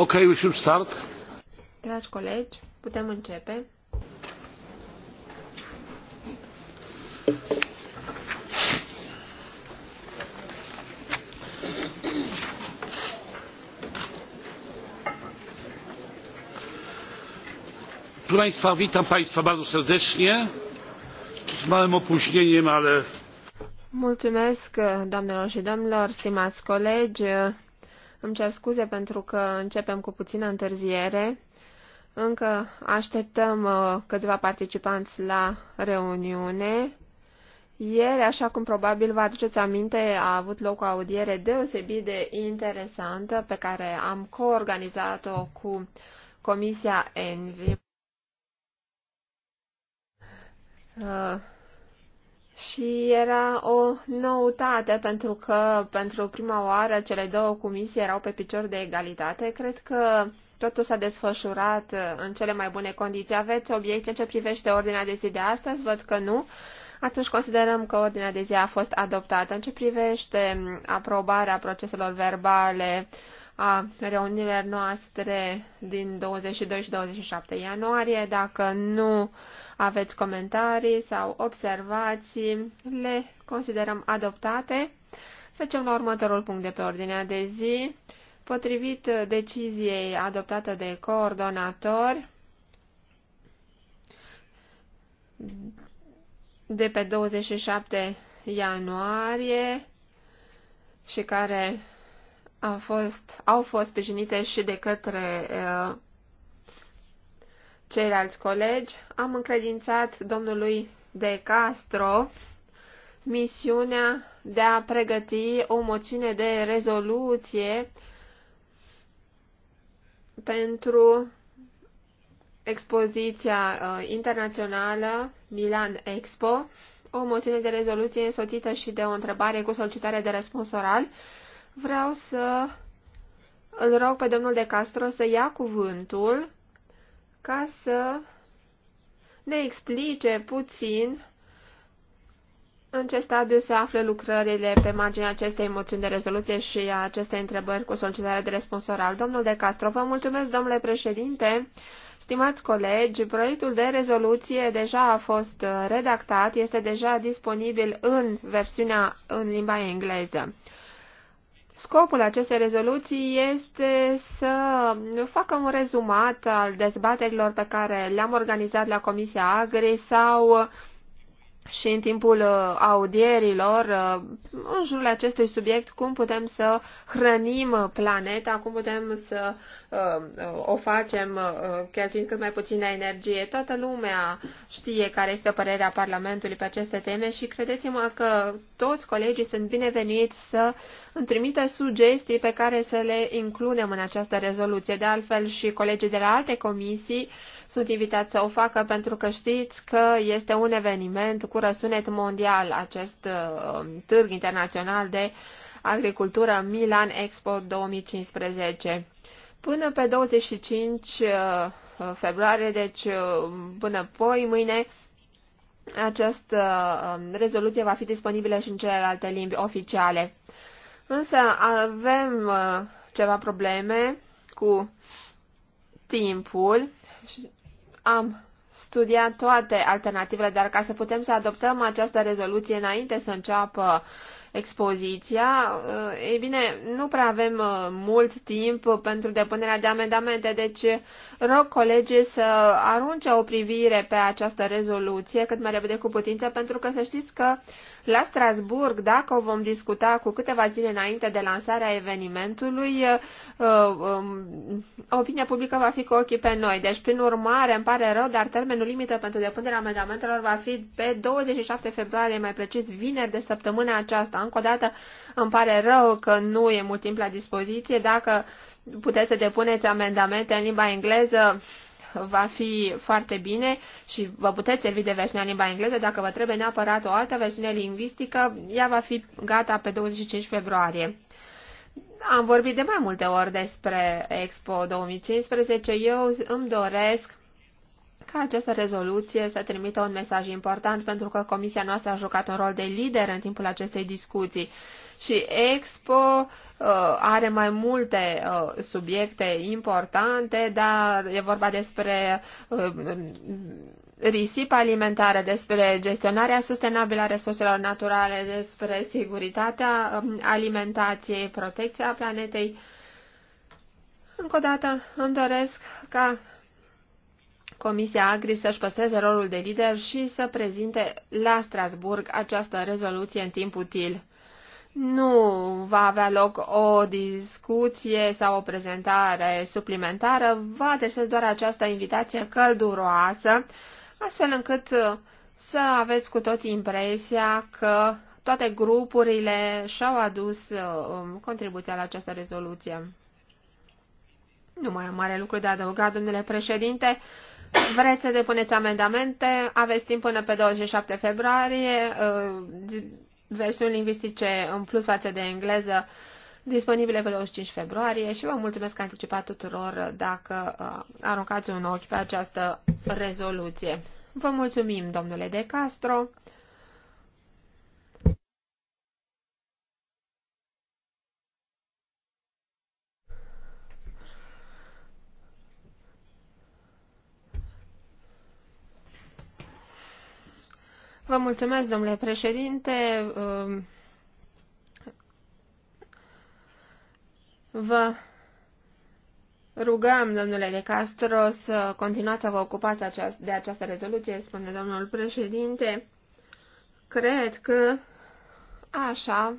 Ok, we should start. Dragi colegi, putem începe. Proszę Państwa, witam Państwa bardzo serdecznie. Z małym opóźnieniem, ale... Mulțumesc, doamnelor și domnilor, stimați colegi. Îmi cer scuze pentru că începem cu puțină întârziere. Încă așteptăm uh, câțiva participanți la reuniune. Ieri, așa cum probabil vă aduceți aminte, a avut loc o audiere deosebit de interesantă pe care am coorganizat-o cu Comisia Envi. Uh, și era o noutate pentru că pentru prima oară cele două comisii erau pe picior de egalitate. Cred că totul s-a desfășurat uh, în cele mai bune condiții. Aveți obiecte în ce privește ordinea de zi de astăzi? Văd că nu. Atunci considerăm că ordinea de zi a fost adoptată. În ce privește um, aprobarea proceselor verbale a reunirilor noastre din 22 și 27 ianuarie, dacă nu aveți comentarii sau observații, le considerăm adoptate. Trecem la următorul punct de pe ordinea de zi. Potrivit deciziei adoptată de coordonator de pe 27 ianuarie și care a fost, au fost sprijinite și de către uh, ceilalți colegi, am încredințat domnului De Castro misiunea de a pregăti o moțiune de rezoluție pentru expoziția uh, internațională Milan Expo, o moțiune de rezoluție însoțită și de o întrebare cu solicitare de răspuns oral. Vreau să îl rog pe domnul De Castro să ia cuvântul ca să ne explice puțin în ce stadiu se află lucrările pe marginea acestei moțiuni de rezoluție și a acestei întrebări cu solicitarea de răspuns oral. Domnul De Castro, vă mulțumesc, domnule președinte. Stimați colegi, proiectul de rezoluție deja a fost redactat, este deja disponibil în versiunea în limba engleză. Scopul acestei rezoluții este să facă un rezumat al dezbaterilor pe care le-am organizat la Comisia Agri sau și în timpul uh, audierilor uh, în jurul acestui subiect, cum putem să hrănim planeta, cum putem să uh, o facem cheltuind cât mai puțină energie. Toată lumea știe care este părerea Parlamentului pe aceste teme și credeți-mă că toți colegii sunt bineveniți să îmi trimite sugestii pe care să le includem în această rezoluție. De altfel și colegii de la alte comisii sunt invitați să o facă pentru că știți că este un eveniment cu răsunet mondial, acest uh, târg internațional de agricultură Milan Expo 2015. Până pe 25 uh, februarie, deci uh, până poi, mâine, această rezoluție va fi disponibilă și în celelalte limbi oficiale. Însă avem ceva probleme cu timpul am studiat toate alternativele, dar ca să putem să adoptăm această rezoluție înainte să înceapă expoziția, e eh, bine, nu prea avem eh, mult timp pentru depunerea de amendamente, deci rog colegii să arunce o privire pe această rezoluție cât mai repede cu putință, pentru că să știți că la Strasburg, dacă vom discuta cu câteva zile înainte de lansarea evenimentului, uh, um, opinia publică va fi cu ochii pe noi. Deci, prin urmare, îmi pare rău, dar termenul limită pentru depunerea amendamentelor va fi pe 27 februarie, mai precis vineri de săptămâna aceasta. Încă o dată, îmi pare rău că nu e mult timp la dispoziție. Dacă puteți să depuneți amendamente în limba engleză, va fi foarte bine și vă puteți servi de versiunea în limba engleză. Dacă vă trebuie neapărat o altă versiune lingvistică, ea va fi gata pe 25 februarie. Am vorbit de mai multe ori despre Expo 2015. Eu îmi doresc ca această rezoluție să trimită un mesaj important pentru că comisia noastră a jucat un rol de lider în timpul acestei discuții și Expo uh, are mai multe uh, subiecte importante, dar e vorba despre uh, risipă alimentară, despre gestionarea sustenabilă a resurselor naturale, despre siguritatea um, alimentației, protecția planetei. Încă o dată îmi doresc ca Comisia Agri să-și păstreze rolul de lider și să prezinte la Strasburg această rezoluție în timp util nu va avea loc o discuție sau o prezentare suplimentară, vă adresez doar această invitație călduroasă, astfel încât uh, să aveți cu toți impresia că toate grupurile și-au adus uh, um, contribuția la această rezoluție. Nu mai am mare lucru de adăugat, domnule președinte. Vreți să depuneți amendamente? Aveți timp până pe 27 februarie uh, versiuni lingvistice în plus față de engleză disponibile pe 25 februarie și vă mulțumesc anticipat tuturor dacă uh, aruncați un ochi pe această rezoluție. Vă mulțumim, domnule De Castro. Vă mulțumesc, domnule președinte. Um, vă rugăm, domnule de Castro, să continuați să vă ocupați de această rezoluție, spune domnul președinte. Cred că așa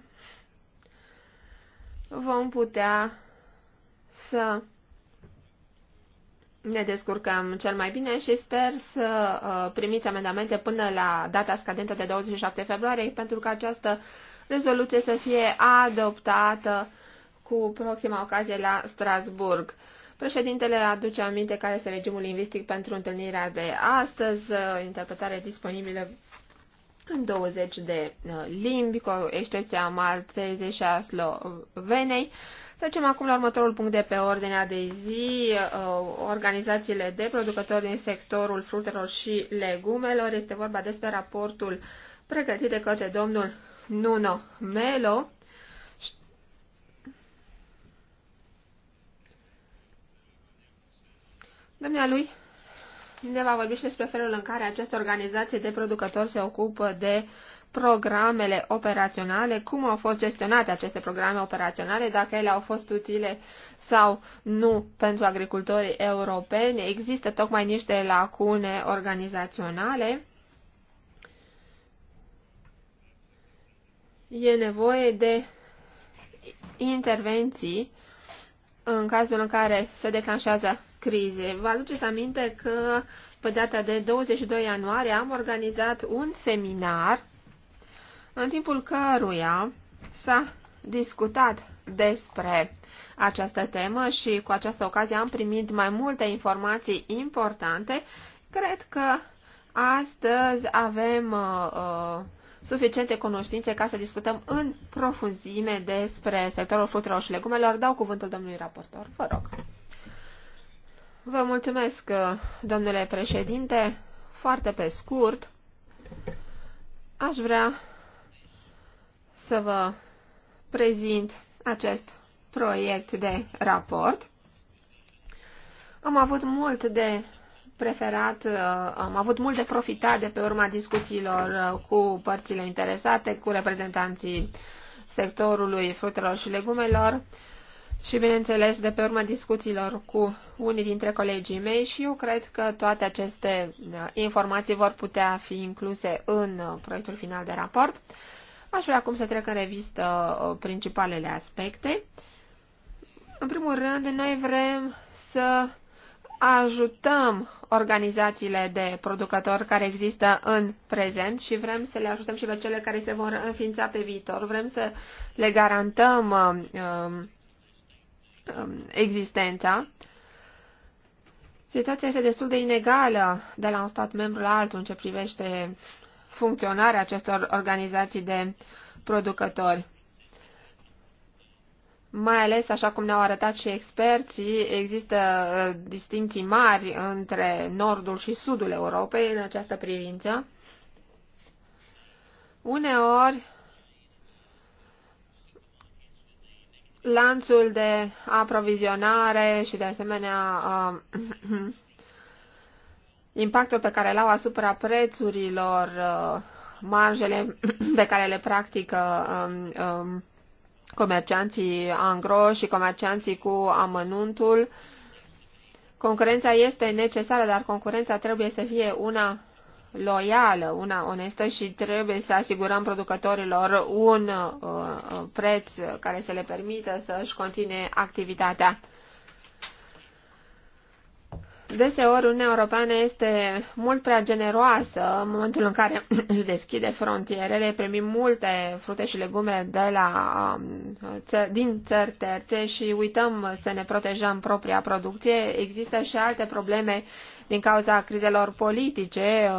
vom putea să ne descurcăm cel mai bine și sper să uh, primiți amendamente până la data scadentă de 27 februarie, pentru că această rezoluție să fie adoptată cu proxima ocazie la Strasburg. Președintele aduce aminte care este regimul lingvistic pentru întâlnirea de astăzi, uh, interpretare disponibilă în 20 de uh, limbi, cu excepția maltezei și a slovenei. Trecem acum la următorul punct de pe ordinea de zi. Uh, organizațiile de producători din sectorul fructelor și legumelor. Este vorba despre raportul pregătit de către domnul Nuno Melo. lui, ne va vorbi și despre felul în care aceste organizații de producători se ocupă de uh, programele operaționale, cum au fost gestionate aceste programe operaționale, dacă ele au fost utile sau nu pentru agricultorii europeni. Există tocmai niște lacune organizaționale. E nevoie de intervenții în cazul în care se declanșează crize. Vă aduceți aminte că pe data de 22 ianuarie am organizat un seminar în timpul căruia s-a discutat despre această temă și cu această ocazie am primit mai multe informații importante. Cred că astăzi avem uh, uh suficiente cunoștințe ca să discutăm în profunzime despre sectorul fructelor și legumelor. Dau cuvântul domnului raportor, vă rog. Vă mulțumesc, uh, domnule președinte. Foarte pe scurt, aș vrea să vă prezint acest proiect de raport. Am avut mult de preferat, uh, am avut mult de profitat de pe urma discuțiilor uh, cu părțile interesate, cu reprezentanții sectorului fructelor și legumelor și, bineînțeles, de pe urma discuțiilor cu unii dintre colegii mei și eu cred că toate aceste uh, informații vor putea fi incluse în proiectul final de raport. Aș vrea acum să trec în revistă ă, principalele aspecte. În primul rând, noi vrem să ajutăm organizațiile de producători care există în prezent și vrem să le ajutăm și pe cele care se vor înființa pe viitor. Vrem să le garantăm um, um, existența. Situația este destul de inegală de la un stat membru la altul în ce privește funcționarea acestor organizații de producători. Mai ales, așa cum ne-au arătat și experții, există uh, distinții mari între nordul și sudul Europei în această privință. Uneori, lanțul de aprovizionare și de asemenea uh, impactul pe care îl au asupra prețurilor, uh, marjele pe care le practică um, um, comercianții angro și comercianții cu amănuntul. Concurența este necesară, dar concurența trebuie să fie una loială, una onestă și trebuie să asigurăm producătorilor un uh, uh preț care să le permită să-și continue activitatea. Deseori Uniunea Europeană este mult prea generoasă în momentul în care își deschide frontierele, primim multe frute și legume de la, um, din țări terțe și uităm să ne protejăm propria producție. Există și alte probleme din cauza crizelor politice,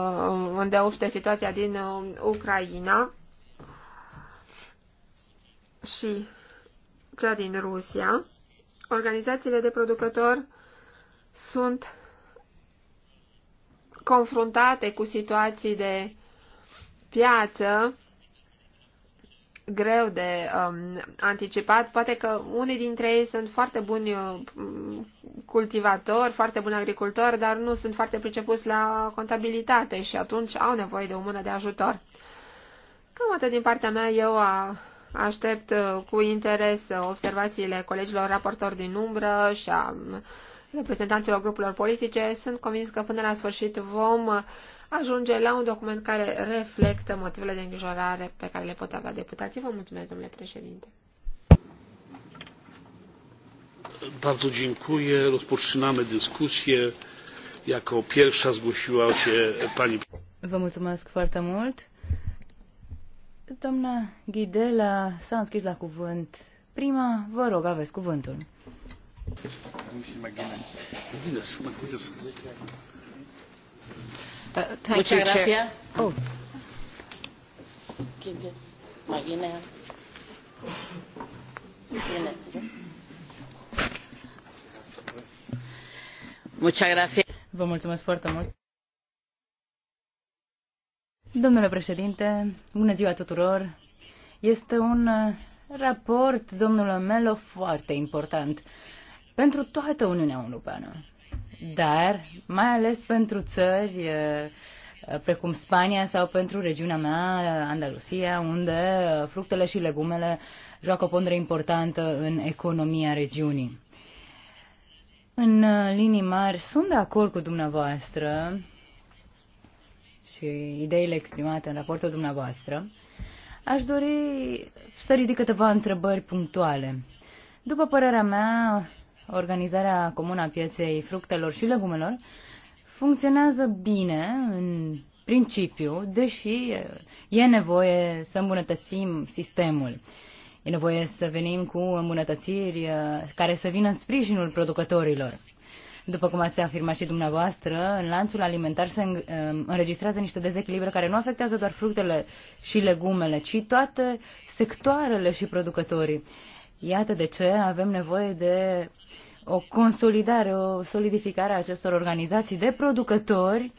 unde uh, obște situația din uh, Ucraina și cea din Rusia. Organizațiile de producători sunt confruntate cu situații de piață greu de um, anticipat. Poate că unii dintre ei sunt foarte buni uh, cultivatori, foarte buni agricultori, dar nu sunt foarte pricepuți la contabilitate și atunci au nevoie de o mână de ajutor. Cam atât din partea mea, eu a, aștept uh, cu interes uh, observațiile colegilor raportori din umbră și a reprezentanților grupurilor politice, sunt convins că până la sfârșit vom ajunge la un document care reflectă motivele de îngrijorare pe care le pot avea deputații. Vă mulțumesc, domnule președinte. Bardzo dziękuję. Rozpoczynamy dyskusję. Jako pierwsza zgłosiła się pani. Vă mulțumesc foarte mult. Doamna Ghidela s-a înscris la cuvânt. Prima, vă rog, aveți cuvântul. Oh. Vă mulțumesc foarte mult. Domnule președinte, bună ziua tuturor. Este un uh, raport, domnule Melo, foarte important pentru toată Uniunea Europeană, dar mai ales pentru țări precum Spania sau pentru regiunea mea, Andalusia, unde fructele și legumele joacă o pondere importantă în economia regiunii. În linii mari sunt de acord cu dumneavoastră și ideile exprimate în raportul dumneavoastră. Aș dori să ridic câteva întrebări punctuale. După părerea mea, organizarea comună a pieței fructelor și legumelor funcționează bine în principiu, deși e nevoie să îmbunătățim sistemul. E nevoie să venim cu îmbunătățiri uh, care să vină în sprijinul producătorilor. După cum ați afirmat și dumneavoastră, în lanțul alimentar se uh, înregistrează niște dezechilibre care nu afectează doar fructele și legumele, ci toate sectoarele și producătorii. Iată de ce avem nevoie de o consolidare, o solidificare a acestor organizații de producători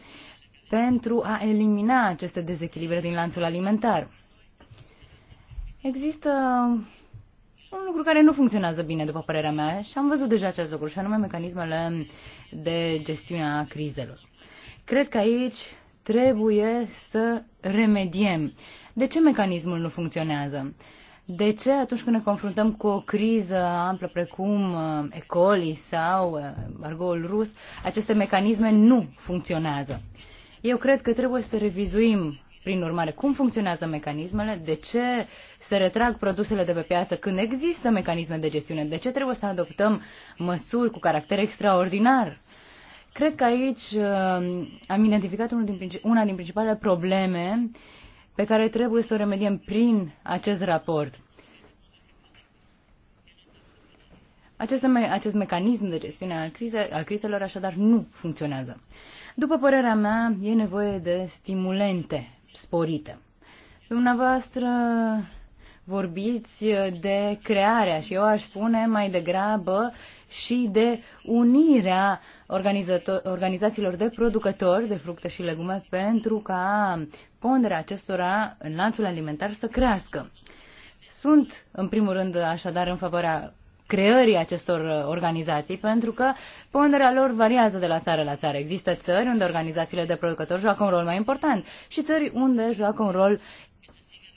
pentru a elimina aceste dezechilibre din lanțul alimentar. Există un lucru care nu funcționează bine, după părerea mea, și am văzut deja acest lucru, și anume mecanismele de gestiune a crizelor. Cred că aici trebuie să remediem. De ce mecanismul nu funcționează? Uh, de ce atunci când ne confruntăm cu o criză amplă precum uh, E. coli sau uh, argoul rus, aceste mecanisme nu funcționează? Eu cred că trebuie să revizuim prin urmare, cum funcționează mecanismele, de ce se retrag produsele de pe piață când există mecanisme de gestiune, de ce trebuie să adoptăm măsuri cu caracter extraordinar. Cred că aici uh, am identificat unul din, una din principalele probleme uh, pe care trebuie să o remediem prin acest raport. Acest, me- acest mecanism de gestiune al, crize, al crizelor așadar nu funcționează. După părerea mea, e nevoie de stimulente sporite. Dumneavoastră vorbiți uh, de crearea și eu aș spune mai degrabă și de unirea organizațiilor de producători de fructe și legume pentru ca ponderea acestora în lanțul alimentar să crească. Sunt, în primul rând, așadar în favoarea creării acestor uh, organizații, pentru că ponderea lor variază de la țară la țară. Există țări unde organizațiile de producători joacă un rol mai important și țări unde joacă un rol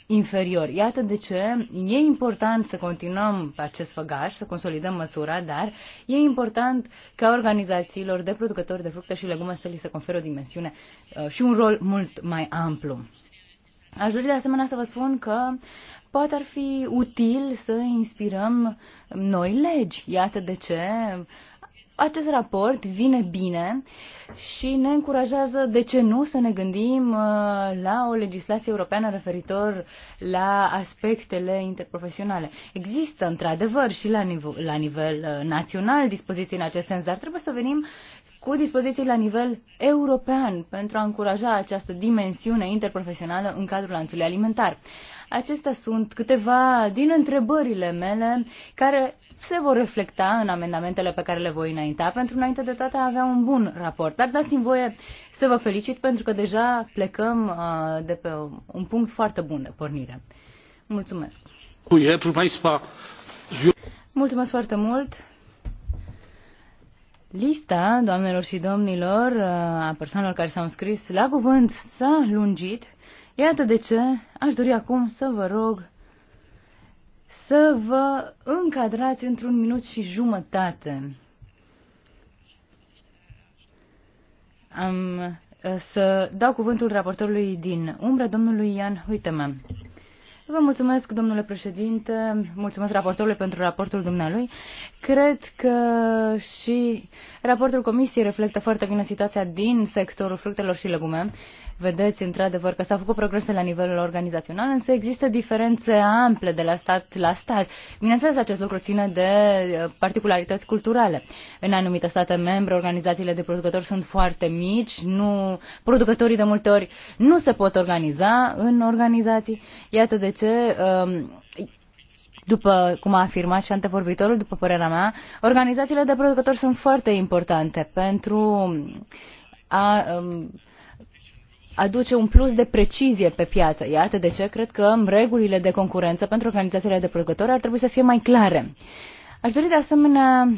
inferior. Iată de ce e important să continuăm pe acest făgaș, să consolidăm măsura, dar e important ca organizațiilor de producători de fructe și legume să li se conferă o dimensiune uh, și un rol mult mai amplu. Aș dori de asemenea să vă spun că poate ar fi util să inspirăm noi legi. Iată de ce acest raport vine bine și ne încurajează, de ce nu, să ne gândim uh, la o legislație europeană referitor la aspectele interprofesionale. Există, într-adevăr, și la nivel, la nivel uh, național dispoziții în acest sens, dar trebuie să venim cu dispoziții la nivel european pentru a încuraja această dimensiune interprofesională în cadrul lanțului alimentar. Acestea sunt câteva din întrebările mele care se vor reflecta în amendamentele pe care le voi înainta, pentru înainte de toate a avea un bun raport. Dar dați-mi voie să vă felicit pentru că deja plecăm uh, de pe un punct foarte bun de pornire. Mulțumesc! Mulțumesc foarte mult! Lista, doamnelor și domnilor, uh, a persoanelor care s-au înscris la cuvânt s-a lungit. Iată de ce aș dori acum să vă rog să vă încadrați într-un minut și jumătate. Am eh, să dau cuvântul raportorului din umbră, domnului Ian Huiteman. Vă mulțumesc, domnule președinte, mulțumesc raportorului pentru raportul dumnealui. Cred că și raportul comisiei reflectă foarte bine situația din sectorul fructelor și legume vedeți într-adevăr că s-au făcut progrese la nivelul organizațional, însă există diferențe ample de la stat la stat. Bineînțeles, acest lucru ține de uh, particularități culturale. În anumite state membre, organizațiile de producători sunt foarte mici, nu, producătorii de multe ori nu se pot organiza în organizații. Iată de ce um, după cum a afirmat și antevorbitorul, după părerea mea, organizațiile de producători sunt foarte importante pentru a um, aduce un plus de precizie pe piață. Iată de ce cred că regulile de concurență pentru organizațiile de producători ar trebui să fie mai clare. Aș dori de asemenea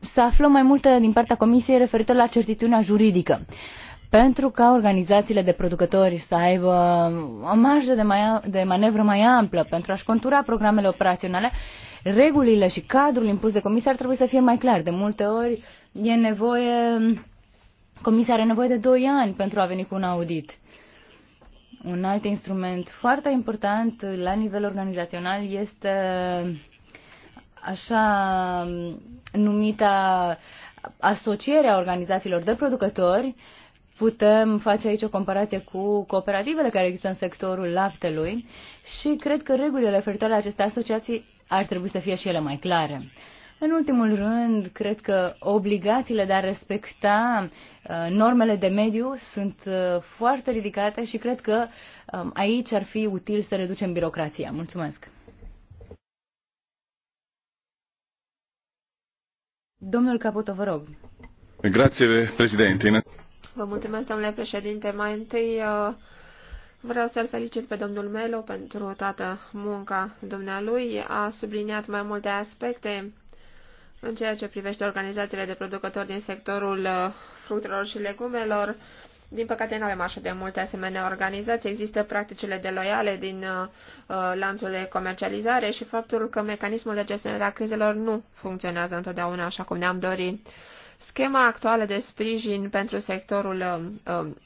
să aflăm mai multe din partea Comisiei referitor la certitudinea juridică. Pentru ca organizațiile de producători să aibă o marjă de, mai, de manevră mai amplă pentru a-și contura programele operaționale, regulile și cadrul impus de comisie ar trebui să fie mai clar. De multe ori e nevoie Comisia are nevoie de 2 ani pentru a veni cu un audit. Un alt instrument foarte important la nivel organizațional este așa numita asocierea organizațiilor de producători. Putem face aici o comparație cu cooperativele care există în sectorul laptelui și cred că regulile referitoare la aceste asociații ar trebui să fie și ele mai clare. În ultimul rând, cred că obligațiile de a respecta uh, normele de mediu sunt uh, foarte ridicate și cred că um, aici ar fi util să reducem birocrația. Mulțumesc! Domnul Caputo, vă rog. Grație, președinte. Vă mulțumesc, domnule președinte. Mai întâi uh, vreau să-l felicit pe domnul Melo pentru toată munca dumnealui. A subliniat mai multe aspecte în ceea ce privește organizațiile de producători din sectorul uh, fructelor și legumelor, din păcate nu avem așa de multe asemenea organizații. Există practicile deloiale din uh, uh, lanțul de comercializare și faptul că mecanismul de gestionare a crizelor nu funcționează întotdeauna așa cum ne-am dorit. Schema actuală de sprijin pentru sectorul um, um,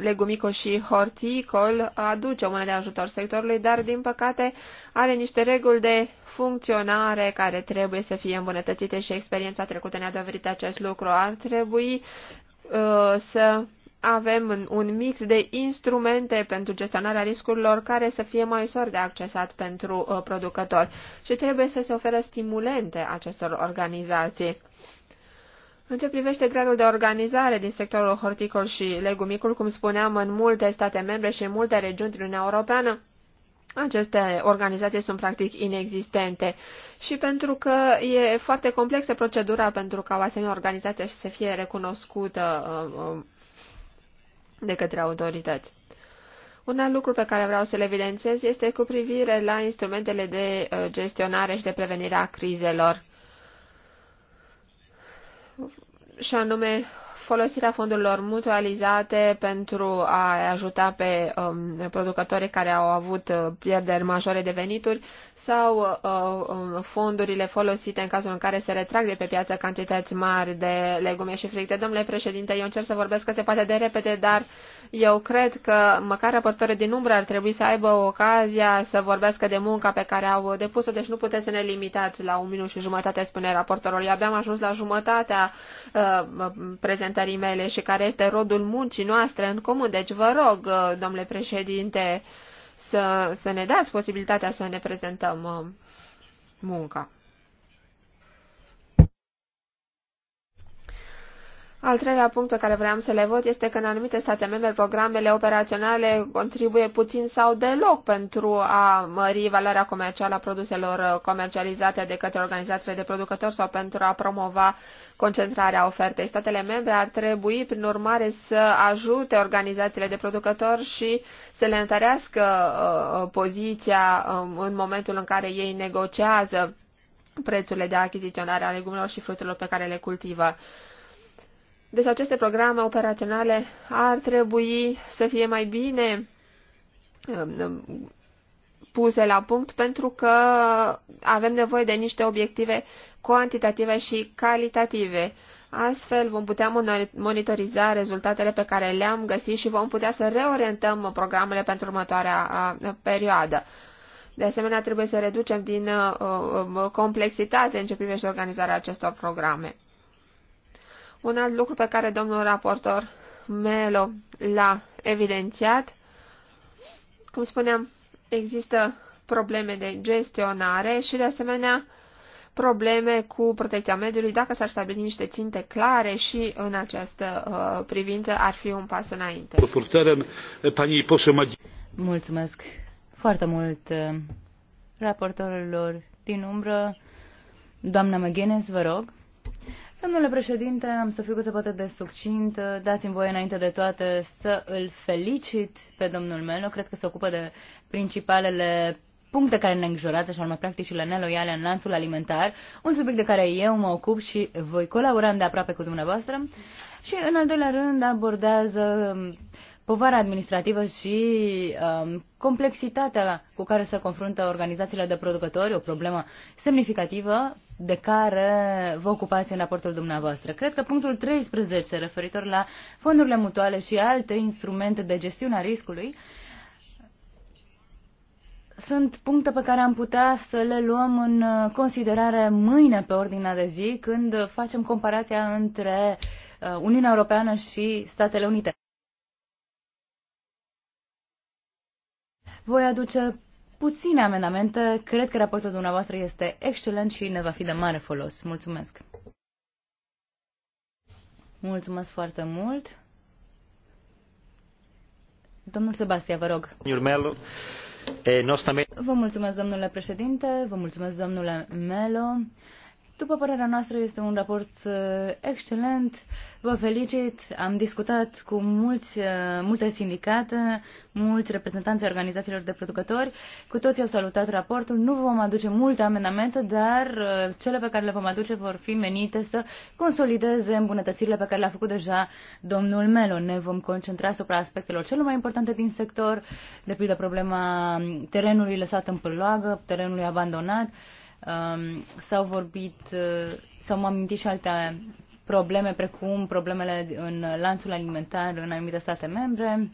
legumicol și horticol aduce o mână de ajutor sectorului, dar din păcate are niște reguli de funcționare care trebuie să fie îmbunătățite și experiența trecută ne-a dovedit acest lucru. Ar trebui uh, să avem un mix de instrumente pentru gestionarea riscurilor care să fie mai ușor de accesat pentru uh, producători și trebuie să se oferă stimulente acestor organizații. În ce privește gradul de organizare din sectorul horticol și legumicul, cum spuneam, în multe state membre și în multe regiuni din Uniunea Europeană, aceste organizații sunt practic inexistente și pentru că e foarte complexă procedura pentru ca o asemenea organizație să fie recunoscută uh, uh, de către autorități. Un alt lucru pe care vreau să-l evidențiez este cu privire la instrumentele de uh, gestionare și de prevenire a crizelor. și anume folosirea fondurilor mutualizate pentru a ajuta pe um, producătorii care au avut uh, pierderi majore de venituri sau uh, um, fondurile folosite în cazul în care se retrag de pe piață cantități mari de legume și fructe. Domnule președinte, eu încerc să vorbesc câte se poate de repede, dar eu cred că măcar raportorii din umbră ar trebui să aibă ocazia să vorbească de munca pe care au depus-o, deci nu puteți să ne limitați la un minut și jumătate, spune raportorul. Eu abia am ajuns la jumătatea uh, prezentării cercetării mele și care este rodul muncii noastre în comun. Deci vă rog, uh, domnule președinte, să, să ne dați posibilitatea să ne prezentăm uh, munca. Al treilea punct pe care vreau să le văd este că în anumite state membre programele operaționale contribuie puțin sau deloc pentru a mări valoarea comercială a produselor comercializate de către organizațiile de producători sau pentru a promova concentrarea ofertei. Statele membre ar trebui, prin urmare, să ajute organizațiile de producători și să le întărească uh, poziția um, în momentul în care ei negociază prețurile de achiziționare a legumelor și fructelor pe care le cultivă. Deci aceste programe operaționale ar trebui să fie mai bine um, um, puse la punct pentru că avem nevoie de niște obiective cuantitative și calitative. Astfel vom putea monitoriza rezultatele pe care le-am găsit și vom putea să reorientăm programele pentru următoarea perioadă. De asemenea, trebuie să reducem din uh, uh, complexitate în ce privește organizarea acestor programe. Un alt lucru pe care domnul raportor Melo l-a evidențiat, cum spuneam, există probleme de gestionare și, de asemenea, probleme cu protecția mediului. Dacă s-ar stabili niște ținte clare și în această uh, privință, ar fi un pas înainte. Uh, Mulțumesc foarte mult uh, raportorilor din umbră. Doamna McGuinness, vă rog. Domnule președinte, am să fiu cât se poate de succint. Dați-mi voie înainte de toate să îl felicit pe domnul Melo. Cred că se ocupă de principalele puncte care ne îngrijorează, și anume practicile neloiale în lanțul alimentar, un subiect de care eu mă ocup și voi colabora de aproape cu dumneavoastră. Și, în al doilea rând, abordează um, povara administrativă și um, complexitatea cu care se confruntă organizațiile de producători, o problemă semnificativă de care vă ocupați în raportul dumneavoastră. Cred că punctul 13, referitor la fondurile mutuale și alte instrumente de gestiune a riscului, sunt puncte pe care am putea să le luăm în considerare mâine pe ordinea de zi când facem comparația între uh, Uniunea Europeană și Statele Unite. Voi aduce puține amendamente. Cred că raportul dumneavoastră este excelent și ne va fi de mare folos. Mulțumesc! Mulțumesc foarte mult! Domnul Sebastia, vă rog. Vă mulțumesc, domnule președinte, vă mulțumesc, domnule Melo. După părerea noastră, este un raport uh, excelent. Vă felicit. Am discutat cu mulți, uh, multe sindicate, mulți reprezentanți ai organizațiilor de producători. Cu toții au salutat raportul. Nu vom aduce multe amendamente, dar uh, cele pe care le vom aduce vor fi menite să consolideze îmbunătățirile pe care le-a făcut deja domnul Melo. Ne vom concentra asupra aspectelor cel mai importante din sector, de pildă problema terenului lăsat în pârloagă, terenului abandonat Um, s-au vorbit, uh, s-au amintit și alte probleme, precum problemele în lanțul alimentar în anumite state membre.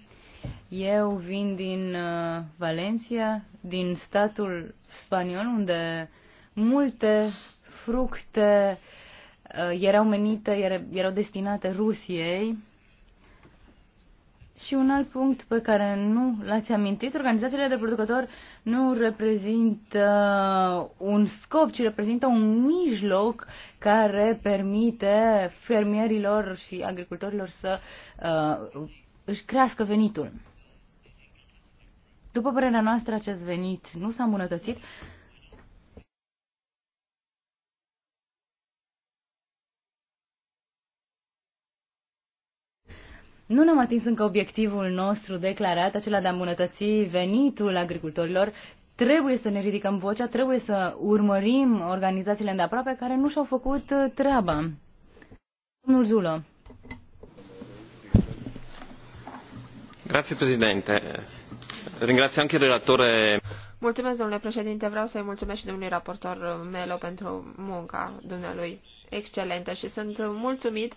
Eu vin din uh, Valencia, din statul spaniol, unde multe fructe uh, erau menite, erau destinate Rusiei, și un alt punct pe care nu l-ați amintit, organizațiile de producători nu reprezintă un scop, ci reprezintă un mijloc care permite fermierilor și agricultorilor să uh, își crească venitul. După părerea noastră, acest venit nu s-a îmbunătățit, Nu ne-am atins încă obiectivul nostru declarat, acela de a îmbunătăți venitul agricultorilor. Trebuie să ne ridicăm vocea, trebuie să urmărim organizațiile îndeaproape care nu și-au făcut uh, treaba. Domnul Zulo. Grazie, Presidente. Ringrazio anche il relatore. Mulțumesc, domnule președinte. Vreau să-i mulțumesc și domnului raportor Melo pentru munca dumnealui excelentă și sunt mulțumit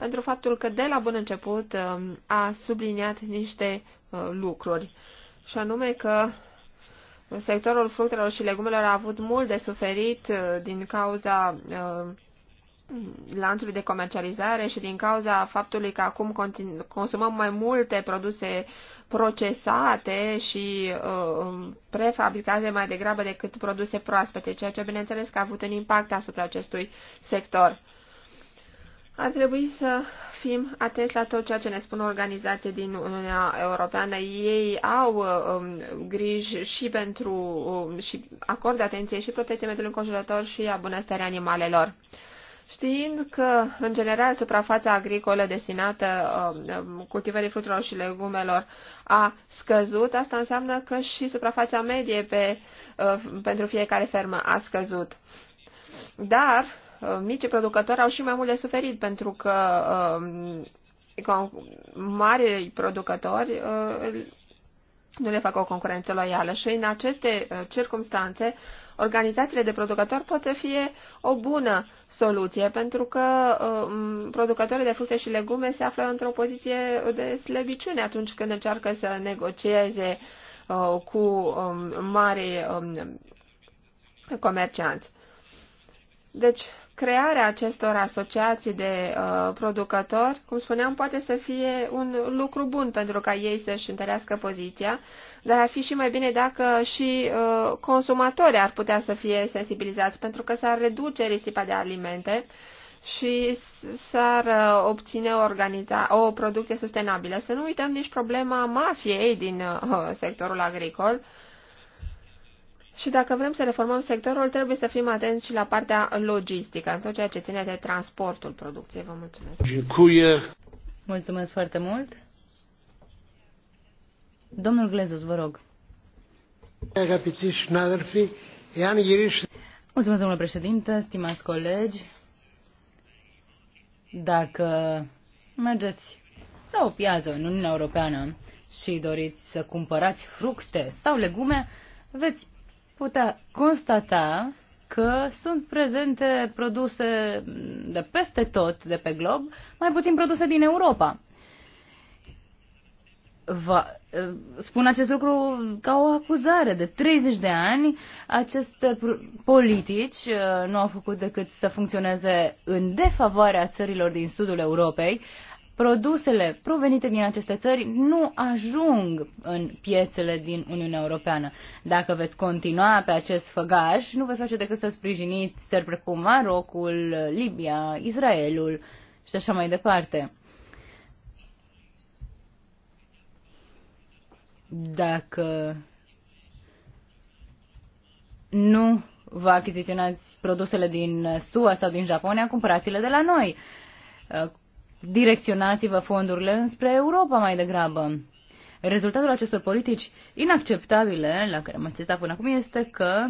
pentru faptul că de la bun început um, a subliniat niște uh, lucruri, și anume că sectorul fructelor și legumelor a avut mult de suferit uh, din cauza uh, lanțului de comercializare și din cauza faptului că acum consumăm mai multe produse procesate și uh, um, prefabricate mai degrabă decât produse proaspete, ceea ce bineînțeles că a avut un impact asupra acestui sector. Ar trebui să fim atenți la tot ceea ce ne spun organizații din Uniunea Europeană. Ei au um, griji și pentru um, și acordă atenție și protecție mediului înconjurător și a bunăstării animalelor. Știind că, în general, suprafața agricolă destinată um, cultivării fructelor și legumelor a scăzut, asta înseamnă că și suprafața medie pe, uh, pentru fiecare fermă a scăzut. Dar, Uh, micii producători au și mai mult de suferit pentru că uh, um, mari producători uh, nu le fac o concurență loială și în aceste circunstanțe organizațiile de producători pot să fie o bună soluție pentru că um, producătorii de fructe și legume se află într-o poziție de slăbiciune atunci când încearcă să negocieze cu um, mari comercianți. Deci, crearea acestor asociații de uh, producători, cum spuneam, poate să fie un lucru bun pentru ca ei să-și întărească poziția, dar ar fi și mai bine dacă și uh, consumatorii ar putea să fie sensibilizați, pentru că s-ar reduce risipa de alimente și s-ar uh, obține organiza o producție sustenabilă. Să nu uităm nici problema mafiei din uh, sectorul agricol, uh, și dacă vrem să reformăm sectorul, trebuie să fim atenți și la partea logistică, în tot ceea ce ține de transportul producției. Vă mulțumesc. Dziękuję. Mulțumesc foarte mult. Domnul Glezus, vă rog. Mulțumesc, domnule președinte, stimați colegi. Dacă mergeți la o piață în Uniunea Europeană și doriți să cumpărați fructe sau legume, veți putea constata că sunt prezente produse de peste tot de pe glob, mai puțin produse din Europa. Va, spun acest lucru ca o acuzare. De 30 de ani, aceste politici uh, nu au făcut decât să funcționeze în defavoarea țărilor din sudul Europei, produsele provenite din aceste țări nu ajung în piețele din Uniunea Europeană. Dacă veți continua pe acest făgaș, nu veți face decât să sprijiniți țări precum Marocul, Libia, Israelul și așa mai departe. Dacă nu vă achiziționați produsele din SUA sau din Japonia, cumpărați-le de la noi direcționați-vă fondurile înspre Europa mai degrabă. Rezultatul acestor politici inacceptabile la care am asistat până acum este că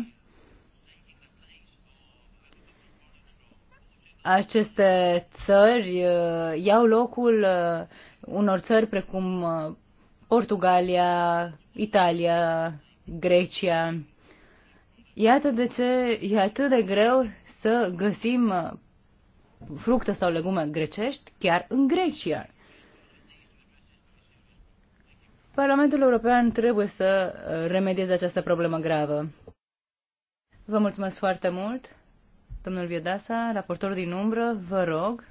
aceste țări uh, iau locul uh, unor țări precum uh, Portugalia, Italia, Grecia. Iată de ce e atât de greu să găsim fructe sau legume grecești chiar în Grecia. Parlamentul European trebuie să uh, remedieze această problemă gravă. Vă mulțumesc foarte mult. Domnul Viedasa, raportor din umbră, vă rog.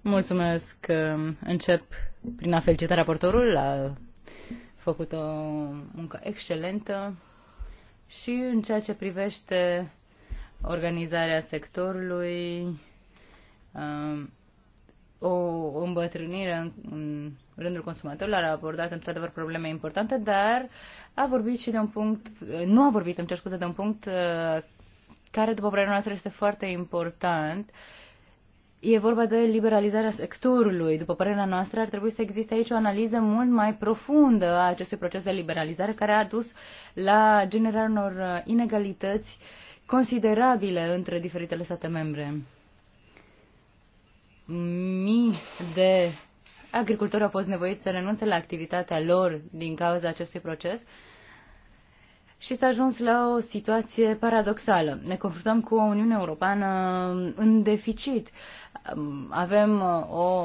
Mulțumesc. Uh, încep prin a felicita raportorul. A făcut o muncă excelentă și în ceea ce privește organizarea sectorului, um, o îmbătrânire în, în rândul consumatorilor, a abordat într-adevăr probleme importante, dar a vorbit și de un punct, nu a vorbit, îmi cer scuze, de un punct uh, care, după părerea noastră, este foarte important E vorba de liberalizarea sectorului. După părerea noastră, ar trebui să existe aici o analiză mult mai profundă a acestui proces de liberalizare care a dus la generarea unor inegalități considerabile între diferitele state membre. Mii de agricultori au fost nevoiți să renunțe la activitatea lor din cauza acestui proces și s-a ajuns la o situație paradoxală. Ne confruntăm cu o Uniune Europeană în deficit. Avem uh, o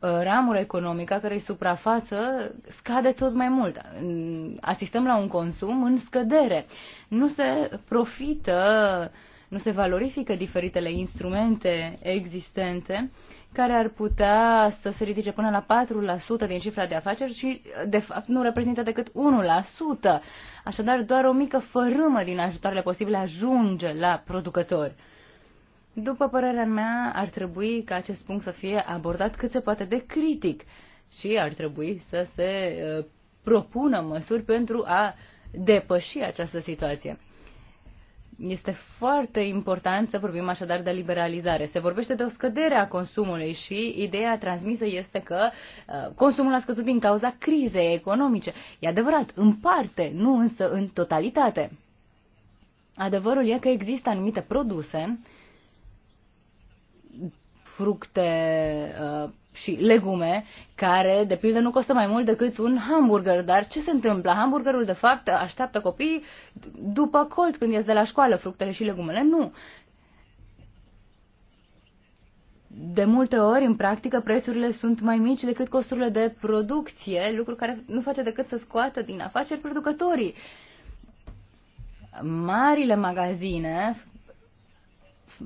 uh, ramură economică care suprafață scade tot mai mult. Mm, asistăm la un consum în scădere. Nu se profită, nu se valorifică diferitele instrumente existente uh, care ar putea să se ridice până la 4% din cifra de afaceri și, de fapt, nu reprezintă decât 1%. Așadar, doar o mică fărâmă din ajutoarele posibile ajunge la producători. După părerea mea, ar trebui ca acest punct să fie abordat cât se poate de critic și ar trebui să se uh, propună măsuri pentru a depăși această situație. Este foarte important să vorbim așadar de liberalizare. Se vorbește de o scădere a consumului și ideea transmisă este că uh, consumul a scăzut din cauza crizei economice. E adevărat, în parte, nu însă în totalitate. Adevărul e că există anumite produse, fructe, uh, și legume, care, de pildă, nu costă mai mult decât un hamburger. Dar ce se întâmplă? Hamburgerul, de fapt, așteaptă copiii după colț, când ies de la școală, fructele și legumele. Nu. De multe ori, în practică, prețurile sunt mai mici decât costurile de producție, lucru care nu face decât să scoată din afaceri producătorii. Marile magazine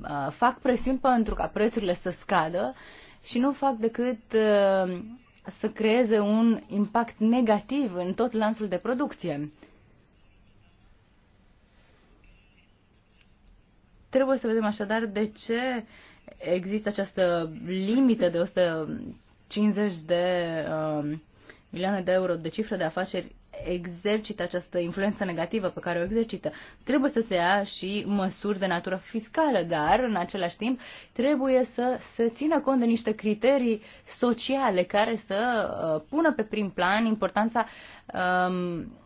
uh, fac presiuni pentru ca prețurile să scadă și nu fac decât uh, să creeze un impact negativ în tot lansul de producție. Trebuie să vedem așadar de ce există această limită de 150 de uh, milioane de euro de cifră de afaceri exercită această influență negativă pe care o exercită. Trebuie să se ia și măsuri de natură fiscală, dar în același timp trebuie să se țină cont de niște criterii sociale care să uh, pună pe prim plan importanța um,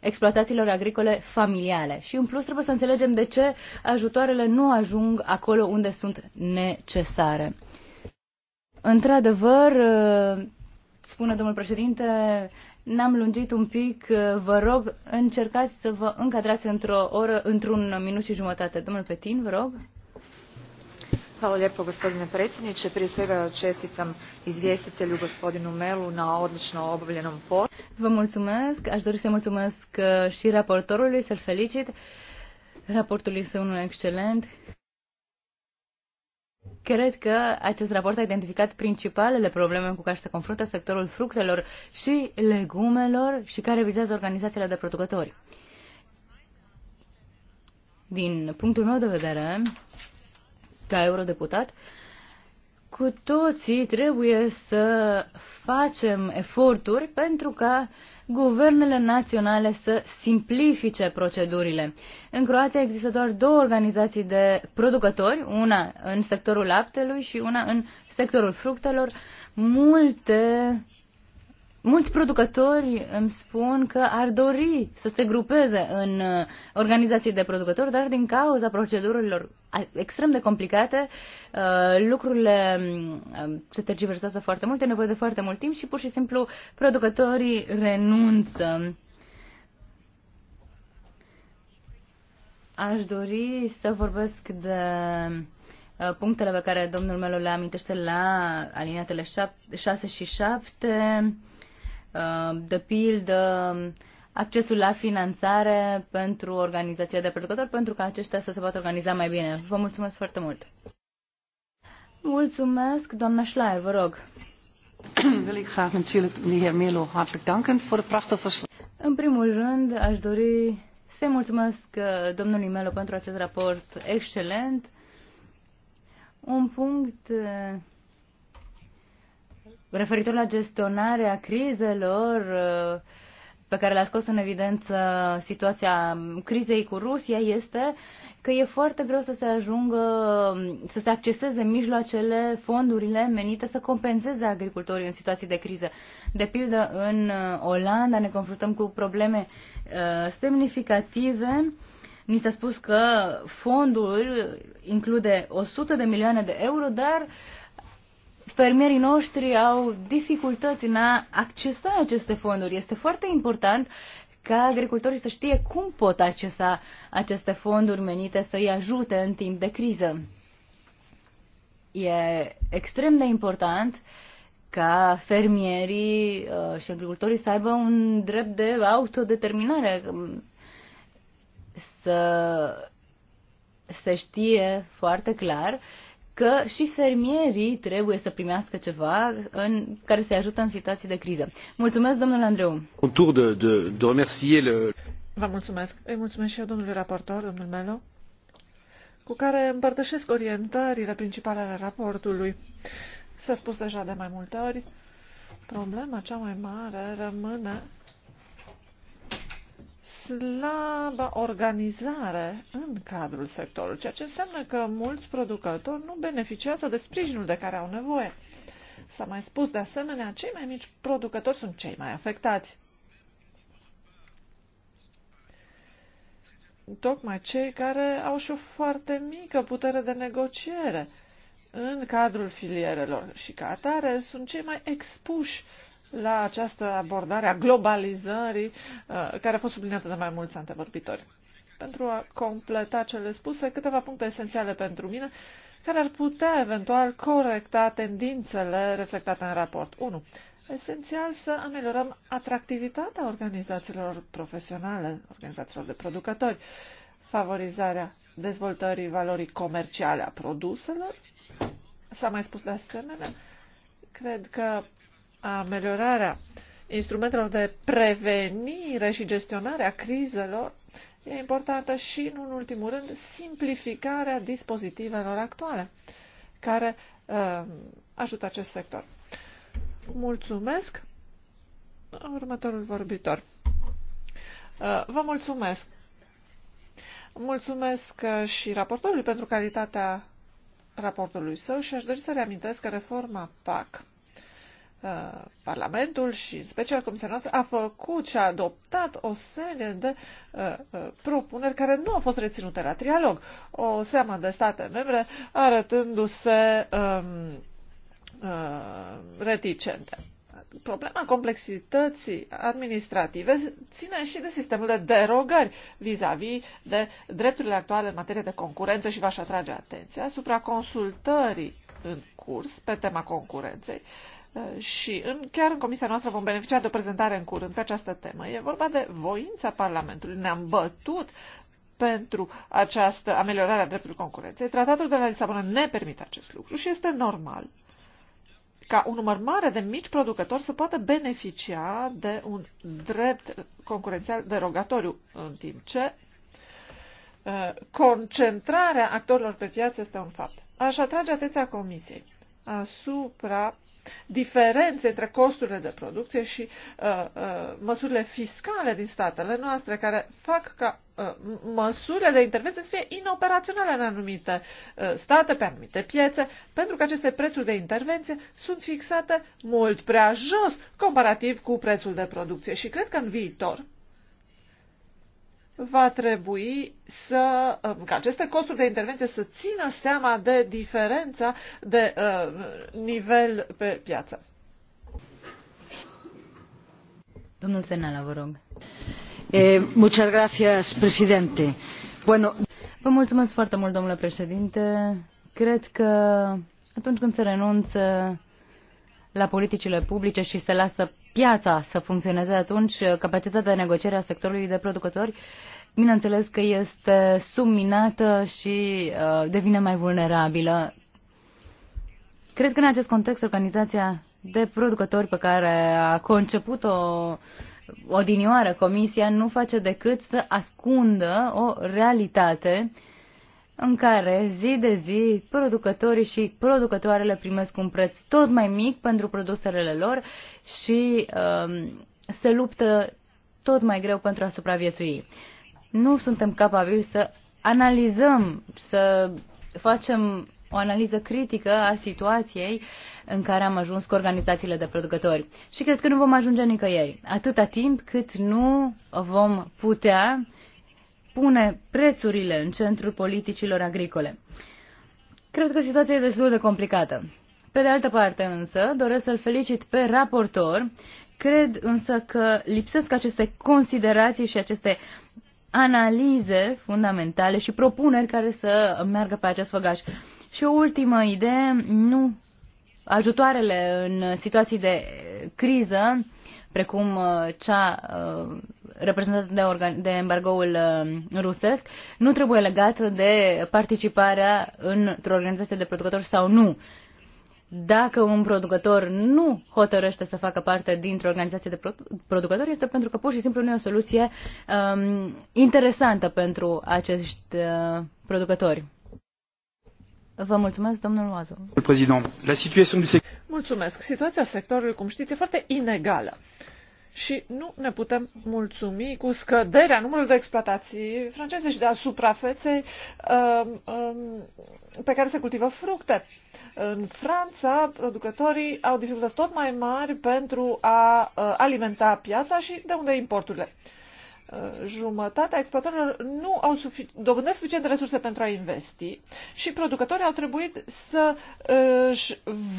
exploatațiilor agricole familiale. Și în plus trebuie să înțelegem de ce ajutoarele nu ajung acolo unde sunt necesare. Într-adevăr, uh, spune domnul președinte, ne am lungit un pic, uh, vă rog, încercați să vă încadrați într-o oră, într-un minut și jumătate. Domnul Petin, vă rog. Hvala lijepo gospodine predsjedniče. Prije svega čestitam izvjestitelju gospodinu Melu na odlično obavljenom poslu. Vă mulțumesc. Aș dori să mulțumesc uh, și raportorului, să-l felicit. Raportul este unul excelent Cred că acest raport a identificat principalele probleme cu care se confruntă sectorul fructelor și legumelor și care vizează organizațiile de producători. Din punctul meu de vedere, ca eurodeputat, cu toții trebuie să facem eforturi pentru ca uh, guvernele naționale să simplifice procedurile. În Croația există doar două organizații de producători, una în sectorul laptelui și una în sectorul fructelor. Multe Mulți producători îmi spun că ar dori să se grupeze în uh, organizații de producători, dar din cauza procedurilor extrem de complicate, uh, lucrurile um, uh, se tergiversează foarte mult, e nevoie de foarte mult timp și pur și simplu producătorii renunță. Aș dori să vorbesc de punctele pe care domnul Melo le amintește la aliniatele 6 și 7 Uh, de pildă accesul la finanțare pentru organizația de producători, pentru ca aceștia să se poată organiza mai bine. Vă mulțumesc foarte mult! Mulțumesc, doamna Schleier, vă rog. Wil ik graag natuurlijk meneer Melo hartelijk danken voor de prachtige verslag. În primul rând, aș dori să-i mulțumesc uh, domnului Melo pentru acest raport excelent. Un punct uh, referitor la gestionarea crizelor uh, pe care le-a scos în evidență situația crizei cu Rusia este că e foarte greu să se ajungă, să se acceseze mijloacele, fondurile menite să compenseze agricultorii în situații de criză. De pildă, în uh, Olanda ne confruntăm cu probleme uh, semnificative. Ni s-a spus că fondul include 100 de milioane de euro, dar uh, fermierii noștri au dificultăți în a accesa aceste fonduri. Este foarte important ca agricultorii să știe cum pot accesa aceste fonduri menite să îi ajute în timp de criză. E extrem de important ca fermierii uh, și agricultorii să aibă un drept de autodeterminare, um, să se știe foarte clar că și fermierii trebuie să primească ceva în care să-i ajută în situații de criză. Mulțumesc, domnule Andreu. Un tur de, de, de remercier le... Vă mulțumesc. Îi mulțumesc și eu, domnule raportor, domnul Melo, cu care împărtășesc orientările principale ale raportului. S-a spus deja de mai multe ori, problema cea mai mare rămâne slabă organizare în cadrul sectorului, ceea ce înseamnă că mulți producători nu beneficiază de sprijinul de care au nevoie. S-a mai spus de asemenea, cei mai mici producători sunt cei mai afectați. Tocmai cei care au și o foarte mică putere de negociere în cadrul filierelor și ca atare sunt cei mai expuși uh, la această abordare a globalizării uh, care a fost subliniată de mai mulți antevorbitori. Pentru a completa cele spuse, câteva puncte esențiale pentru mine care ar putea eventual corecta tendințele reflectate în raport. 1. Esențial să ameliorăm atractivitatea organizațiilor profesionale, organizațiilor de producători, favorizarea dezvoltării valorii comerciale a produselor. S-a mai spus de asemenea, cred că ameliorarea instrumentelor de prevenire și gestionare a crizelor e importantă și, în ultimul rând, simplificarea dispozitivelor actuale care uh, ajută acest sector. Mulțumesc. Următorul vorbitor. Uh, vă mulțumesc. Mulțumesc uh, și raportorului pentru calitatea raportului său și aș dori să reamintesc că reforma PAC Uh, Parlamentul și în special Comisia noastră a făcut și a adoptat o serie de uh, uh, propuneri care nu au fost reținute la trialog. O seamă de state membre arătându-se um, uh, reticente. Problema complexității administrative ține și de sistemul de derogări vis-a-vis -vis de drepturile actuale în materie de concurență și v-aș atrage atenția asupra consultării în curs pe tema concurenței uh, Eh, și în, chiar în comisia noastră vom beneficia de o prezentare în curând pe această temă. E vorba de voința Parlamentului. Ne-am bătut pentru această ameliorare a dreptului concurenței. Tratatul de la Lisabona ne permite acest lucru și este normal ca un număr mare de mici producători să poată beneficia de un drept concurențial derogatoriu, în timp ce eh, concentrarea actorilor pe piață este un fapt. Aș atrage atenția Comisiei asupra diferențe între costurile de producție și uh, uh, măsurile fiscale din statele noastre, care fac ca uh, măsurile de intervenție să fie inoperaționale în anumite uh, state, pe anumite piețe, pentru că aceste prețuri de intervenție sunt fixate mult prea jos comparativ cu prețul de producție. Și cred că în viitor va trebui să, uh, ca aceste costuri de intervenție să țină seama de diferența de uh, nivel pe piață. Domnul Senala, vă rog. Eh, muchas gracias, presidente. Bueno... Vă mulțumesc foarte mult, domnule președinte. Cred că atunci când se renunță la politicile publice și se lasă piața să funcționeze atunci, capacitatea de negociere a sectorului de producători, bineînțeles că este subminată și uh, devine mai vulnerabilă. Cred că în acest context organizația de producători pe care a conceput-o odinioară Comisia nu face decât să ascundă o realitate uh, în care zi de zi producătorii și producătoarele primesc un preț tot mai mic pentru produsele lor și um, se luptă tot mai greu pentru a supraviețui. Nu suntem capabili să analizăm, să facem o analiză critică a situației în care am ajuns cu organizațiile de producători. Și cred că nu vom ajunge nicăieri, atâta timp cât nu vom putea uh, pune prețurile în centrul politicilor agricole. Cred că situația e destul de complicată. Pe de altă parte însă, doresc să-l felicit pe raportor. Cred însă că lipsesc aceste considerații și aceste analize fundamentale și propuneri care să meargă pe acest făgaș. Și o ultimă idee, nu ajutoarele în situații de criză, precum uh, cea uh, reprezentat de, organ- de embargoul uh, rusesc nu trebuie legat de participarea într-o organizație de producători sau nu. Dacă un producător nu hotărăște să facă parte dintr-o organizație de producători, este pentru că pur și simplu nu e o soluție um, interesantă pentru acești uh, producători. Vă mulțumesc, domnul Oază. Mulțumesc. Situația sectorului, cum știți, e foarte inegală și nu ne putem mulțumi cu scăderea numărului de exploatații franceze și de suprafețe suprafeței um, um, pe care se cultivă fructe. În Franța, producătorii au dificultăți tot mai mari pentru a uh, alimenta piața și de unde importurile. Uh, jumătatea exploatărilor nu au sufic- dobândesc suficiente resurse pentru a investi și producătorii au trebuit să uh, își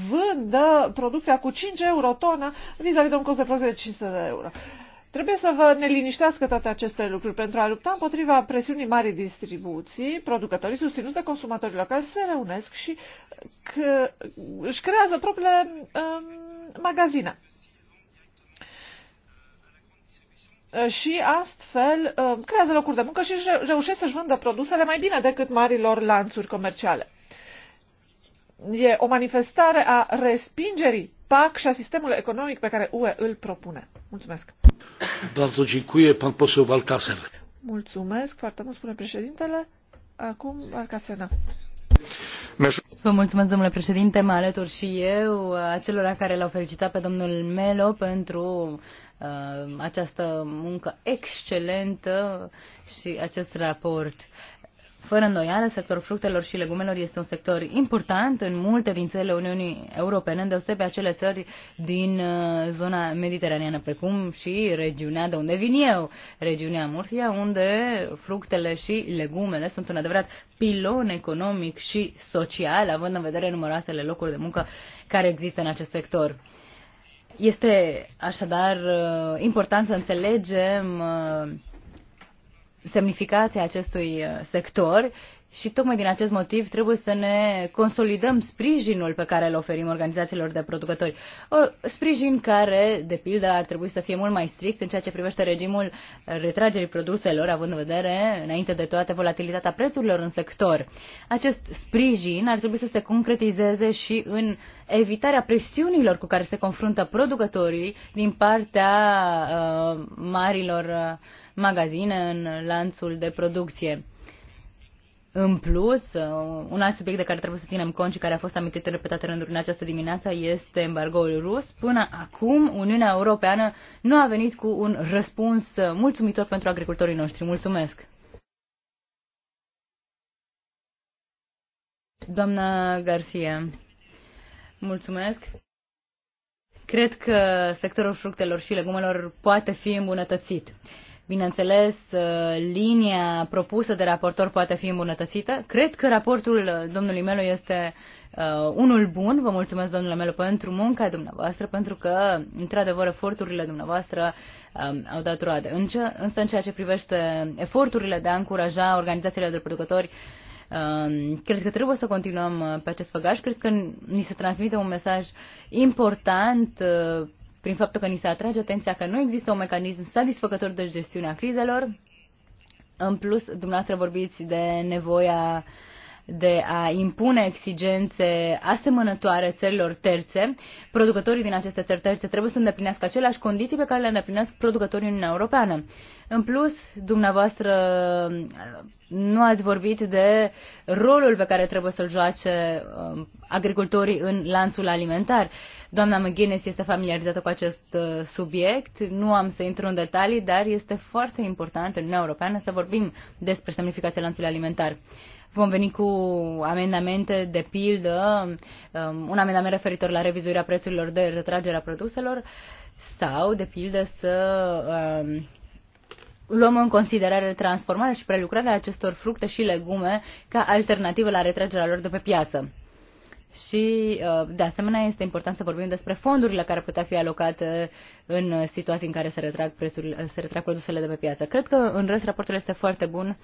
vândă producția cu 5 euro tonă, vis-a-vis de un cost de producție de 500 de euro. Trebuie să vă liniștească toate aceste lucruri. Pentru a lupta împotriva presiunii marii distribuții, producătorii susținuți de consumatorii locali se reunesc și că își creează propriile um, magazine. Uh, și astfel uh, creează locuri de muncă și reușesc să-și vândă produsele mai bine decât marilor lanțuri comerciale. E o manifestare a respingerii PAC și a sistemului economic pe care UE îl propune. Mulțumesc. Mulțumesc foarte mult, spune președintele. Acum, Valcasena. Vă mulțumesc, domnule președinte, mă alătur și eu acelora care l-au felicitat pe domnul Melo pentru Uh, această muncă excelentă și acest raport. Fără îndoială, sectorul fructelor și legumelor este un sector important în multe din țările Uniunii Europene, îndeosebe acele țări din uh, zona mediteraneană, precum și regiunea de unde vin eu, regiunea Murcia, unde fructele și legumele sunt un adevărat pilon economic și social, având în vedere numeroasele locuri de muncă care există în acest sector. Este așadar uh, important să înțelegem uh, semnificația acestui uh, sector și tocmai din acest motiv trebuie să ne consolidăm sprijinul pe care îl oferim organizațiilor de producători. O sprijin care, de pildă, ar trebui să fie mult mai strict în ceea ce privește regimul retragerii produselor, având în vedere, înainte de toate, volatilitatea prețurilor în sector. Acest sprijin ar trebui să se concretizeze și în evitarea presiunilor cu care se confruntă producătorii din partea uh, marilor uh, magazine în lanțul de producție în plus, uh, un alt subiect de care trebuie să ținem cont și care a fost amintit în repetate rânduri în această dimineață este embargoul rus. Până acum, Uniunea Europeană nu a venit cu un răspuns mulțumitor pentru agricultorii noștri. Mulțumesc! Doamna Garcia, mulțumesc! Cred că sectorul fructelor și legumelor poate fi îmbunătățit. Bineînțeles, uh, linia propusă de raportor poate fi îmbunătățită. Cred că raportul uh, domnului Melo este uh, unul bun. Vă mulțumesc, domnule Melo, pentru munca dumneavoastră, pentru că, într-adevăr, eforturile dumneavoastră uh, au dat roade. În ce, însă, în ceea ce privește eforturile de a încuraja organizațiile de producători, uh, Cred că trebuie să continuăm uh, pe acest făgaș. Cred că ni se transmite un mesaj important uh, prin faptul că ni se atrage atenția că nu există un mecanism satisfăcător de gestiune a crizelor. În plus, dumneavoastră vorbiți de nevoia de a impune exigențe asemănătoare țărilor terțe. Producătorii din aceste țări terțe trebuie să îndeplinească aceleași condiții pe care le îndeplinesc producătorii în Uniunea Europeană. În plus, dumneavoastră nu ați vorbit de rolul pe care trebuie să-l joace um, agricultorii în lanțul alimentar. Uh, Doamna McGuinness este familiarizată cu acest uh, subiect, nu am să intru în detalii, dar este foarte important în Uniunea Europeană să vorbim despre semnificația lanțului alimentar. Vom veni cu amendamente, de pildă, um, un amendament referitor la revizuirea prețurilor de retragere a produselor sau, de pildă, să um, luăm în considerare transformarea și prelucrarea acestor fructe și legume ca alternativă la retragerea lor de pe piață și, uh, de asemenea, este important să vorbim despre fondurile care putea fi alocate uh, în situații în care se retrag, prețurile, uh, se retrag produsele de pe piață. Cred că, în rest, raportul este foarte bun.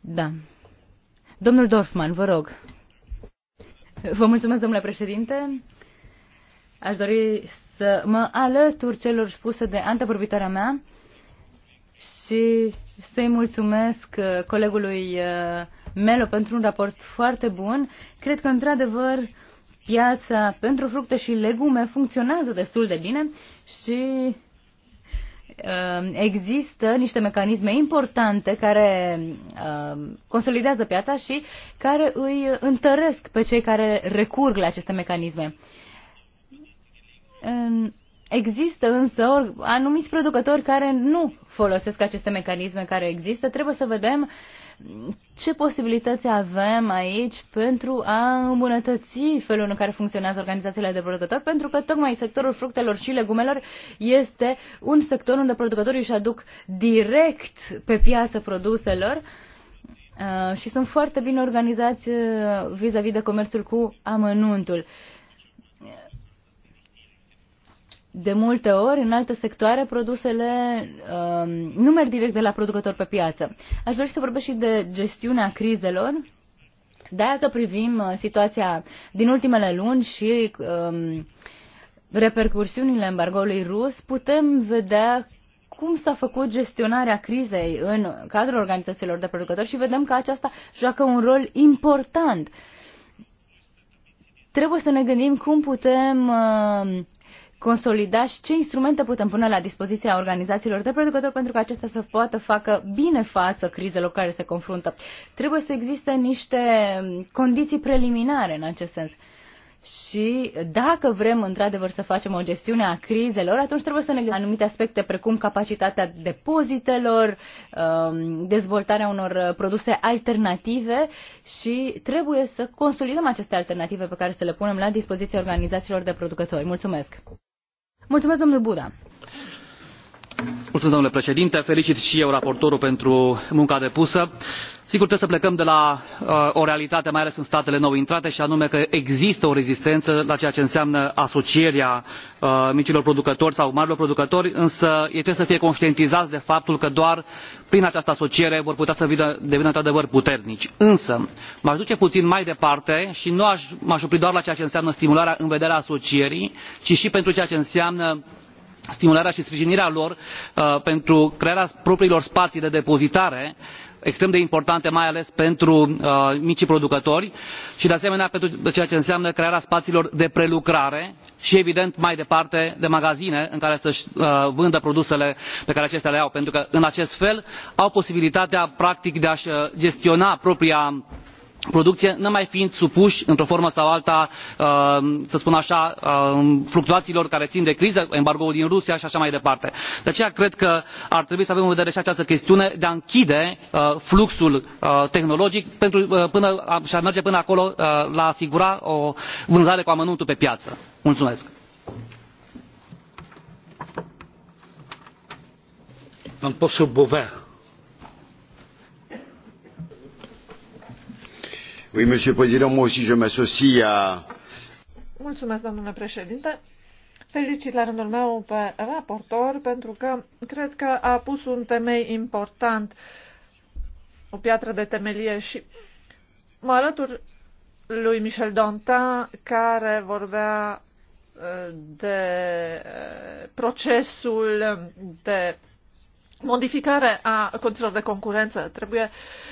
Da. Domnul Dorfman, vă rog. Vă mulțumesc, domnule președinte. Aș dori să mă alătur celor spuse de antevorbitoarea mea și să-i mulțumesc colegului uh, Melo pentru un raport foarte bun. Cred că, într-adevăr, piața pentru fructe și legume funcționează destul de bine și um, există niște mecanisme importante care um, consolidează piața și care îi întăresc pe cei care recurg la aceste mecanisme. Există însă anumiți producători care nu folosesc aceste mecanisme care există. Trebuie să vedem uh, ce posibilități avem aici pentru a îmbunătăți felul în care funcționează organizațiile de producători, pentru că tocmai sectorul fructelor și legumelor este un sector unde producătorii își aduc direct pe piață produselor uh, și sunt foarte bine organizați uh, vis-a-vis -vis de comerțul cu amănuntul de multe ori, în alte sectoare, produsele uh, nu merg direct de la producător pe piață. Aș dori să vorbesc și de gestiunea crizelor. Dacă privim uh, situația din ultimele luni și um, repercursiunile embargoului rus, putem vedea cum s-a făcut gestionarea crizei în cadrul organizațiilor de producători și vedem că aceasta joacă un rol important. Trebuie să ne gândim cum putem uh, consolida și ce instrumente putem pune la dispoziția organizațiilor de producători pentru că acestea să poată facă bine față crizelor care se confruntă. Trebuie să existe niște condiții preliminare în acest sens. Și dacă vrem într-adevăr să facem o gestiune a crizelor, atunci trebuie să ne gândim anumite aspecte precum capacitatea depozitelor, um, dezvoltarea unor produse alternative și trebuie să consolidăm aceste alternative pe care să le punem la dispoziția organizațiilor de producători. Mulțumesc! Mulțumesc, domnul Buda domnule președinte felicit și eu raportorul pentru munca depusă. sigur trebuie să plecăm de la uh, o realitate mai ales în statele nou intrate și anume că există o rezistență la ceea ce înseamnă asocierea uh, micilor producători sau marilor producători însă ei trebuie să fie conștientizați de faptul că doar prin această asociere vor putea să devină într adevăr puternici. însă m aș duce puțin mai departe și nu m aș opri doar la ceea ce înseamnă stimularea în vederea asocierii ci și pentru ceea ce înseamnă stimularea și sprijinirea lor uh, pentru crearea propriilor spații de depozitare extrem de importante mai ales pentru uh, micii producători și de asemenea pentru ceea ce înseamnă crearea spațiilor de prelucrare și evident mai departe de magazine în care să și uh, vândă produsele pe care aceștia le au pentru că în acest fel au posibilitatea practic de a și gestiona propria producție nemai fiind supuși într o formă sau alta uh, să spun așa uh, fluctuațiilor care țin de criză embargoul din rusia și așa mai departe. de aceea cred că ar trebui să avem în vedere și această chestiune de a închide uh, fluxul tehnologic și a merge până acolo la a asigura o vânzare cu amănuntul pe piață. mulțumesc. Oui, Monsieur le Président, moi aussi je m'associe à... Mulțumesc, domnule președinte. Felicit la rândul meu pe raportor pentru că cred că a pus un temei important, o piatră de temelie și mă alătur lui Michel Dantin care vorbea uh, de uh, procesul de modificare a condițiilor de concurență. Trebuie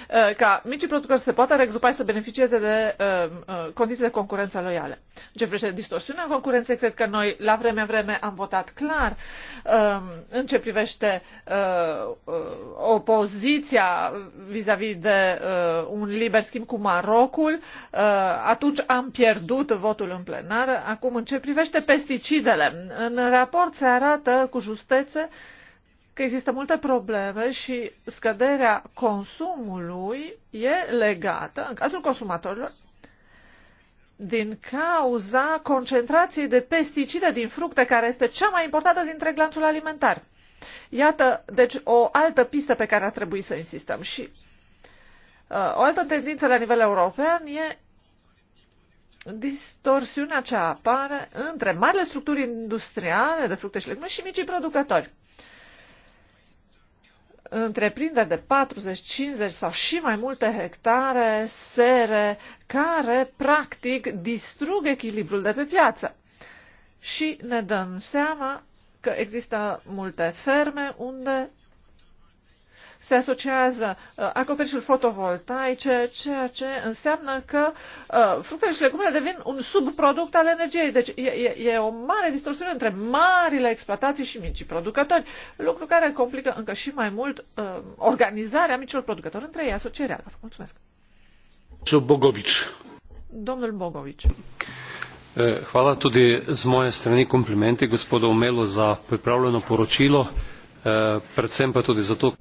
uh, ca micii producători să se poată regrupa și să beneficieze de uh, uh, condiții de concurență loiale. În ce privește distorsiunea concurenței, cred că noi la vreme vreme am votat clar um, în ce privește opoziția vis-a-vis -vis de un liber schimb cu Marocul. atunci am pierdut votul în plenar. Acum, în ce privește pesticidele, în raport se arată cu justețe că există multe probleme și scăderea consumului e legată, în cazul consumatorilor, din cauza concentrației de pesticide din fructe, care este cea mai importantă dintre glanțul alimentar. Iată, deci, o altă pistă pe care ar trebui să insistăm. Și uh, o altă tendință la nivel european e distorsiunea ce apare între marile structuri industriale de fructe și legume și micii producători întreprinderi de 40, 50 sau și mai multe hectare sere care practic distrug echilibrul de pe piață. Și ne dăm seama că există multe ferme unde se asociază uh, acoperișuri fotovoltaice, ceea ce înseamnă că uh, fructele și legumele devin un subproduct al energiei. Deci e, e, e o mare distorsiune între marile exploatații și micii producători, lucru care complică încă și mai mult uh, organizarea micilor producători între ei, asocierea lor. Mulțumesc. Bogovici. Domnul Bogovici. Eh, hvala tudi z moje strani komplimenti gospodu Omelu za pripravljeno poročilo, eh, predvsem pa tudi zato.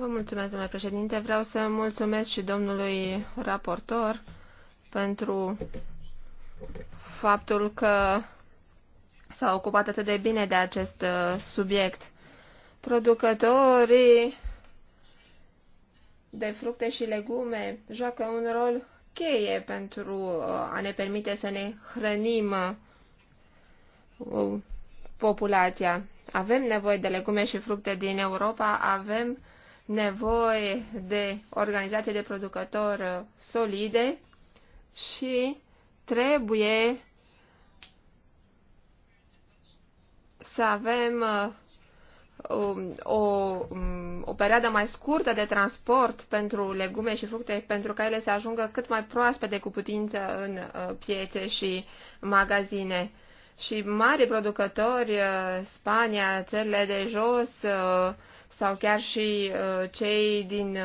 Vă mulțumesc, domnule președinte. Vreau să mulțumesc și domnului raportor pentru faptul că s-a ocupat atât de bine de acest uh, subiect. Producătorii de fructe și legume joacă un rol cheie pentru uh, a ne permite să ne hrănim uh, populația. Avem nevoie de legume și fructe din Europa, avem nevoie de organizații de producători uh, solide și trebuie să avem uh, um, o, o, um, o perioadă mai scurtă de transport pentru legume și fructe pentru ca ele să ajungă cât mai proaspete cu putință în uh, piețe și magazine. Și mari producători, Spania, țările de jos, sau chiar și uh, cei din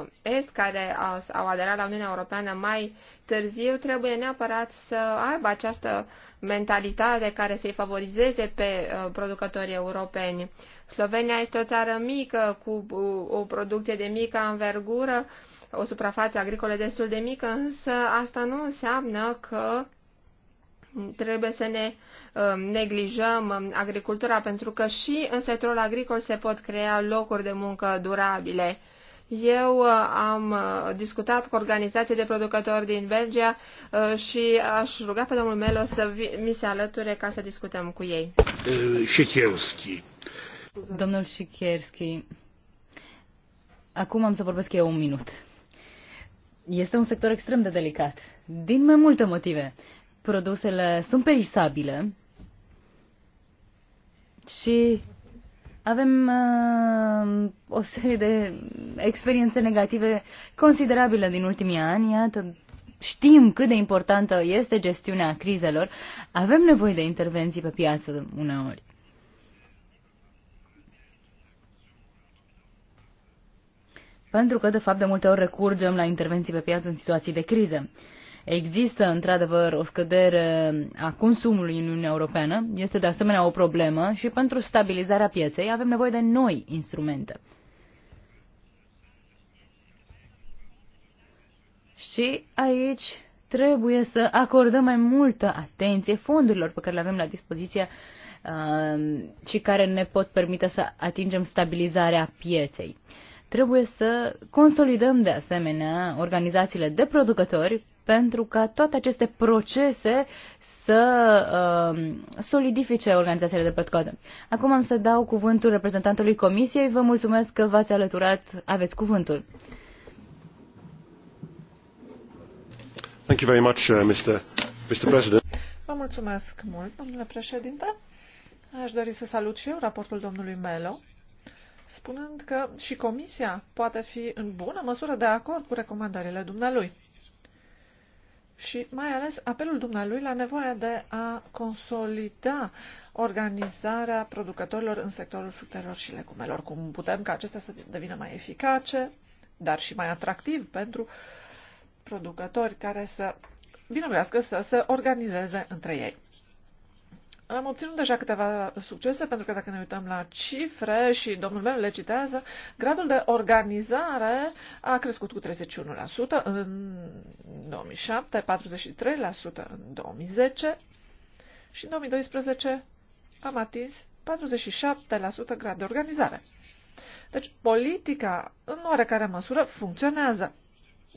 uh, Est care au aderat la Uniunea Europeană mai târziu, trebuie neapărat să aibă această mentalitate care să-i favorizeze pe uh, producătorii europeni. Slovenia este o țară mică, cu o producție de mică învergură, o suprafață agricolă destul de mică, însă asta nu înseamnă că trebuie să ne Um, neglijăm um, agricultura, pentru că și în sectorul agricol se pot crea locuri de muncă durabile. Eu uh, am uh, discutat cu organizații de producători din Belgia uh, și aș ruga pe domnul Melo să mi se alăture ca să discutăm cu ei. Șichierski. Domnul Șichierski, acum am să vorbesc eu un minut. Este un sector extrem de delicat, din mai multe motive. Produsele sunt perisabile, și avem uh, o serie de experiențe negative considerabile din ultimii ani. Iată, știm cât de importantă este gestiunea crizelor. Avem nevoie de intervenții pe piață uneori. Pentru că, de fapt, de multe ori recurgem la intervenții pe piață în situații de criză. Uh, Există, într-adevăr, o scădere a consumului în Uniunea Europeană, este de asemenea o problemă și pentru stabilizarea pieței avem nevoie de noi instrumente. Și aici trebuie să acordăm mai multă atenție fondurilor pe care le avem la dispoziție um, și care ne pot permite să atingem stabilizarea pieței. Trebuie să consolidăm de asemenea organizațiile de producători pentru ca toate aceste procese să uh, solidifice organizațiile de petcodă. Acum am să dau cuvântul reprezentantului Comisiei. Vă mulțumesc că v-ați alăturat. Aveți cuvântul. Thank you very much, uh, Mr. Mr. President. Vă mulțumesc mult, domnule președinte. Aș dori să salut și eu raportul domnului Melo, spunând că și Comisia poate fi în bună măsură de acord cu recomandările dumnealui și mai ales apelul dumnealui la nevoia de a consolida organizarea producătorilor în sectorul fructelor și legumelor, cum putem ca acestea să devină mai eficace, dar și mai atractiv pentru producători care să binevoiască să se organizeze între ei. Am obținut deja câteva succese, pentru că dacă ne uităm la cifre și domnul meu le citează, gradul de organizare a crescut cu 31% în 2007, 43% în 2010 și în 2012 am atins 47% grad de organizare. Deci, politica, în oarecare măsură, funcționează.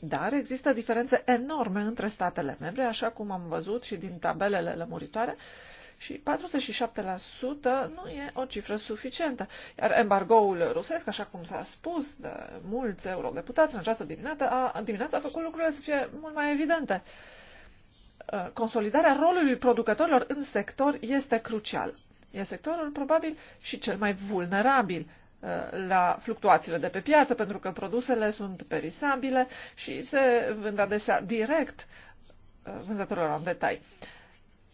Dar există diferențe enorme între statele membre, așa cum am văzut și din tabelele lămuritoare, uh, și 47% nu e o cifră suficientă. Iar embargoul rusesc, așa cum s-a spus de mulți eurodeputați în această dimineață, a, dimineață a făcut lucrurile să fie mult mai evidente. Uh, consolidarea rolului producătorilor în sector este crucial. E sectorul probabil și cel mai vulnerabil uh, la fluctuațiile de pe piață, pentru că produsele sunt perisabile și se vând adesea direct uh, vânzătorilor în detalii.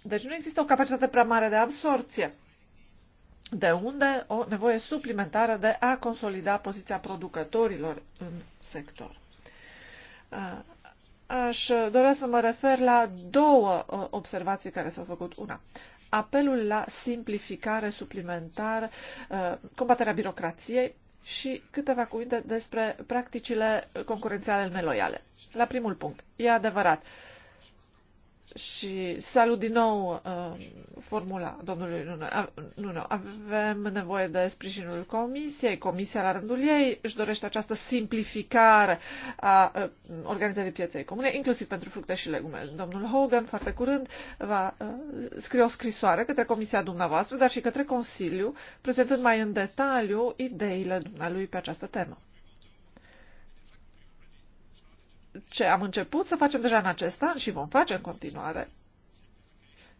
Deci nu există o capacitate prea mare de absorție, de unde o nevoie suplimentară de a consolida poziția producătorilor în sector. Aș dorea să mă refer la două observații care s-au făcut. Una, apelul la simplificare suplimentară, combaterea birocrației și câteva cuvinte despre practicile concurențiale neloiale. La primul punct, e adevărat, uh, și salut din nou uh, formula domnului Nuno. Avem nevoie de sprijinul comisiei. Comisia, la rândul ei, își dorește această simplificare a uh, organizării pieței comune, inclusiv pentru fructe și legume. Domnul Hogan, foarte curând, va uh, scrie o scrisoare către comisia dumneavoastră, dar și către Consiliu, prezentând mai în detaliu ideile dumnealui pe această temă ce am început să facem deja în acest an și vom face în continuare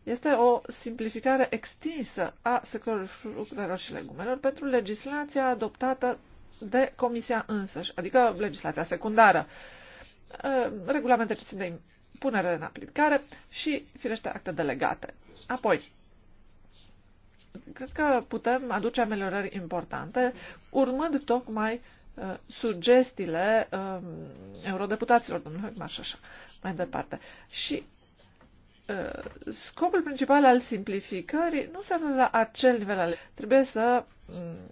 este o simplificare extinsă a sectorului fructelor și legumelor pentru legislația adoptată de Comisia însăși, adică legislația secundară, uh, regulamente ce țin de punere în aplicare și, firește, acte delegate. Apoi, cred că putem aduce ameliorări importante urmând tocmai uh, Uh, sugestiile um, eurodeputaților, domnul Hegmar așa mai departe. Și uh, scopul principal al simplificării nu se află la acel nivel. Al... Trebuie să mm,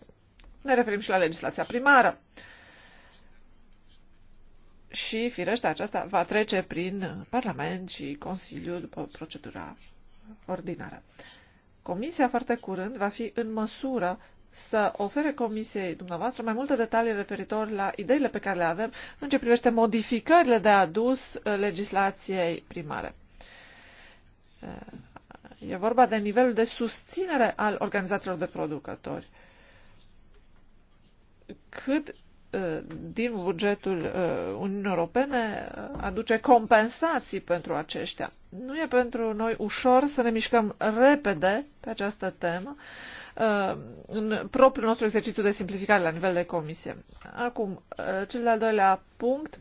ne referim și la legislația primară. Și, firește, aceasta va trece prin Parlament și Consiliu după procedura ordinară. Comisia foarte curând va fi în măsură să ofere Comisiei dumneavoastră mai multe detalii referitor la ideile pe care le avem în ce privește modificările de adus uh, legislației primare. Uh, e vorba de nivelul de susținere al organizațiilor de producători. Cât uh, din bugetul Uniunii Europene aduce compensații pentru aceștia. Nu e pentru noi ușor să ne mișcăm repede pe această temă, Uh, în propriul nostru exercițiu de simplificare la nivel de comisie. Acum, uh, cel de-al doilea punct,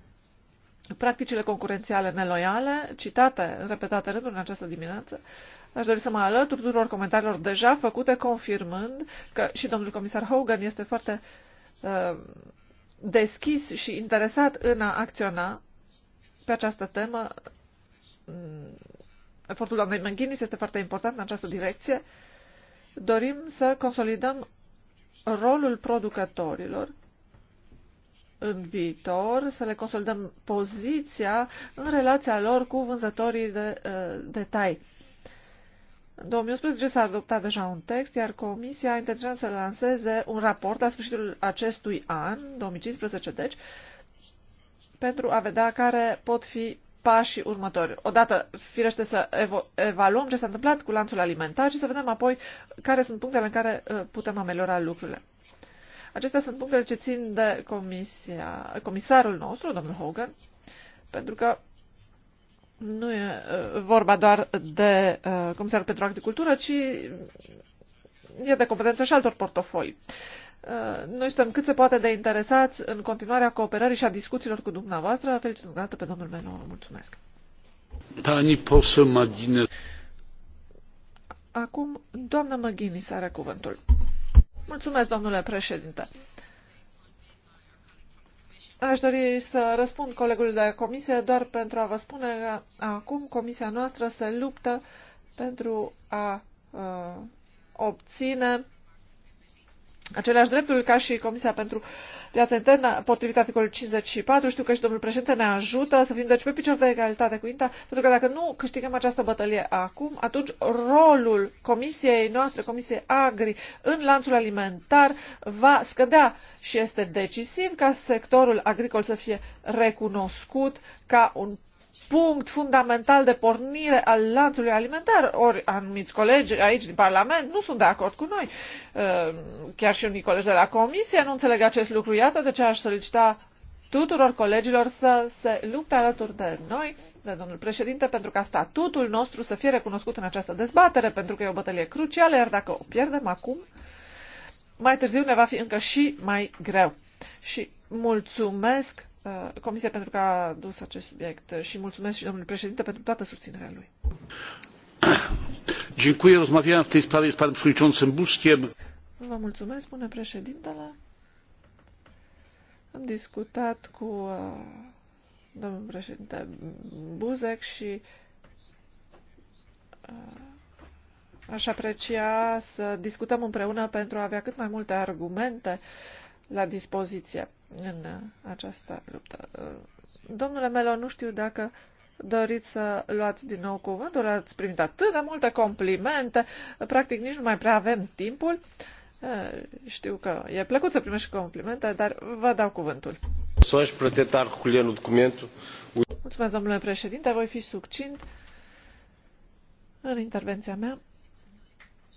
practicile concurențiale neloiale, citate în repetate rânduri în această dimineață, aș dori să mă alătur tuturor comentariilor deja făcute, confirmând că și domnul comisar Hogan este foarte uh, deschis și interesat în a acționa pe această temă. Mm, efortul doamnei McGuinness este foarte important în această direcție. Uh, Dorim să consolidăm rolul producătorilor în viitor, să le consolidăm poziția în relația lor cu vânzătorii de uh, detai. În 2011 s-a adoptat deja un text, iar Comisia intenționează să lanseze un raport la sfârșitul acestui an, 2015 deci, pentru a vedea care pot fi pașii următori. Odată, firește, să evaluăm ce s-a întâmplat cu lanțul alimentar și să vedem apoi care sunt punctele în care uh, putem ameliora lucrurile. Acestea sunt punctele ce țin de comisia, comisarul nostru, domnul Hogan, pentru că nu e uh, vorba doar de uh, comisarul pentru agricultură, ci e de competență și altor portofolii. Uh, noi suntem cât se poate de interesați în continuarea cooperării și a discuțiilor cu dumneavoastră. Felicit încă dată pe domnul Menor. Mulțumesc. Pani posă Magine. Acum, doamna Măghini să are cuvântul. Mulțumesc, domnule președinte. Aș dori să răspund colegului de comisie doar pentru a vă spune că acum comisia noastră se luptă pentru a uh, obține aceleași drepturi ca și Comisia pentru Viața Internă, potrivit articolului 54. Știu că și domnul președinte ne ajută să fim deci pe picior de egalitate cu INTA, pentru că dacă nu câștigăm această bătălie acum, atunci rolul Comisiei noastre, Comisiei Agri, în lanțul alimentar va scădea și este decisiv ca sectorul agricol să fie recunoscut ca un punct fundamental de pornire al lanțului alimentar. Ori anumiți colegi aici din Parlament nu sunt de acord cu noi. Ehm, chiar și unii colegi de la Comisie nu înțeleg acest lucru. Iată de ce aș solicita tuturor colegilor să se lupte alături de noi, de domnul președinte, pentru ca statutul nostru să fie recunoscut în această dezbatere, pentru că e o bătălie crucială, iar dacă o pierdem acum, mai târziu ne va fi încă și mai greu. Și mulțumesc Uh, Comisia pentru că a dus acest subiect și mulțumesc și domnului președinte pentru toată susținerea lui. Dziękuję. Rozmawiałem w tej sprawie z panem przewodniczącym Buskiem. Vă mulțumesc, spune președintele. Am discutat cu uh, domnul președinte Buzek și uh, aș aprecia să discutăm împreună pentru a avea cât mai multe argumente la dispoziție în această luptă. Domnule Melo, nu știu dacă doriți să luați din nou cuvântul, ați primit atât de multe complimente, practic nici nu mai prea avem timpul. Știu că e plăcut să primești complimente, dar vă dau cuvântul. Mulțumesc, domnule președinte, voi fi succint în intervenția mea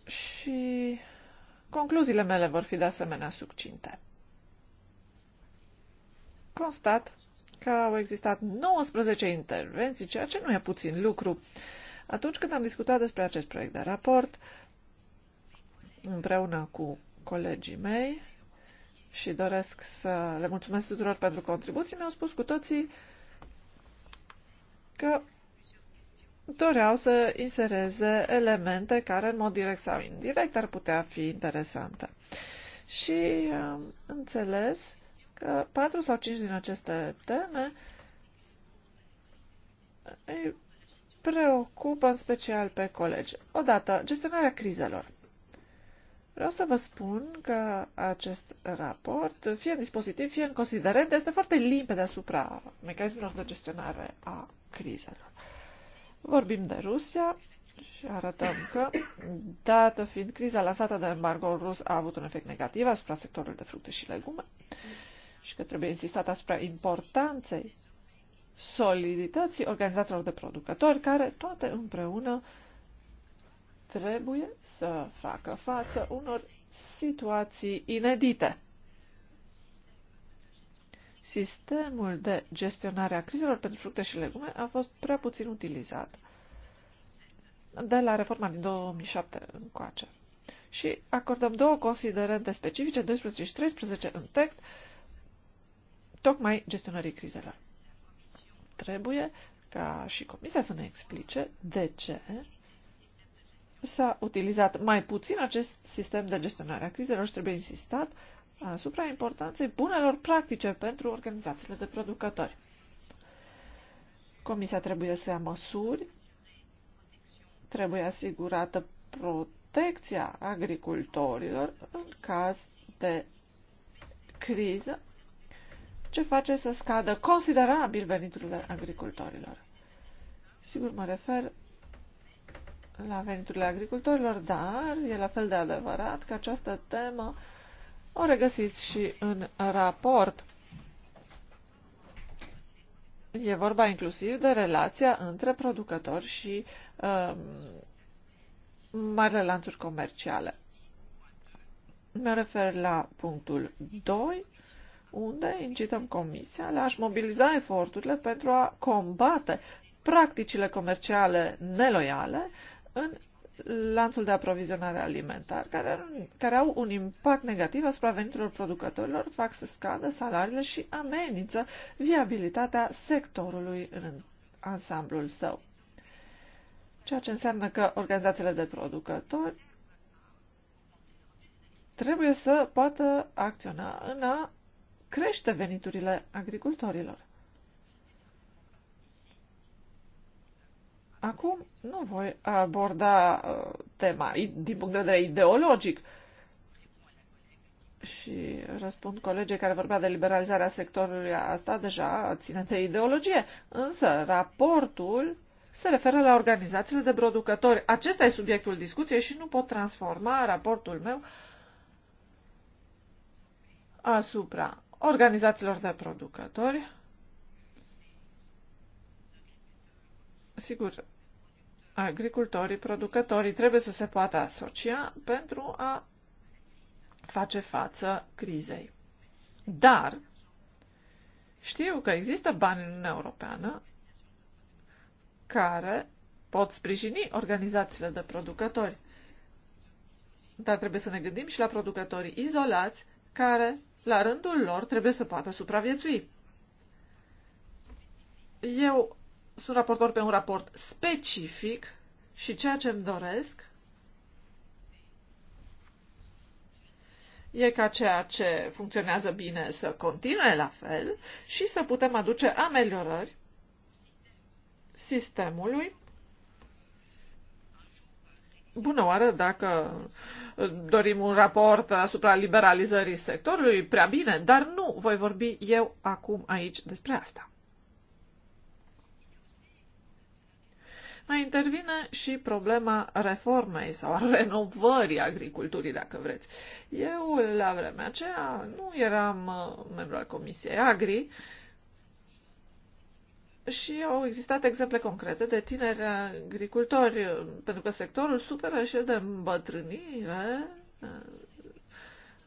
și concluziile mele vor fi de asemenea succinte constat că au existat 19 intervenții, ceea ce nu e puțin lucru. Atunci când am discutat despre acest proiect de raport, împreună cu colegii mei, și doresc să le mulțumesc tuturor pentru contribuții, mi-au spus cu toții că doreau să insereze elemente care, în mod direct sau indirect, ar putea fi interesante. Și am înțeles că patru sau cinci din aceste teme îi preocupă în special pe colegi. Odată, gestionarea crizelor. Vreau să vă spun că acest raport, fie în dispozitiv, fie în considerent, este foarte limpede asupra mecanismelor de gestionare a crizelor. Vorbim de Rusia și arătăm că, dată fiind criza lansată de embargo rus, a avut un efect negativ asupra sectorului de fructe și legume și că trebuie insistat asupra importanței solidității organizațiilor de producători, care toate împreună trebuie să facă față unor situații inedite. Sistemul de gestionare a crizelor pentru fructe și legume a fost prea puțin utilizat de la reforma din 2007 încoace. Și acordăm două considerente specifice, 12 și 13, în text, tocmai gestionării crizelor. Trebuie ca și Comisia să ne explice de ce s-a utilizat mai puțin acest sistem de gestionare a crizelor și trebuie insistat asupra importanței bunelor practice pentru organizațiile de producători. Comisia trebuie să ia măsuri, trebuie asigurată protecția agricultorilor în caz de criză ce face să scadă considerabil veniturile agricultorilor. Sigur, mă refer la veniturile agricultorilor, dar e la fel de adevărat că această temă o regăsiți și în raport. E vorba inclusiv de relația între producători și um, marile lanțuri comerciale. Mă refer la punctul 2 unde incităm Comisia la a-și mobiliza eforturile pentru a combate practicile comerciale neloiale în lanțul de aprovizionare alimentar, care, care au un impact negativ asupra veniturilor producătorilor, fac să scadă salariile și amenință viabilitatea sectorului în ansamblul său. Ceea ce înseamnă că organizațiile de producători trebuie să poată acționa în a crește veniturile agricultorilor. Acum nu voi aborda uh, tema din punct de vedere ideologic și răspund colegii care vorbea de liberalizarea sectorului asta deja ține de ideologie, însă raportul se referă la organizațiile de producători. Acesta e subiectul discuției și nu pot transforma raportul meu asupra organizațiilor de producători. Sigur, agricultorii, producătorii trebuie să se poată asocia pentru a face față crizei. Dar știu că există bani în Uniunea Europeană care pot sprijini organizațiile de producători. Dar trebuie să ne gândim și la producătorii izolați care la rândul lor trebuie să poată supraviețui. Eu sunt raportor pe un raport specific și ceea ce îmi doresc e ca ceea ce funcționează bine să continue la fel și să putem aduce ameliorări sistemului Bună oară, dacă dorim un raport asupra liberalizării sectorului, prea bine, dar nu voi vorbi eu acum aici despre asta. Mai intervine și problema reformei sau a renovării agriculturii, dacă vreți. Eu, la vremea aceea, nu eram membru al Comisiei Agri, și au existat exemple concrete de tineri agricultori, pentru că sectorul suferă și de îmbătrânire.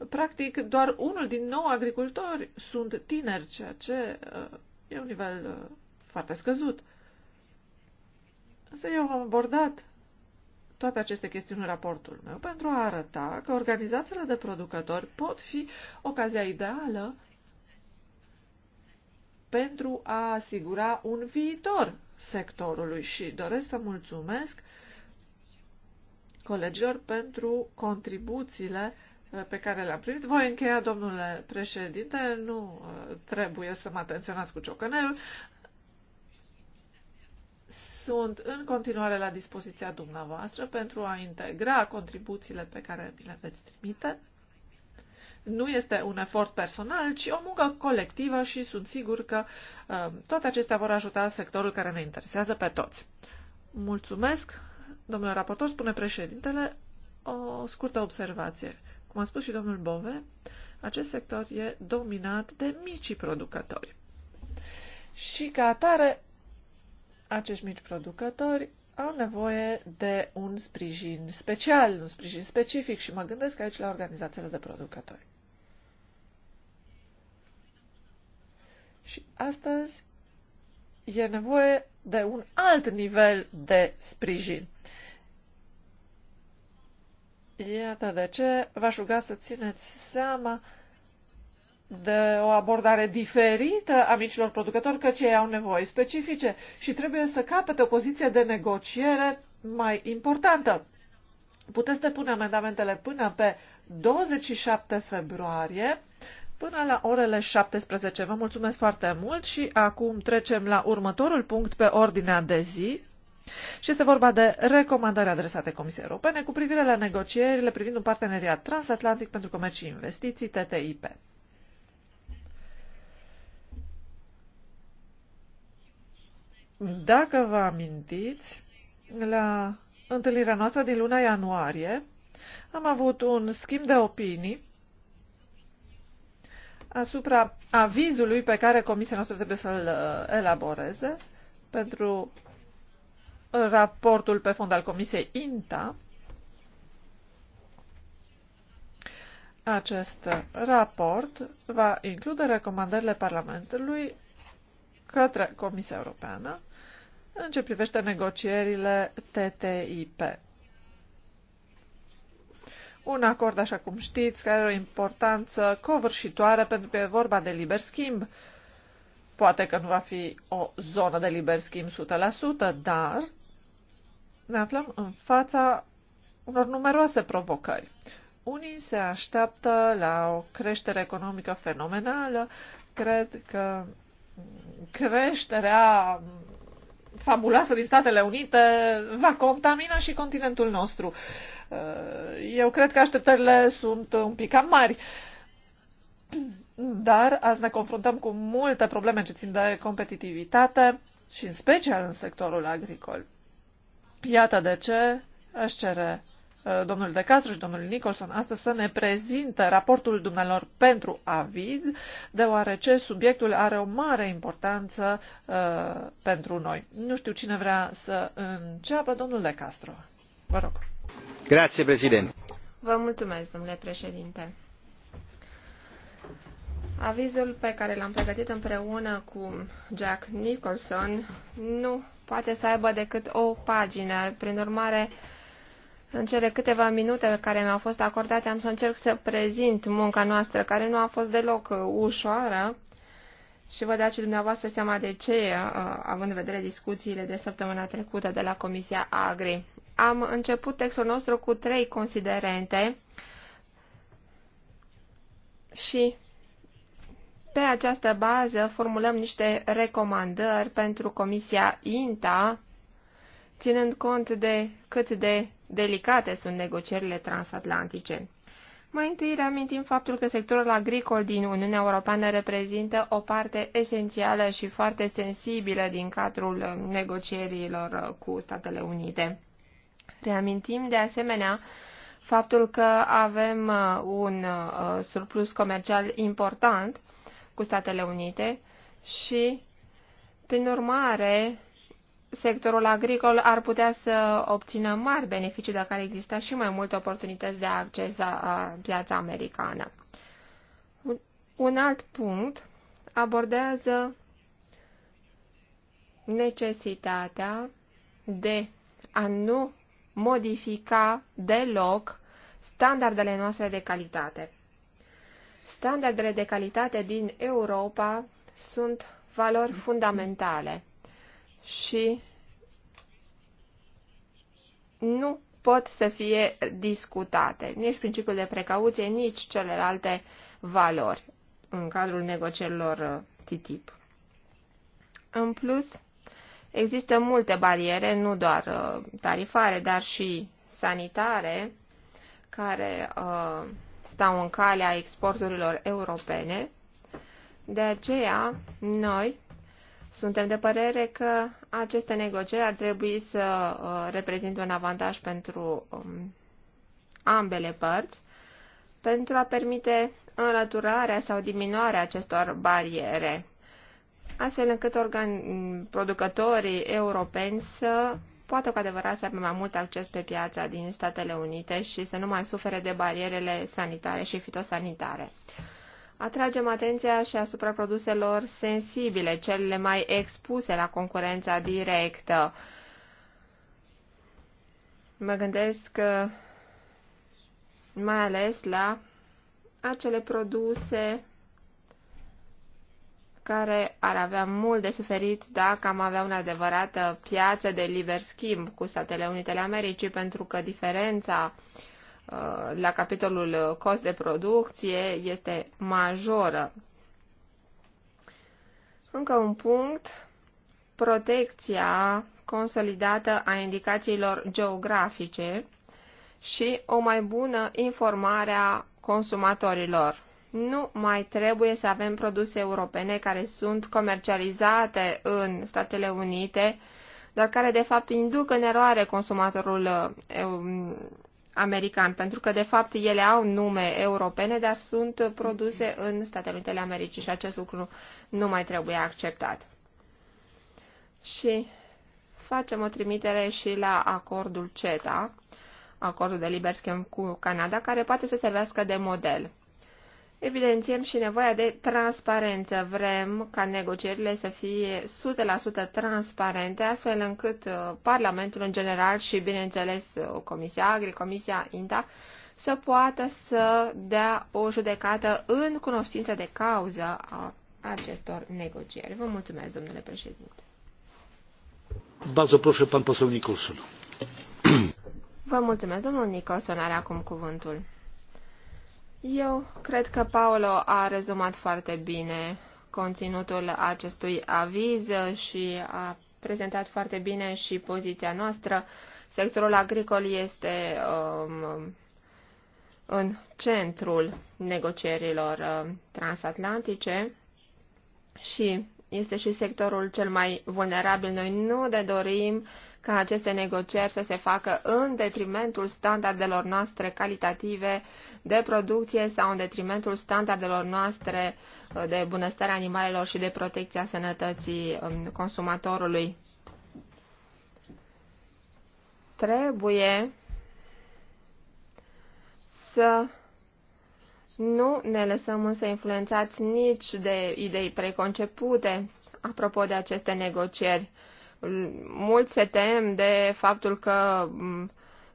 Practic, doar unul din nou agricultori sunt tineri, ceea ce uh, e un nivel uh, foarte scăzut. Însă eu am abordat toate aceste chestiuni în raportul meu pentru a arăta că organizațiile de producători pot fi ocazia ideală pentru a asigura un viitor sectorului și doresc să mulțumesc colegilor pentru contribuțiile uh, pe care le-am primit. Voi încheia, domnule președinte, nu uh, trebuie să mă atenționați cu ciocănelul. Sunt în continuare la dispoziția dumneavoastră pentru a integra contribuțiile pe care mi le veți trimite nu este un efort personal, ci o muncă colectivă și sunt sigur că um, toate acestea vor ajuta sectorul care ne interesează pe toți. Mulțumesc, domnule raportor, spune președintele, o scurtă observație. Cum a spus și domnul Bove, acest sector e dominat de micii producători. Și ca atare, acești mici producători au nevoie de un sprijin special, un sprijin specific și mă gândesc aici la organizațiile de producători. Și astăzi e nevoie de un alt nivel de sprijin. Iată de ce v-aș ruga să țineți seama de o abordare diferită a micilor producători, căci ei au nevoi specifice și trebuie să capete o poziție de negociere mai importantă. Puteți depune amendamentele până pe 27 februarie până la orele 17. Vă mulțumesc foarte mult și acum trecem la următorul punct pe ordinea de zi. Și este vorba de recomandări adresate Comisiei Europene cu privire la negocierile privind un parteneriat transatlantic pentru comerț și investiții, TTIP. Dacă vă amintiți, la întâlnirea noastră din luna ianuarie am avut un schimb de opinii asupra avizului pe care comisia noastră trebuie să-l uh, elaboreze pentru raportul pe fond al comisiei INTA. Acest raport va include recomandările Parlamentului către Comisia Europeană în ce privește negocierile TTIP. Un acord, așa cum știți, care are o importanță covârșitoare pentru că e vorba de liber schimb. Poate că nu va fi o zonă de liber schimb 100%, dar ne aflăm în fața unor numeroase provocări. Unii se așteaptă la o creștere economică fenomenală. Cred că creșterea fabuloasă din Statele Unite va contamina și continentul nostru. Uh, eu cred că așteptările sunt un pic cam mari. Dar azi ne confruntăm cu multe probleme ce țin de competitivitate și în special în sectorul agricol. Iată de ce aș cere Uh, domnul De Castro și domnul Nicholson astăzi să ne prezintă raportul dumnealor pentru aviz, deoarece subiectul are o mare importanță uh, pentru noi. Nu știu cine vrea să înceapă, domnul De Castro. Vă rog. Grație, prezident. Vă mulțumesc, domnule președinte. Avizul pe care l-am pregătit împreună cu Jack Nicholson nu poate să aibă decât o pagină. Prin urmare, în cele câteva minute care mi-au fost acordate am să încerc să prezint munca noastră, care nu a fost deloc uh, ușoară și vă dați dumneavoastră seama de ce, uh, având în vedere discuțiile de săptămâna trecută de la Comisia Agri. Am început textul nostru cu trei considerente și pe această bază formulăm niște recomandări pentru Comisia INTA, ținând cont de cât de delicate sunt negocierile transatlantice. Mai întâi reamintim faptul că sectorul agricol din Uniunea Europeană reprezintă o parte esențială și foarte sensibilă din cadrul negocierilor cu Statele Unite. Reamintim de asemenea faptul că avem uh, un uh, surplus comercial important cu Statele Unite și, prin urmare, sectorul agricol ar putea să obțină mari beneficii dacă ar exista și mai multe oportunități de acces la piața americană. Un alt punct abordează necesitatea de a nu modifica deloc standardele noastre de calitate. Standardele de calitate din Europa sunt valori fundamentale și nu pot să fie discutate nici principiul de precauție, nici celelalte valori în cadrul negocierilor uh, TTIP. În plus, există multe bariere, nu doar uh, tarifare, dar și sanitare, care uh, stau în calea exporturilor europene. De aceea, noi suntem de părere că aceste negocieri ar trebui să uh, reprezinte un avantaj pentru um, ambele părți pentru a permite înlăturarea sau diminuarea acestor bariere, astfel încât organ- producătorii europeni să poată cu adevărat să aibă mai mult acces pe piața din Statele Unite și să nu mai sufere de barierele sanitare și fitosanitare. Atragem atenția și asupra produselor sensibile, cele mai expuse la concurența directă. Mă gândesc uh, mai ales la acele produse care ar avea mult de suferit dacă am avea o adevărată uh, piață de liber schimb cu Statele Unite ale Americii, pentru că diferența uh, la capitolul cost de producție este majoră. Încă un punct, protecția consolidată a indicațiilor geografice și o mai bună informare a consumatorilor. Nu mai trebuie să avem produse europene care sunt comercializate în Statele Unite, dar care de fapt induc în eroare consumatorul uh, american, pentru că de fapt ele au nume europene, dar sunt produse în Statele Unite ale Americii și acest lucru nu mai trebuie acceptat. Și facem o trimitere și la acordul CETA, acordul de liber schimb cu Canada, care poate să servească de model. Evidențiem și nevoia de transparență. Vrem ca negocierile să fie 100% transparente, astfel încât uh, Parlamentul în general și, bineînțeles, uh, Comisia Agri, Comisia INTA, să poată să dea o judecată în cunoștință de cauză a acestor negocieri. Vă mulțumesc, domnule președinte. Bardzo proszę, pan poseł Nicholson. Vă mulțumesc, domnul Nicholson are acum cuvântul. Eu cred că Paolo a rezumat foarte bine conținutul acestui aviz și a prezentat foarte bine și poziția noastră. Sectorul agricol este um, în centrul negocierilor um, transatlantice și este și sectorul cel mai vulnerabil. Noi nu de dorim uh, ca aceste negocieri să se facă în detrimentul standardelor noastre calitative de producție sau în detrimentul standardelor noastre uh, de bunăstare animalelor și de protecția sănătății um, consumatorului. Trebuie să nu ne lăsăm însă influențați nici de idei preconcepute apropo de aceste negocieri. Mulți se tem de faptul că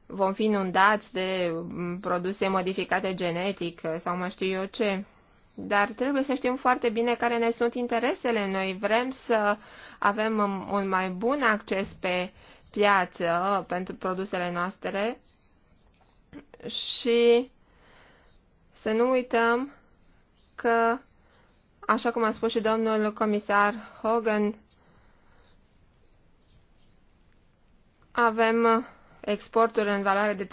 vom fi inundați de produse modificate genetic sau mai știu eu ce. Dar trebuie să știm foarte bine care ne sunt interesele. Noi vrem să avem un mai bun acces pe piață pentru produsele noastre și să nu uităm că, așa cum a spus și domnul comisar Hogan, Avem uh, exporturi în valoare de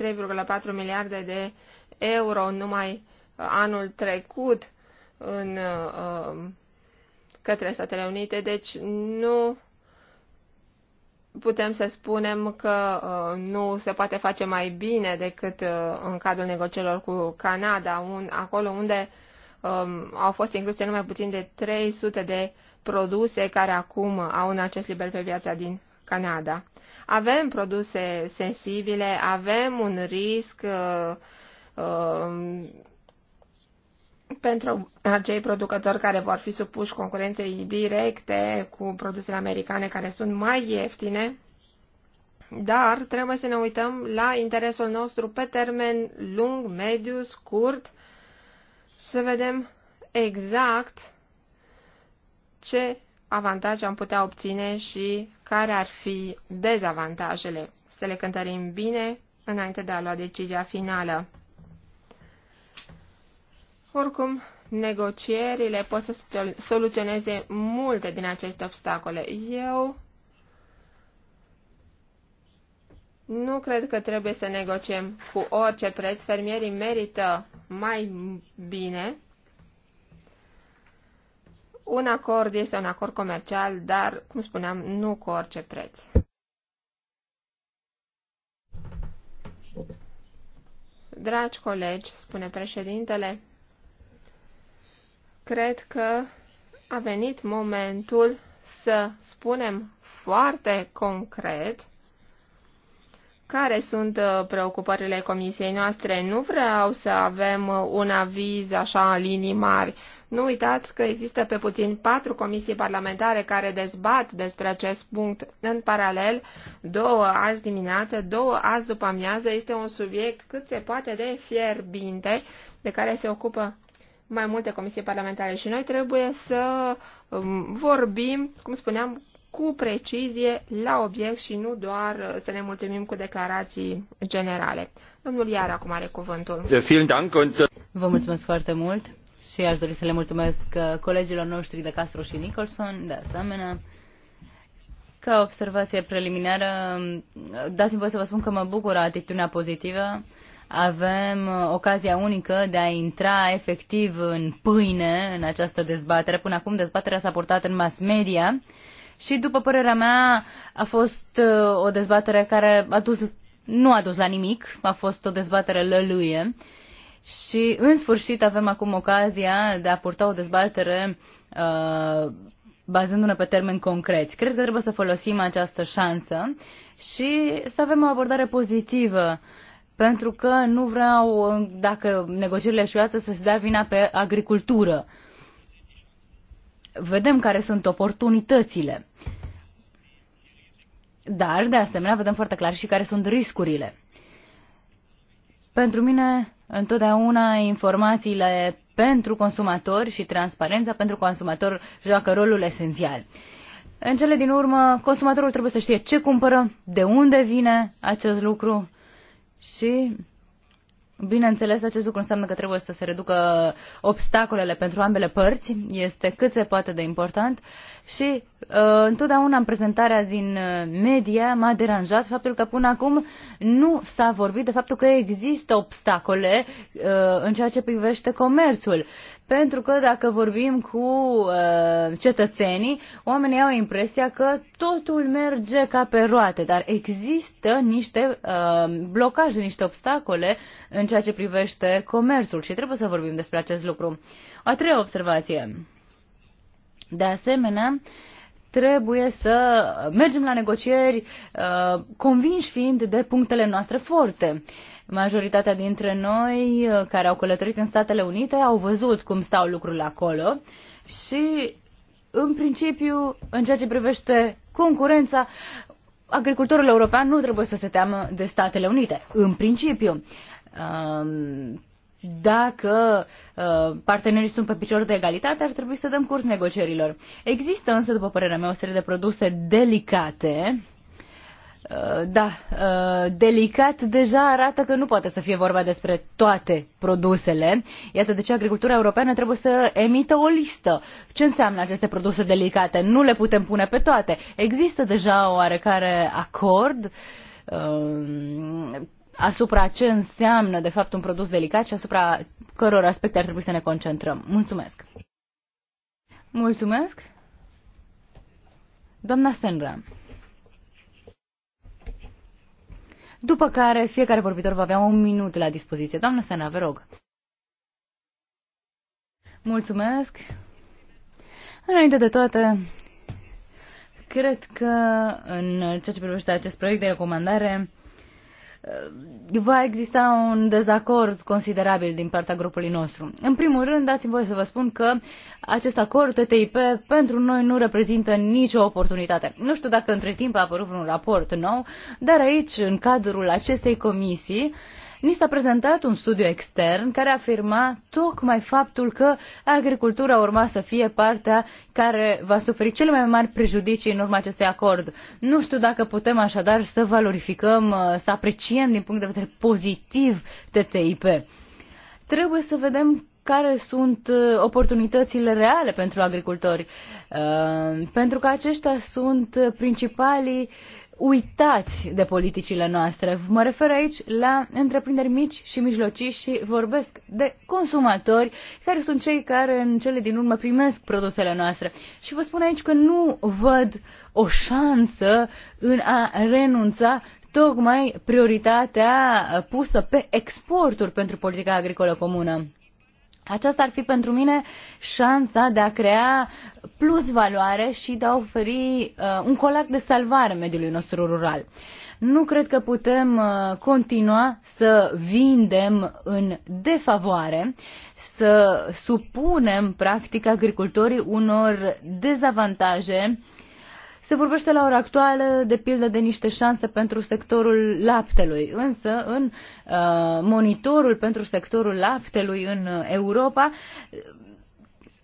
3,4 miliarde de euro numai uh, anul trecut în, uh, um, către Statele Unite, deci nu putem să spunem că nu se poate face mai bine decât în cadrul negocierilor cu Canada, un, acolo unde um, au fost incluse numai puțin de 300 de produse care acum au un acces liber pe viața din Canada. Avem produse sensibile, avem un risc uh, uh, pentru acei producători care vor fi supuși concurenței directe cu produsele americane care sunt mai ieftine, dar trebuie să ne uităm la interesul nostru pe termen lung, mediu, scurt, să vedem exact ce avantaje am putea obține și care ar fi dezavantajele. Să le cântărim bine înainte de a lua decizia finală. Oricum, negocierile pot să soluționeze multe din aceste obstacole. Eu nu cred că trebuie să negociem cu orice preț. Fermierii merită mai bine un acord este un acord comercial, dar, cum spuneam, nu cu orice preț. Dragi colegi, spune președintele, cred că a venit momentul să spunem foarte concret care sunt uh, preocupările comisiei noastre? Nu vreau să avem uh, un aviz așa în linii mari. Nu uitați că există pe puțin patru comisii parlamentare care dezbat despre acest punct în paralel, două azi dimineață, două azi după amiază. Este un subiect cât se poate de fierbinte de care se ocupă mai multe comisii parlamentare și noi trebuie să um, vorbim, cum spuneam, cu precizie la obiect și nu doar uh, să ne mulțumim cu declarații generale. Domnul Iar acum are cuvântul. Uh, vă mulțumesc foarte mult și aș dori să le mulțumesc uh, colegilor noștri de Castro și Nicholson, de asemenea. Ca observație preliminară, um, dați-mi voi să vă spun că mă bucură atitudinea pozitivă. Avem ocazia unică de a intra efectiv în pâine în această dezbatere. Până acum dezbaterea s-a portat în mass media și după părerea mea a fost uh, o dezbatere care a dus, nu a dus la nimic, a fost o dezbatere lăluie. Și în sfârșit avem acum ocazia de a purta o dezbatere uh, bazându-ne pe termeni concreți. Cred că trebuie să folosim această șansă și să avem o abordare pozitivă, pentru că nu vreau, dacă negocierile eșuează, să se dea vina pe agricultură. Uh, vedem care sunt oportunitățile. Dar, de asemenea, vedem foarte clar și care sunt riscurile. Pentru mine, întotdeauna informațiile pentru consumator și transparența pentru consumator joacă rolul esențial. În cele din urmă, consumatorul trebuie să știe ce cumpără, de unde vine acest lucru și Bineînțeles, acest lucru înseamnă că trebuie să se reducă obstacolele pentru ambele părți, este cât se poate de important și uh, întotdeauna în prezentarea din uh, media m-a deranjat faptul că până acum nu s-a vorbit de faptul că există obstacole uh, în ceea ce privește comerțul. Uh, pentru că dacă vorbim cu uh, cetățenii, oamenii au impresia că totul merge ca pe roate, dar există niște uh, blocaje, niște obstacole în ceea ce privește comerțul și trebuie să vorbim despre acest lucru. A treia observație. De asemenea, trebuie să mergem la negocieri uh, convinși fiind de punctele noastre forte. Uh, Majoritatea dintre noi uh, care au călătorit în Statele Unite au văzut cum stau lucrurile acolo și, în principiu, în ceea ce privește concurența, agricultorul european nu trebuie să se teamă de Statele Unite. În principiu, um, dacă uh, partenerii sunt pe picior de egalitate, ar trebui să dăm curs negocierilor. Există însă, după părerea mea, o serie de produse delicate Uh, da, uh, delicat deja arată că nu poate să fie vorba despre toate produsele. Iată de ce agricultura europeană trebuie să emită o listă. Ce înseamnă aceste produse delicate? Nu le putem pune pe toate. Există deja o oarecare acord uh, asupra ce înseamnă de fapt un produs delicat și asupra căror aspecte ar trebui să ne concentrăm. Mulțumesc! Mulțumesc! Doamna Sandra. după care fiecare vorbitor va avea un minut la dispoziție. Doamnă Sena, vă rog. Mulțumesc. Înainte de toate, cred că în ceea ce privește acest proiect de recomandare, Uh, va exista un dezacord considerabil din partea grupului nostru. În primul rând, dați-mi voie să vă spun că acest acord TTIP pentru noi nu reprezintă nicio oportunitate. Nu știu dacă între timp a apărut un raport nou, dar aici, în cadrul acestei comisii, uh, Ni s-a prezentat un studiu extern care afirma tocmai faptul că agricultura urma să fie partea care va suferi cele mai mari prejudicii în urma acestui acord. Nu știu dacă putem așadar să valorificăm, uh, să apreciem din punct de vedere pozitiv TTIP. Trebuie să vedem care sunt uh, oportunitățile reale pentru agricultori, uh, pentru că aceștia sunt principalii uitați de politicile noastre. Mă refer aici la întreprinderi mici și mijlocii și vorbesc de consumatori care sunt cei care în cele din urmă primesc produsele noastre. Și vă spun aici că nu văd o șansă în a renunța tocmai prioritatea pusă pe exporturi pentru politica agricolă comună. Aceasta ar fi pentru mine șansa de a crea plus valoare și de a oferi uh, un colac de salvare mediului nostru rural. Nu cred că putem uh, continua să vindem în defavoare, să supunem practic agricultorii unor dezavantaje uh, se vorbește la ora actuală, de pildă, de niște șanse pentru sectorul laptelui, însă în uh, monitorul pentru sectorul laptelui în uh, Europa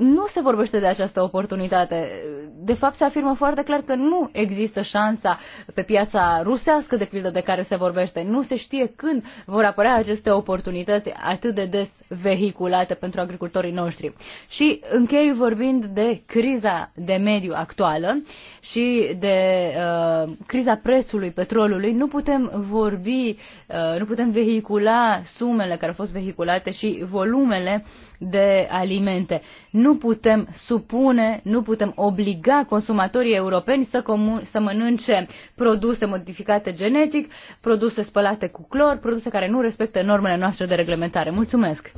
nu se vorbește de această oportunitate. De fapt, se afirmă foarte clar că nu există șansa pe piața rusească, de pildă, de care se vorbește. Nu se știe când vor apărea aceste oportunități atât de des vehiculate pentru agricultorii noștri. Și închei vorbind de criza de mediu actuală și de uh, criza prețului petrolului. Nu putem vorbi, uh, nu putem vehicula sumele care au fost vehiculate și volumele uh, de alimente. Nu putem supune, nu putem obliga consumatorii europeni să, comun- să mănânce produse modificate genetic, produse spălate cu clor, produse care nu respectă normele noastre de reglementare. Mulțumesc!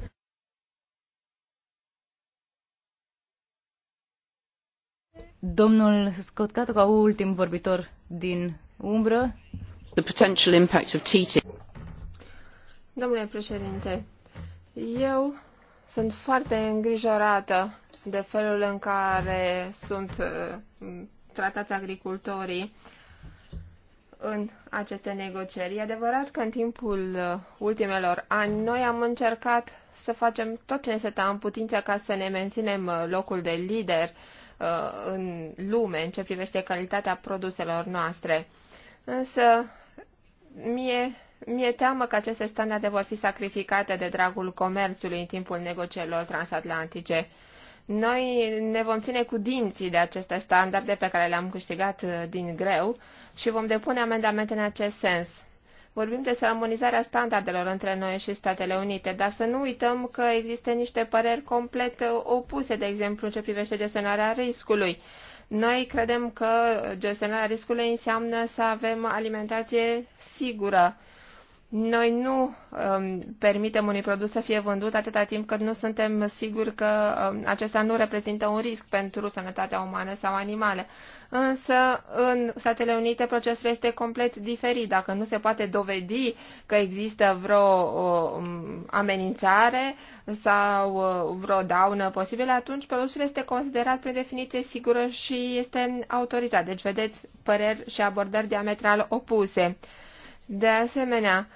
Domnul Scott Cato, ca ultim vorbitor din umbră. The potential impacts of TTIP. Domnule președinte, eu sunt foarte îngrijorată de felul în care sunt uh, tratați agricultorii în aceste negocieri. E adevărat că în timpul uh, ultimelor ani noi am încercat să facem tot ce ne se în putință ca să ne menținem uh, locul de lider în lume în ce privește calitatea produselor noastre. Însă, mie mi-e teamă că aceste standarde vor fi sacrificate de dragul comerțului în timpul negocierilor transatlantice. Noi ne vom ține cu dinții de aceste standarde pe care le-am câștigat uh, din greu și vom depune amendamente în acest sens. Vorbim despre armonizarea standardelor între noi și Statele Unite, dar să nu uităm că există niște păreri complet uh, opuse, de exemplu, în ce privește gestionarea riscului. Noi credem că gestionarea riscului înseamnă să avem alimentație sigură noi nu um, permitem unui produs să fie vândut atâta timp cât nu suntem siguri că um, acesta nu reprezintă un risc pentru sănătatea umană sau animale. Însă, în Statele Unite, procesul este complet diferit. Dacă nu se poate dovedi că există vreo um, amenințare sau uh, vreo daună posibilă, atunci produsul este considerat prin definiție sigură și este autorizat. Deci, vedeți păreri și abordări diametral opuse. De asemenea,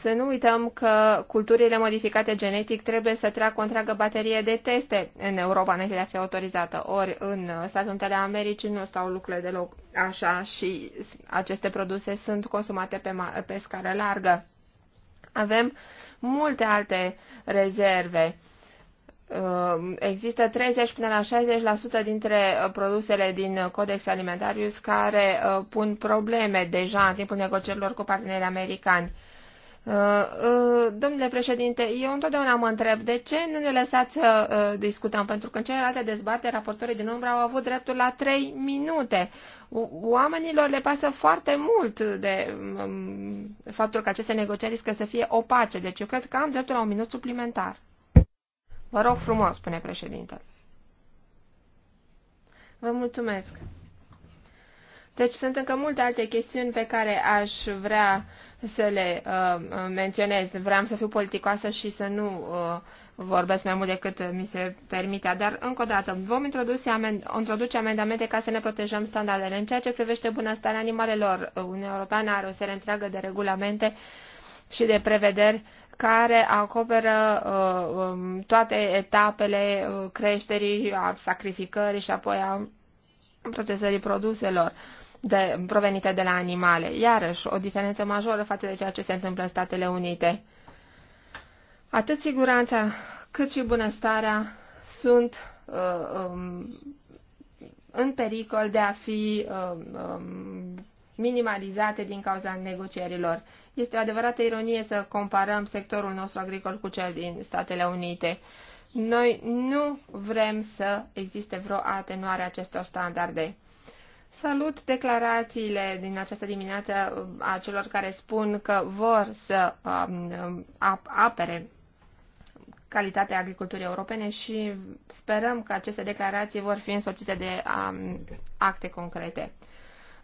să nu uităm că culturile modificate genetic trebuie să treacă o întreagă baterie de teste în Europa înainte de a fi autorizată. Ori în Statele Americii nu stau lucrurile deloc așa și aceste produse sunt consumate pe, pe scară largă. Avem multe alte rezerve. Uh, există 30 până la 60% dintre produsele din Codex Alimentarius care uh, pun probleme deja în timpul negocierilor cu partenerii americani Uh, uh, domnule președinte, eu întotdeauna mă întreb de ce nu ne lăsați să uh, discutăm, pentru că în celelalte dezbateri raportorii din umbră au avut dreptul la trei minute. Oamenilor le pasă foarte mult de um, faptul că aceste negocieri riscă să fie opace, deci eu cred că am dreptul la un minut suplimentar. Vă rog frumos, spune președintele. Vă mulțumesc. Deci sunt încă multe alte chestiuni pe care aș vrea uh, să le uh, menționez. Vreau să fiu politicoasă și să nu uh, vorbesc mai mult decât mi se permite. Dar, încă o dată, vom introduce, amend- introduce amendamente ca să ne protejăm standardele. În ceea ce privește bunăstarea animalelor, Uniunea Europeană are o serie întreagă de regulamente și de prevederi care acoperă uh, um, toate etapele uh, creșterii, a sacrificării și apoi a procesării produselor. Uh, de, provenite de la animale. Iarăși, o diferență majoră față de ceea ce se întâmplă în Statele Unite. Atât siguranța cât și bunăstarea sunt uh, um, în pericol de a fi uh, um, minimalizate din cauza negocierilor. Este o adevărată ironie să comparăm sectorul nostru agricol cu cel din Statele Unite. Noi nu vrem să existe vreo atenuare a acestor standarde. Salut declarațiile din această dimineață uh, a celor care spun că vor să um, apere calitatea agriculturii europene și sperăm că aceste declarații vor fi însoțite de um, acte concrete.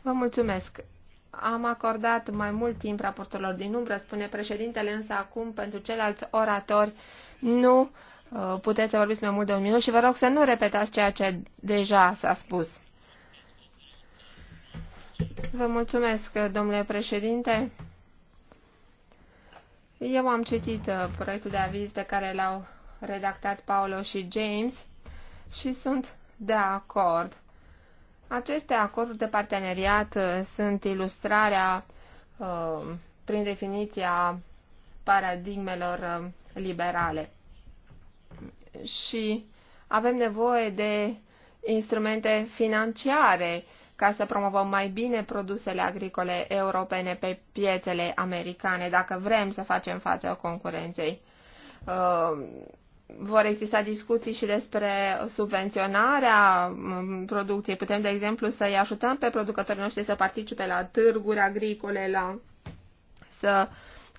Vă mulțumesc! Am acordat mai mult timp raportorilor din umbră, spune președintele, însă acum pentru ceilalți oratori nu uh, puteți să vorbiți mai mult de un minut și vă rog să nu repetați ceea ce deja s-a spus. Vă mulțumesc, domnule președinte. Eu am citit uh, proiectul de aviz pe care l-au redactat Paolo și James și sunt de acord. Aceste acorduri de parteneriat uh, sunt ilustrarea, uh, prin definiția, paradigmelor liberale. Și avem nevoie de instrumente financiare uh, ca să promovăm mai bine produsele agricole europene pe piețele americane, dacă vrem să facem față concurenței. Uh, vor exista discuții și despre subvenționarea um, producției. Putem, de exemplu, să-i ajutăm pe producătorii noștri să participe la târguri agricole, la să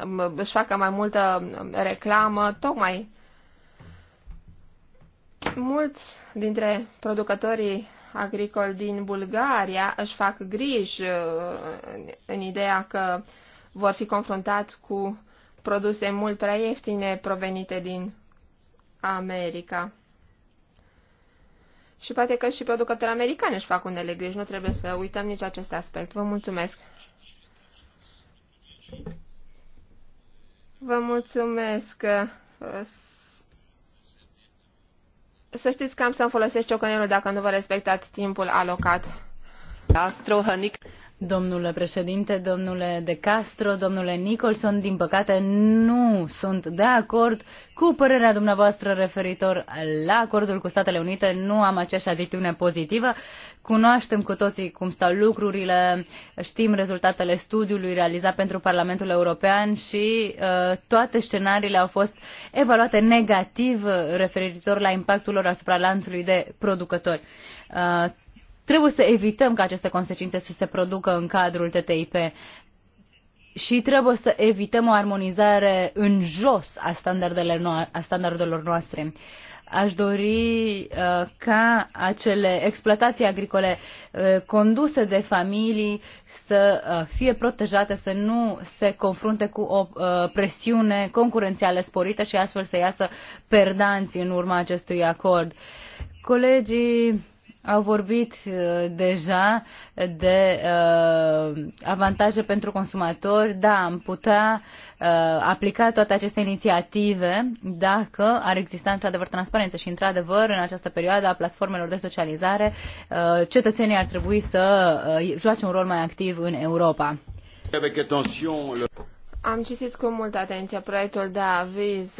um, își facă mai multă um, reclamă, tocmai mulți dintre producătorii agricol din Bulgaria își fac griji uh, în ideea că vor fi confruntați cu produse mult prea ieftine provenite din America. Și poate că și producătorii americani își fac unele griji, nu trebuie să uităm nici acest aspect. Vă mulțumesc! Vă mulțumesc! Uh, să știți că am să-mi folosesc ciocanelul dacă nu vă respectați timpul alocat. Astro, Domnule președinte, domnule De Castro, domnule Nicholson, din păcate nu sunt de acord cu părerea dumneavoastră referitor la acordul cu Statele Unite. Nu am aceeași atitudine pozitivă. Cunoaștem cu toții cum stau lucrurile, știm rezultatele studiului realizat pentru Parlamentul European și uh, toate scenariile au fost evaluate negativ referitor la impactul lor asupra lanțului de producători. Uh, Trebuie să evităm ca aceste consecințe să se producă în cadrul TTIP și trebuie să evităm o armonizare în jos a, standardele no- a standardelor noastre. Aș dori uh, ca acele exploatații agricole uh, conduse de familii să uh, fie protejate, să nu se confrunte cu o uh, presiune concurențială sporită și astfel să iasă perdanți în urma acestui acord. Colegii au vorbit uh, deja de uh, avantaje pentru consumatori. Da, am putea uh, aplica toate aceste inițiative dacă ar exista într-adevăr transparență și într-adevăr în această perioadă a platformelor de socializare uh, cetățenii ar trebui să uh, joace un rol mai activ în Europa. Am citit cu multă atenție proiectul de aviz.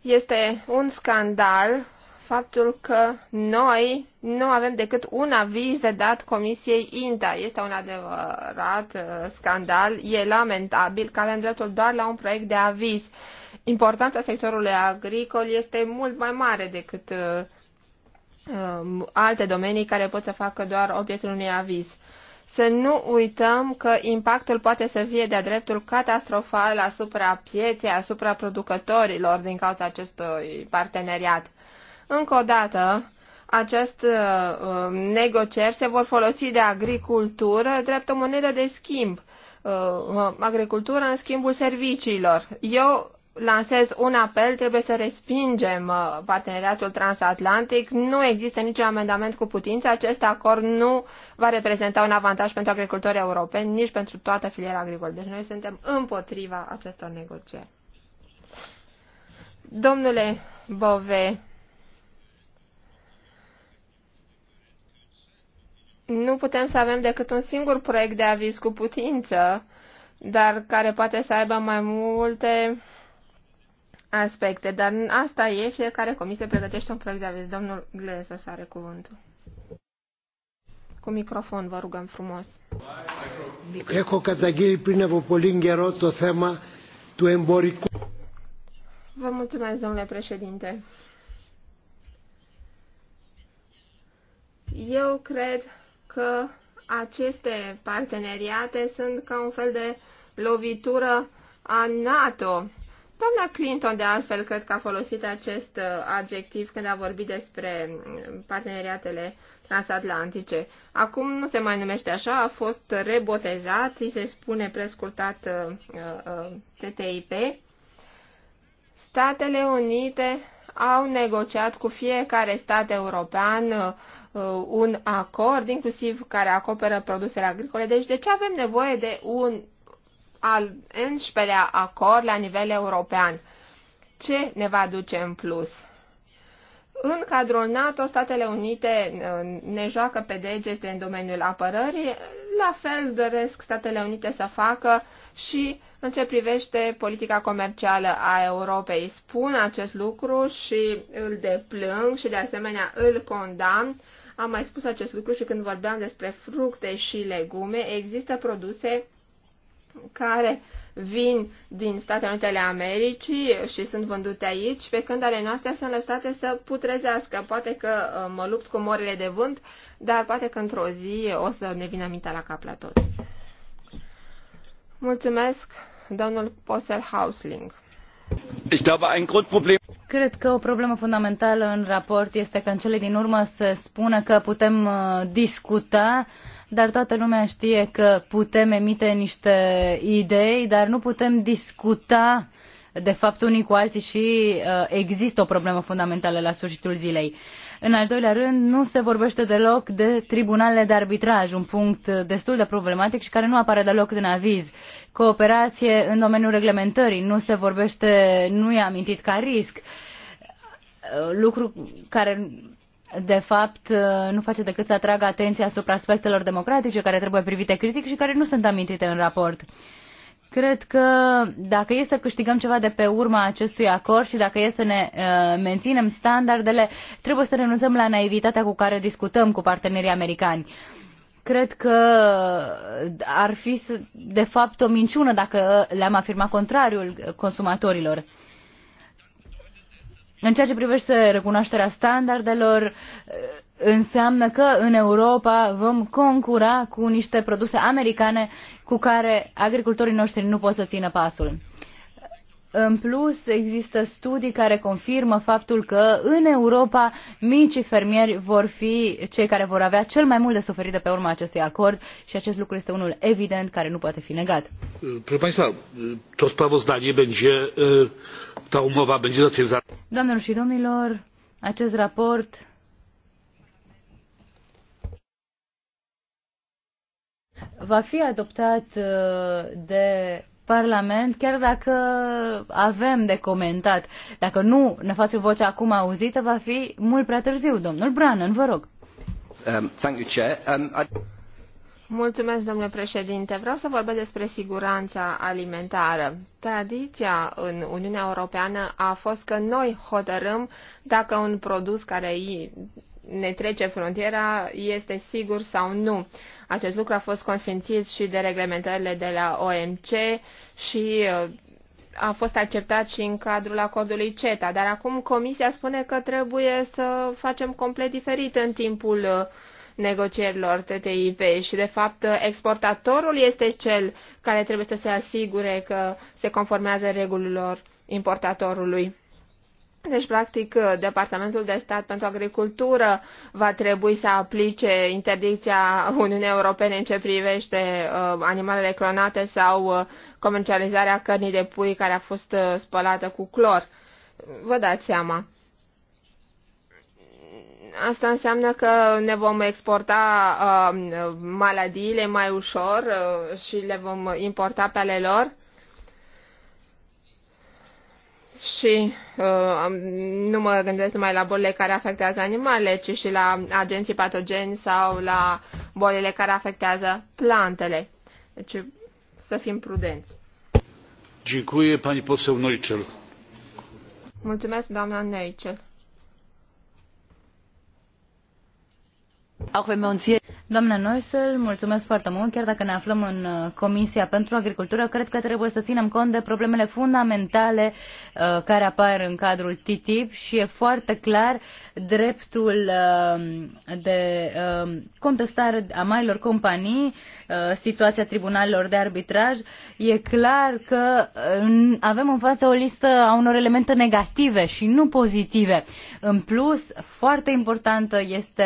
Este un scandal faptul că noi nu avem decât un aviz de dat Comisiei INTA. Este un adevărat uh, scandal, e lamentabil că avem dreptul doar la un proiect de aviz. Importanța sectorului agricol este mult mai mare decât uh, um, alte domenii care pot să facă doar obiectul unui aviz. Să nu uităm că impactul poate să fie de-a dreptul catastrofal asupra pieței, asupra producătorilor din cauza acestui parteneriat. Încă o dată, acest uh, um, negocieri se vor folosi de agricultură drept o monedă de schimb. Uh, uh agricultură în schimbul serviciilor. Eu lansez un apel, trebuie să respingem uh, parteneriatul transatlantic. Nu există niciun amendament cu putință. Acest acord nu va reprezenta un avantaj pentru agricultorii europeni, nici pentru toată filiera agricolă. Deci noi suntem împotriva acestor negocieri. Domnule Bove, nu putem să avem decât un singur proiect de aviz cu putință, dar care poate să aibă mai multe aspecte. Dar asta e, fiecare comisie pregătește un proiect de aviz. Domnul Gleză să are cuvântul. Cu microfon, vă rugăm frumos. Eco καταγγείλει prin από πολύ καιρό tu emboricu. Vă mulțumesc, domnule președinte. Eu cred că aceste parteneriate sunt ca un fel de lovitură a NATO. Doamna Clinton, de altfel, cred că a folosit acest uh, adjectiv când a vorbit despre mm, parteneriatele transatlantice. Acum nu se mai numește așa, a fost rebotezat, îi se spune prescurtat uh, uh, uh TTIP. Statele Unite au negociat cu fiecare stat european uh, Uh, un acord, inclusiv care acoperă produsele agricole. Deci de ce avem nevoie de un al înșpelea acord la nivel european? Ce ne va duce în plus? În cadrul NATO, Statele Unite uh, ne joacă pe degete în domeniul apărării, la fel doresc Statele Unite să facă și în ce privește politica comercială a Europei. Spun acest lucru și îl deplâng și de asemenea îl condamn am mai spus acest lucru și când vorbeam despre fructe și legume. Există produse care vin din Statele Unite ale Americii și sunt vândute aici, pe când ale noastre sunt lăsate să putrezească. Poate că uh, mă lupt cu morile de vânt, dar poate că într-o zi o să ne vină mintea la cap la toți. Mulțumesc, domnul Posel Hausling. Cred că o problemă fundamentală în raport este că în cele din urmă se spune că putem uh, discuta, dar toată lumea știe că putem emite niște idei, dar nu putem discuta de fapt unii cu alții și uh, există o problemă fundamentală la sfârșitul zilei. În al doilea rând, nu se vorbește deloc de tribunalele de arbitraj, un punct destul de problematic și care nu apare deloc în aviz cooperație în domeniul reglementării. Nu se vorbește, nu e amintit ca risc, lucru care de fapt nu face decât să atragă atenția asupra aspectelor democratice care trebuie privite critic și care nu sunt amintite în raport. Cred că dacă e să câștigăm ceva de pe urma acestui acord și dacă e să ne uh, menținem standardele, trebuie să renunțăm la naivitatea cu care discutăm cu partenerii americani. Uh, cred că ar fi de fapt o minciună dacă le-am afirmat contrariul consumatorilor. În ceea ce privește recunoașterea standardelor, înseamnă că în Europa vom concura cu niște produse americane cu care agricultorii noștri nu pot să țină pasul. În plus, există studii care confirmă faptul că în Europa micii fermieri vor fi cei care vor avea cel mai mult de suferit de pe urma acestui acord și acest lucru este unul evident care nu poate fi negat. Doamnelor și domnilor, acest raport va fi adoptat de Parlament, chiar dacă avem de comentat. Dacă nu ne facem vocea acum auzită, va fi mult prea târziu. Domnul Brannan, vă rog. Um, thank you, Chair. Um, I... Mulțumesc, domnule președinte. Vreau să vorbesc despre siguranța alimentară. Tradiția în Uniunea Europeană a fost că noi hotărâm dacă un produs care ne trece frontiera este sigur sau nu. Acest lucru a fost consfințit și de reglementările de la OMC și uh, a fost acceptat și în cadrul acordului CETA, dar acum Comisia spune că trebuie să facem complet diferit în timpul uh, negocierilor TTIP și, de fapt, uh, exportatorul este cel care trebuie să se asigure că se conformează regulilor importatorului. Deci, practic, Departamentul de Stat pentru Agricultură va trebui să aplice interdicția Uniunii Europene în ce privește uh, animalele clonate sau uh, comercializarea cărnii de pui care a fost uh, spălată cu clor. Vă dați seama. Asta înseamnă că ne vom exporta uh, maladiile mai ușor uh, și le vom importa pe ale lor și uh, nu mă gândesc numai la bolile care afectează animalele, ci și la agenții patogeni sau la bolile care afectează plantele. Deci să fim prudenți. Dziękuję pani poseł Neuchel. Mulțumesc doamna Neuchel. doamnă Noisel, mulțumesc foarte mult. Chiar dacă ne aflăm în uh, Comisia pentru Agricultură, cred că trebuie să ținem cont de problemele fundamentale uh, care apar în cadrul TTIP și e foarte clar dreptul uh, de contestare a marilor companii, situația tribunalelor de arbitraj. E clar că avem în față o listă a unor elemente negative și nu pozitive. În plus, foarte importantă este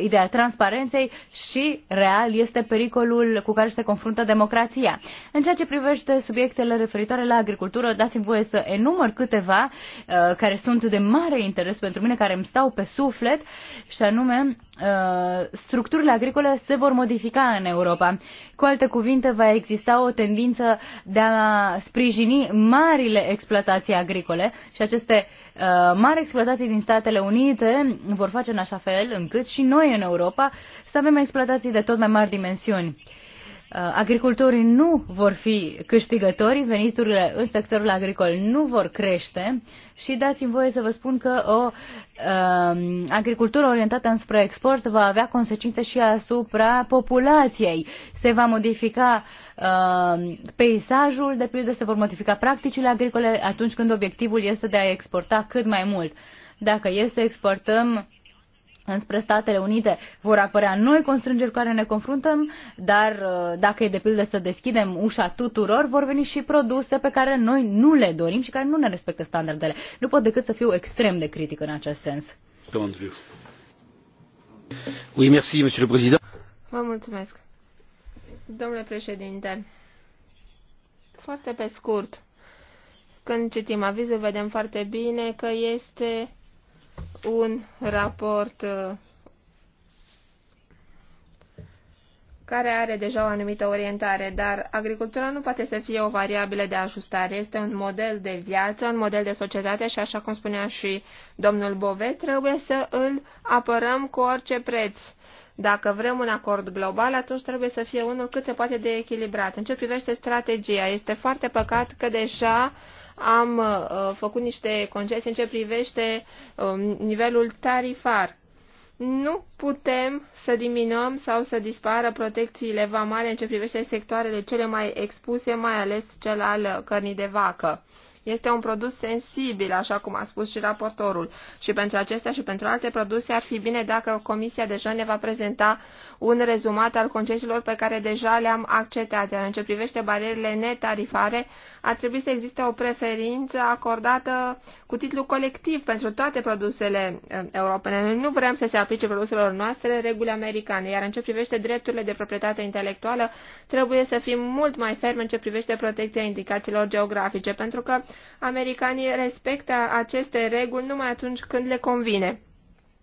ideea transparenței și real este pericolul cu care se confruntă democrația. În ceea ce privește subiectele referitoare la agricultură, dați-mi voie să enumăr câteva uh, care sunt de mare interes pentru mine, care îmi stau pe suflet, și anume uh, structurile agricole se vor modifica în Europa. Cu alte cuvinte, va exista o tendință de a sprijini marile exploatații agricole și aceste uh, mari exploatații din Statele Unite vor face în așa fel încât și noi noi în Europa să avem exploatații de tot mai mari dimensiuni. Uh, agricultorii nu vor fi câștigători, veniturile în sectorul agricol nu vor crește și dați-mi voie să vă spun că o um, agricultură orientată înspre export va avea consecințe și asupra populației. Se va modifica um, peisajul, de pildă se vor modifica practicile agricole atunci când obiectivul este de a exporta cât mai mult. Dacă e să exportăm înspre Statele Unite vor apărea noi constrângeri cu care ne confruntăm, dar uh, dacă e de pildă să deschidem ușa tuturor, vor veni și produse pe care noi nu le dorim și care nu ne respectă standardele. Nu pot decât să fiu extrem de critic în acest sens. Oui, merci, monsieur le président. Vă mulțumesc. Domnule președinte, foarte pe scurt, când citim avizul vedem foarte bine că este un raport uh, care are deja o anumită orientare, dar agricultura nu poate să fie o variabilă de ajustare. Este un model de viață, un model de societate și, așa cum spunea și domnul Bove, trebuie să îl apărăm cu orice preț. Dacă vrem un acord global, atunci trebuie să fie unul cât se poate de echilibrat. În ce privește strategia, este foarte păcat că deja uh, am uh, făcut niște concesii în ce privește um, nivelul tarifar. Nu putem să diminuăm sau să dispară protecțiile vamale în ce privește sectoarele cele mai expuse, mai ales cel al cărnii de vacă. Este un produs sensibil, așa cum a spus și raportorul. Și pentru acestea și pentru alte produse ar fi bine dacă Comisia deja ne va prezenta un rezumat al concesiilor pe care deja le-am acceptat. Iar în ce privește barierele netarifare, ar trebui să existe o preferință acordată cu titlu colectiv pentru toate produsele uh, europene. Noi nu vrem să se aplice produselor noastre reguli americane, iar în ce privește drepturile de proprietate intelectuală, trebuie să fim mult mai fermi în ce privește protecția indicațiilor geografice, pentru că Americanii respectă aceste reguli numai atunci când le convine.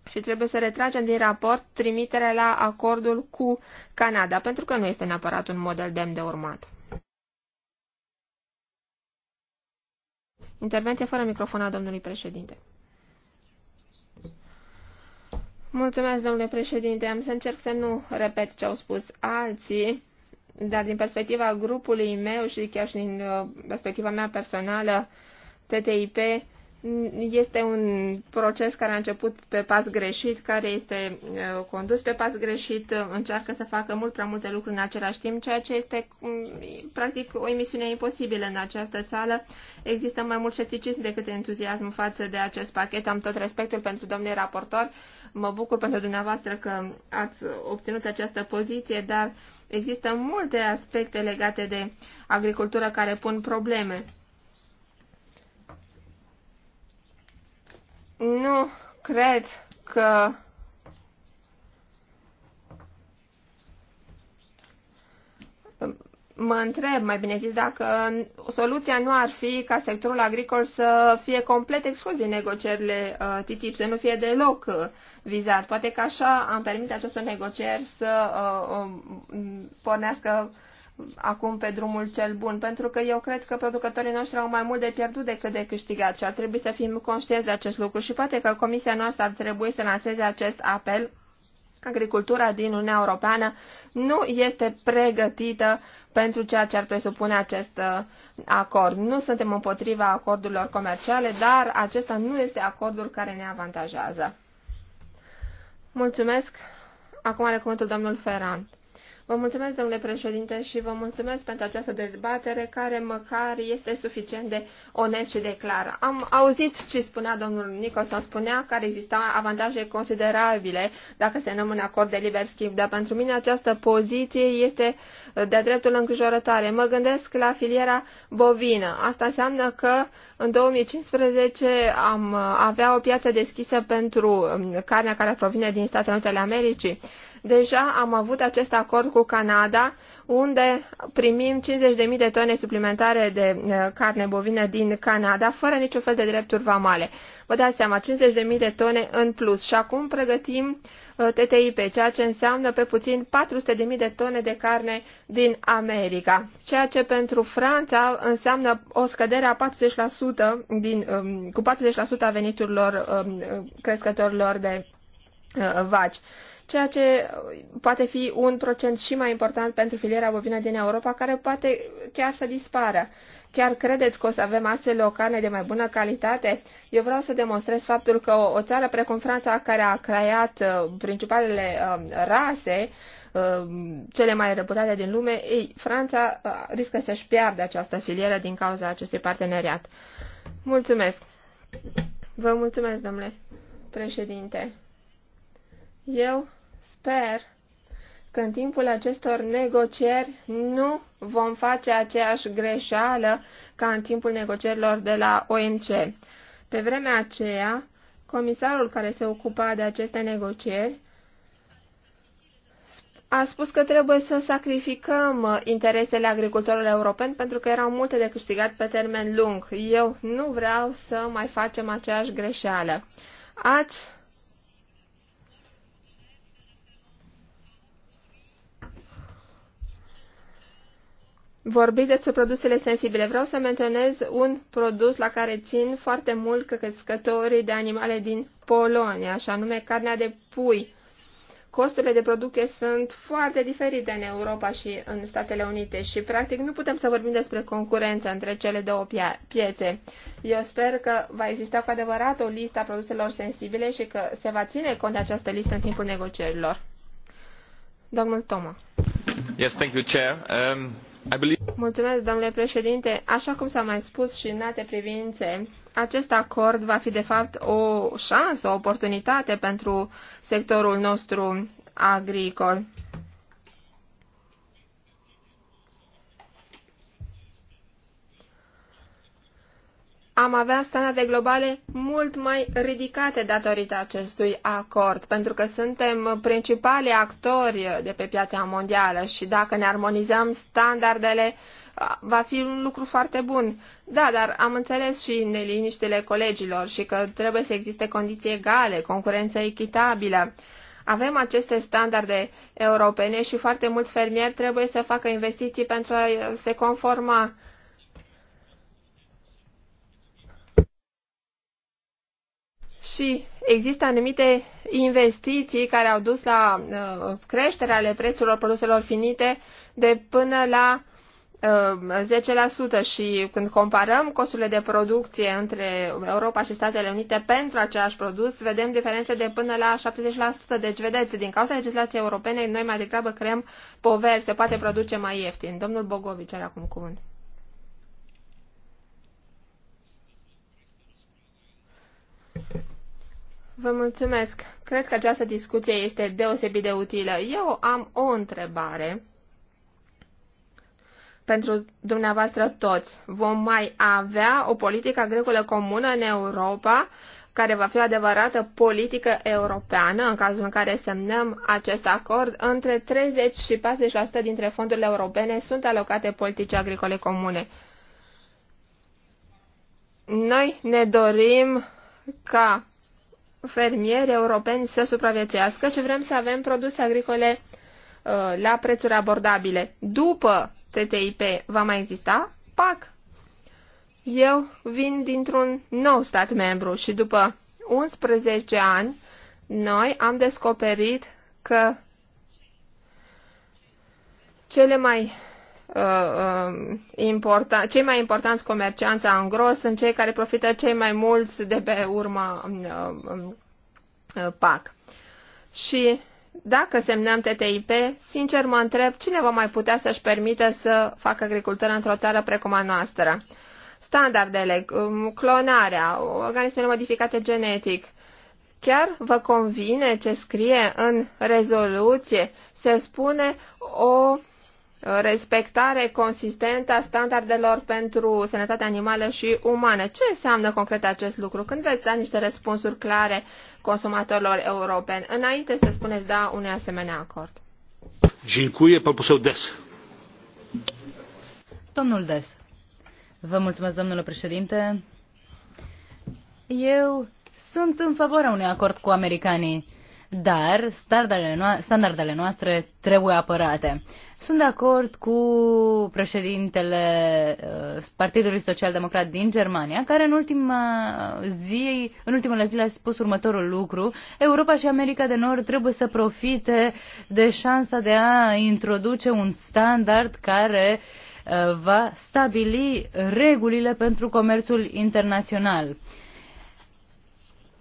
Și trebuie să retragem din raport trimiterea la acordul cu Canada, pentru că nu este neapărat un model demn de urmat. Intervenție fără microfon a domnului președinte. Mulțumesc, domnule președinte. Am să încerc să nu repet ce au spus alții dar din perspectiva grupului meu și chiar și din uh, perspectiva mea personală, TTIP este un proces care a început pe pas greșit, care este uh, condus pe pas greșit, încearcă să facă mult prea multe lucruri în același timp, ceea ce este um, practic o emisiune imposibilă în această țară. Există mai mult scepticism decât entuziasm față de acest pachet. Am tot respectul pentru domnul raportor. Mă bucur pentru dumneavoastră că ați obținut această poziție, dar uh, Există multe aspecte legate de agricultură care pun probleme. Nu cred că mă întreb, mai bine zis, dacă soluția nu ar fi ca sectorul agricol să fie complet exclus din negocierile uh, TTIP, să nu fie deloc uh, vizat. Poate că așa am permite acestor negocieri să uh, um, pornească acum pe drumul cel bun, pentru că eu cred că producătorii noștri au mai mult de pierdut decât de câștigat și ar trebui să fim conștienți de acest lucru și poate că comisia noastră ar trebui să lanseze acest apel agricultura din Uniunea Europeană nu este pregătită pentru ceea ce ar presupune acest uh, acord. Nu suntem împotriva acordurilor comerciale, dar acesta nu este acordul care ne avantajează. Mulțumesc. Acum are cuvântul domnul Ferrand. Vă mulțumesc, domnule președinte, și vă mulțumesc pentru această dezbatere care măcar este suficient de onest și de clară. Am auzit ce spunea domnul Nicholson, spunea că ar exista avantaje considerabile dacă se numă un acord de liber schimb, dar pentru mine această poziție este de dreptul îngrijorătoare. Mă gândesc la filiera bovină. Asta înseamnă că în 2015 am avea o piață deschisă pentru carnea care provine din Statele Unite ale Americii Deja am avut acest acord cu Canada, unde primim 50.000 de tone suplimentare de eh, carne bovină din Canada, fără niciun fel de drepturi vamale. Vă dați seama, 50.000 de tone în plus. Și acum pregătim eh, TTIP, ceea ce înseamnă pe puțin 400.000 de tone de carne din America, ceea ce pentru Franța înseamnă o scădere a 40% din, eh, cu 40% a veniturilor crescătorilor de vaci ceea ce poate fi un procent și mai important pentru filiera bovină din Europa, care poate chiar să dispară. Chiar credeți că o să avem astfel o carne de mai bună calitate? Eu vreau să demonstrez faptul că o, țară precum Franța, care a creat uh, principalele uh, rase, uh, cele mai reputate din lume, ei, Franța riscă să-și piardă această filieră din cauza acestui parteneriat. Mulțumesc! Vă mulțumesc, domnule președinte! Eu sper că în timpul acestor negocieri nu vom face aceeași greșeală ca în timpul negocierilor de la OMC. Pe vremea aceea, comisarul care se ocupa de aceste negocieri a spus că trebuie să sacrificăm interesele agricultorilor europeni pentru că erau multe de câștigat pe termen lung. Eu nu vreau să mai facem aceeași greșeală. Ați vorbit despre produsele sensibile. Vreau să menționez un produs la care țin foarte mult crescătorii de animale din Polonia, așa anume carnea de pui. Costurile de producție sunt foarte diferite în Europa și în Statele Unite și, practic, nu putem să vorbim despre concurență între cele două piețe. Eu sper că va exista cu adevărat o listă a produselor sensibile și că se va ține cont de această listă în timpul negocierilor. Domnul Toma. Yes, thank you, Chair. Um... Mulțumesc, domnule președinte. Așa cum s-a mai spus și în alte privințe, acest acord va fi de fapt o șansă, o oportunitate pentru sectorul nostru agricol. am avea standarde globale mult mai ridicate datorită acestui acord, pentru că suntem principali actori de pe piața mondială și dacă ne armonizăm standardele, va fi un lucru foarte bun. Da, dar am înțeles și neliniștile colegilor și că trebuie să existe condiții egale, concurență echitabilă. Avem aceste standarde europene și foarte mulți fermieri trebuie să facă investiții pentru a se conforma și există anumite investiții care au dus la uh, creșterea ale prețurilor produselor finite de până la uh, 10% și când comparăm costurile de producție între Europa și Statele Unite pentru același produs, vedem diferențe de până la 70%. Deci, vedeți, din cauza legislației europene, noi mai degrabă creăm poveri, se poate produce mai ieftin. Domnul Bogovici are acum cuvânt. Vă mulțumesc. Cred că această discuție este deosebit de utilă. Eu am o întrebare pentru dumneavoastră toți. Vom mai avea o politică agricolă comună în Europa care va fi o adevărată politică europeană în cazul în care semnăm acest acord, între 30 și 40% dintre fondurile europene sunt alocate politicii agricole comune. Noi ne dorim ca fermieri europeni să supraviețuiască și vrem să avem produse agricole uh, la prețuri abordabile. După TTIP va mai exista PAC. Eu vin dintr-un nou stat membru și după 11 ani noi am descoperit că cele mai Uh, uh, important, cei mai importanți comercianți angro sunt cei care profită cei mai mulți de pe urma um, uh, um, PAC. Și dacă semnăm TTIP, sincer mă întreb cine va mai putea să-și permită să facă agricultură într-o țară precum a noastră. Standardele, um, clonarea, organismele modificate genetic. Chiar vă convine ce scrie în rezoluție? Se spune o respectare consistentă a standardelor pentru sănătatea animală și umană. Ce înseamnă concret acest lucru? Când veți da niște răspunsuri clare consumatorilor europeni, înainte să spuneți da unui asemenea acord? Dziękuję, propusul Des. Domnul Des. Vă mulțumesc, domnule președinte. Eu sunt în favoarea unui acord cu americanii dar standardele, no- standardele noastre trebuie apărate. Sunt de acord cu președintele uh, Partidului Social Democrat din Germania, care în, ultima zi, în ultimele zile a spus următorul lucru. Europa și America de Nord trebuie să profite de șansa de a introduce un standard care uh, va stabili regulile pentru comerțul internațional.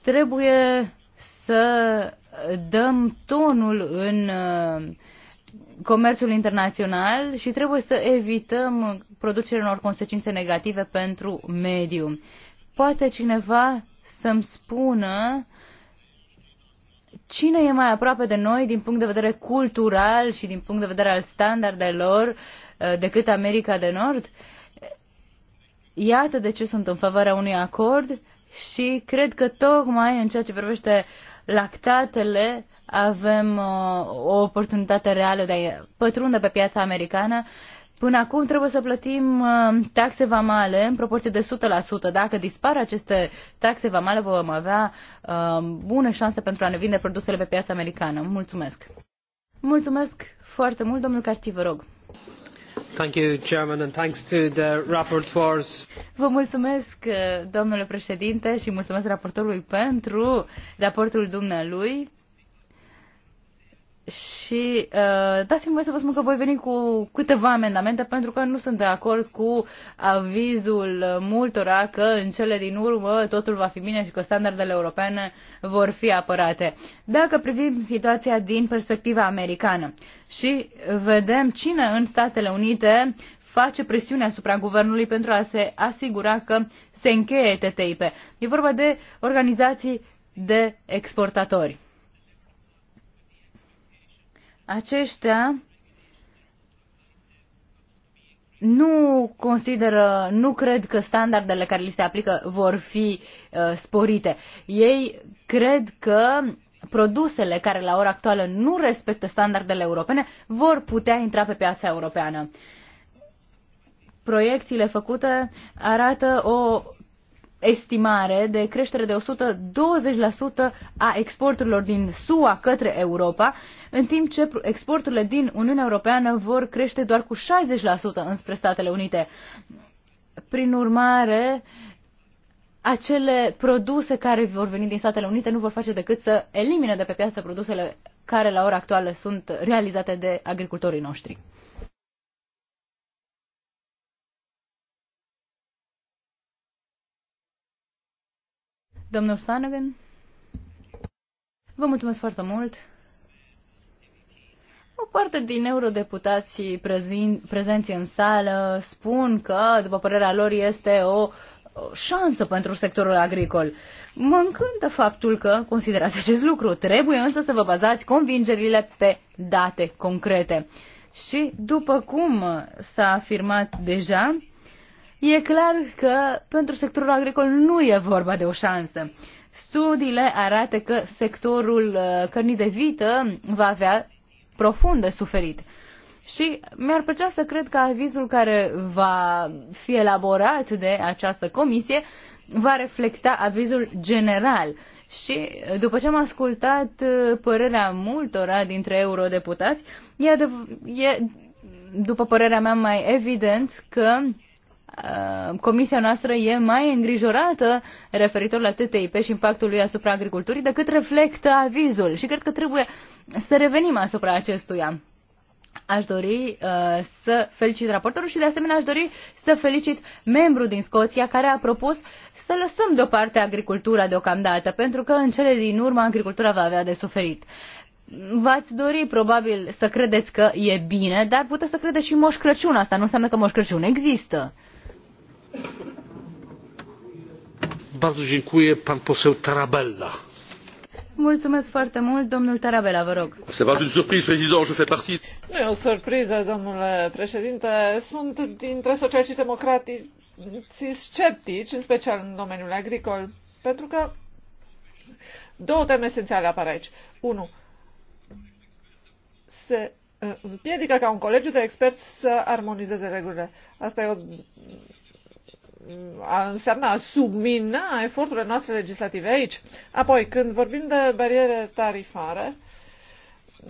Trebuie să dăm tonul în uh, comerțul internațional și trebuie să evităm producerea unor consecințe negative pentru mediu. Poate cineva să-mi spună cine e mai aproape de noi din punct de vedere cultural și din punct de vedere al standardelor uh, decât America de Nord? Iată de ce sunt în favoarea unui acord și cred că tocmai în ceea ce privește uh, lactatele, avem uh, o oportunitate reală de a pătrunde pe piața americană. Până acum trebuie să plătim uh, taxe vamale în proporție de 100%. Dacă dispar aceste taxe vamale, vom avea uh, bune șanse pentru a ne vinde produsele pe piața americană. Mulțumesc! Mulțumesc foarte mult, domnul Carti, vă rog. Vă mulțumesc, domnule președinte, și mulțumesc raportorului pentru raportul dumnealui. Și uh, dați-mi voi să vă spun că voi veni cu câteva amendamente pentru că nu sunt de acord cu avizul multora că în cele din urmă totul va fi bine și că standardele europene vor fi apărate. Dacă privim situația din perspectiva americană și vedem cine în Statele Unite face presiune asupra guvernului pentru a se asigura că se încheie TTIP. E vorba de organizații de exportatori aceștia nu consideră, nu cred că standardele care li se aplică vor fi uh, sporite. Ei cred că produsele care la ora actuală nu respectă standardele europene vor putea intra pe piața europeană. Proiecțiile făcute arată o estimare de creștere de 120% a exporturilor din SUA către Europa, în timp ce exporturile din Uniunea Europeană vor crește doar cu 60% înspre Statele Unite. Prin urmare, acele produse care vor veni din Statele Unite nu vor face decât să elimine de pe piață produsele care la ora actuală sunt realizate de agricultorii noștri. Domnul Flanagan? Vă mulțumesc foarte mult. O parte din eurodeputații prezenți în sală spun că, după părerea lor, este o șansă pentru sectorul agricol. Mă încântă faptul că considerați acest lucru. Trebuie însă să vă bazați convingerile pe date concrete. Și, după cum s-a afirmat deja, E clar că pentru sectorul agricol nu e vorba de o șansă. Studiile arată că sectorul uh, cărnii de vită va avea profund de suferit. Și mi-ar plăcea să cred că avizul care va fi elaborat de această comisie va reflecta avizul general. Și după ce am ascultat uh, părerea multora dintre eurodeputați, e, e după părerea mea mai evident că Uh, comisia noastră e mai îngrijorată referitor la TTIP și impactul lui asupra agriculturii decât reflectă avizul și cred că trebuie să revenim asupra acestuia. Aș dori uh, să felicit raportorul și de asemenea aș dori să felicit membru din Scoția care a propus să lăsăm deoparte agricultura deocamdată, pentru că în cele din urmă agricultura va avea de suferit. V-ați dori probabil să credeți că e bine, dar puteți să credeți și Moș Crăciun. Asta nu înseamnă că Moș Crăciun există. Uh, Bardzo dziękuję. Pan poseł Tarabella. Mulțumesc foarte mult, domnul Tarabella, vă rog. Se va une surprise, président, je fais partie. Nu e o surpriză, domnule președinte. Sunt dintre socialiști democrații sceptici, în special în domeniul agricol, pentru că două teme esențiale apar aici. Unu, se uh, împiedică ca un colegiu de experți să armonizeze regulile. Asta e o înseamnă a submina eforturile noastre legislative aici. Apoi, când vorbim de bariere tarifare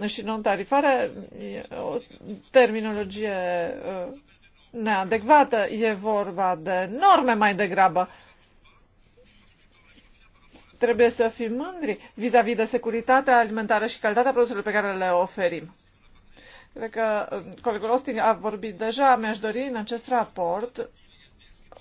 și non-tarifare, e o terminologie uh, neadecvată, e vorba de norme mai degrabă. Trebuie să fim mândri vis-a-vis -vis de securitatea alimentară și calitatea produselor pe care le oferim. Cred că um, colegul Osting a vorbit deja, mi-aș dori în acest raport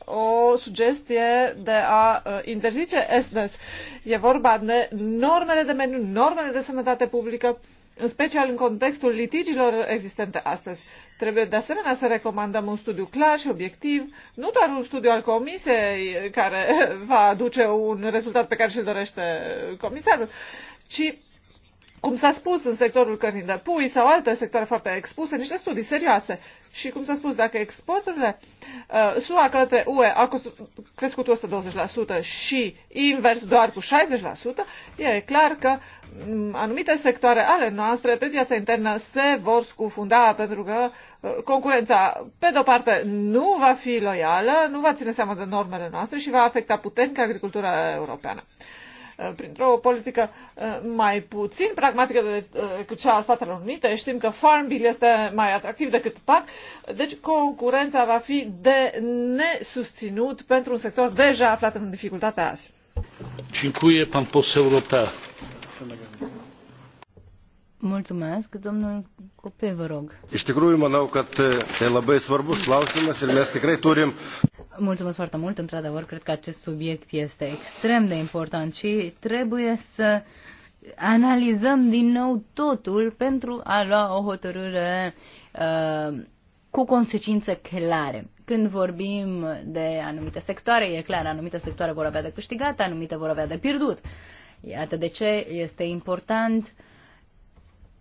o sugestie de a uh, interzice SNS. E vorba de normele de meniu, normele de sănătate publică, în special în contextul litigilor existente astăzi. Trebuie de asemenea să recomandăm un studiu clar și obiectiv, nu doar un studiu al comisiei care va aduce un rezultat pe care și-l dorește comisarul, ci cum s-a spus, în sectorul cărnii de pui sau alte sectoare foarte expuse, niște studii serioase. Și cum s-a spus, dacă exporturile uh, SUA către UE au crescut cu 120% și invers doar cu 60%, e clar că um, anumite sectoare ale noastre pe piața internă se vor scufunda pentru că uh, concurența, pe de-o parte, nu va fi loială, nu va ține seama de normele noastre și va afecta puternic agricultura europeană. Uh, Uh, printr-o politică uh, mai puțin pragmatică decât uh, cea a Statelor Unite. Știm că Farm Bill este mai atractiv decât PAC, deci concurența va fi de nesusținut pentru un sector deja aflat în dificultate azi. Dziękuję pan poseł Lopez. Mulțumesc, domnul Cope, vă rog. Iš tikrųjų, manau, kad tai labai svarbus klausimas ir mes tikrai turim. Mulțumesc foarte mult, într-adevăr, cred că acest subiect este extrem de important și trebuie să analizăm din nou totul pentru a lua o hotărâre uh, cu consecințe clare. Când vorbim de anumite sectoare, e clar, anumite sectoare vor avea de câștigat, anumite vor avea de pierdut. Iată de ce este important uh,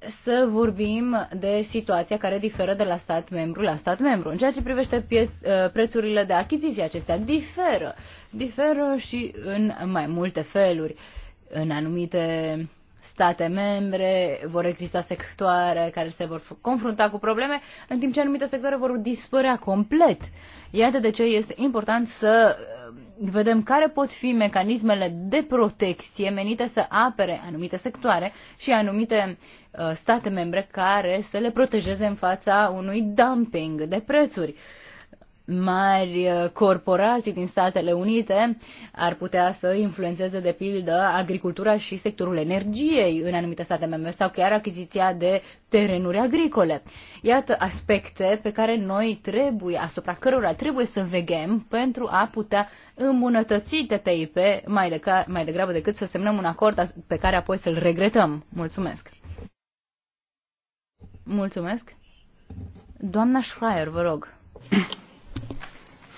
să vorbim de situația care diferă de la stat membru la stat membru. În ceea ce privește uh, prețurile de achiziție, acestea diferă. Diferă și în mai multe feluri. În anumite state membre, vor exista sectoare care se vor confrunta cu probleme, în timp ce anumite sectoare vor dispărea complet. Iată de ce este important să uh, vedem care pot fi mecanismele de protecție menite să apere anumite sectoare și anumite uh, state membre care să le protejeze în fața unui dumping de prețuri mari uh, corporații din Statele Unite ar putea să influențeze, de pildă, agricultura și sectorul energiei în anumite state membre sau chiar achiziția de terenuri agricole. Iată aspecte pe care noi trebuie, asupra cărora trebuie să veghem pentru a putea îmbunătăți TTIP mai, ca, mai degrabă decât să semnăm un acord pe care apoi să-l regretăm. Mulțumesc! Mulțumesc! Doamna Schreier, vă rog.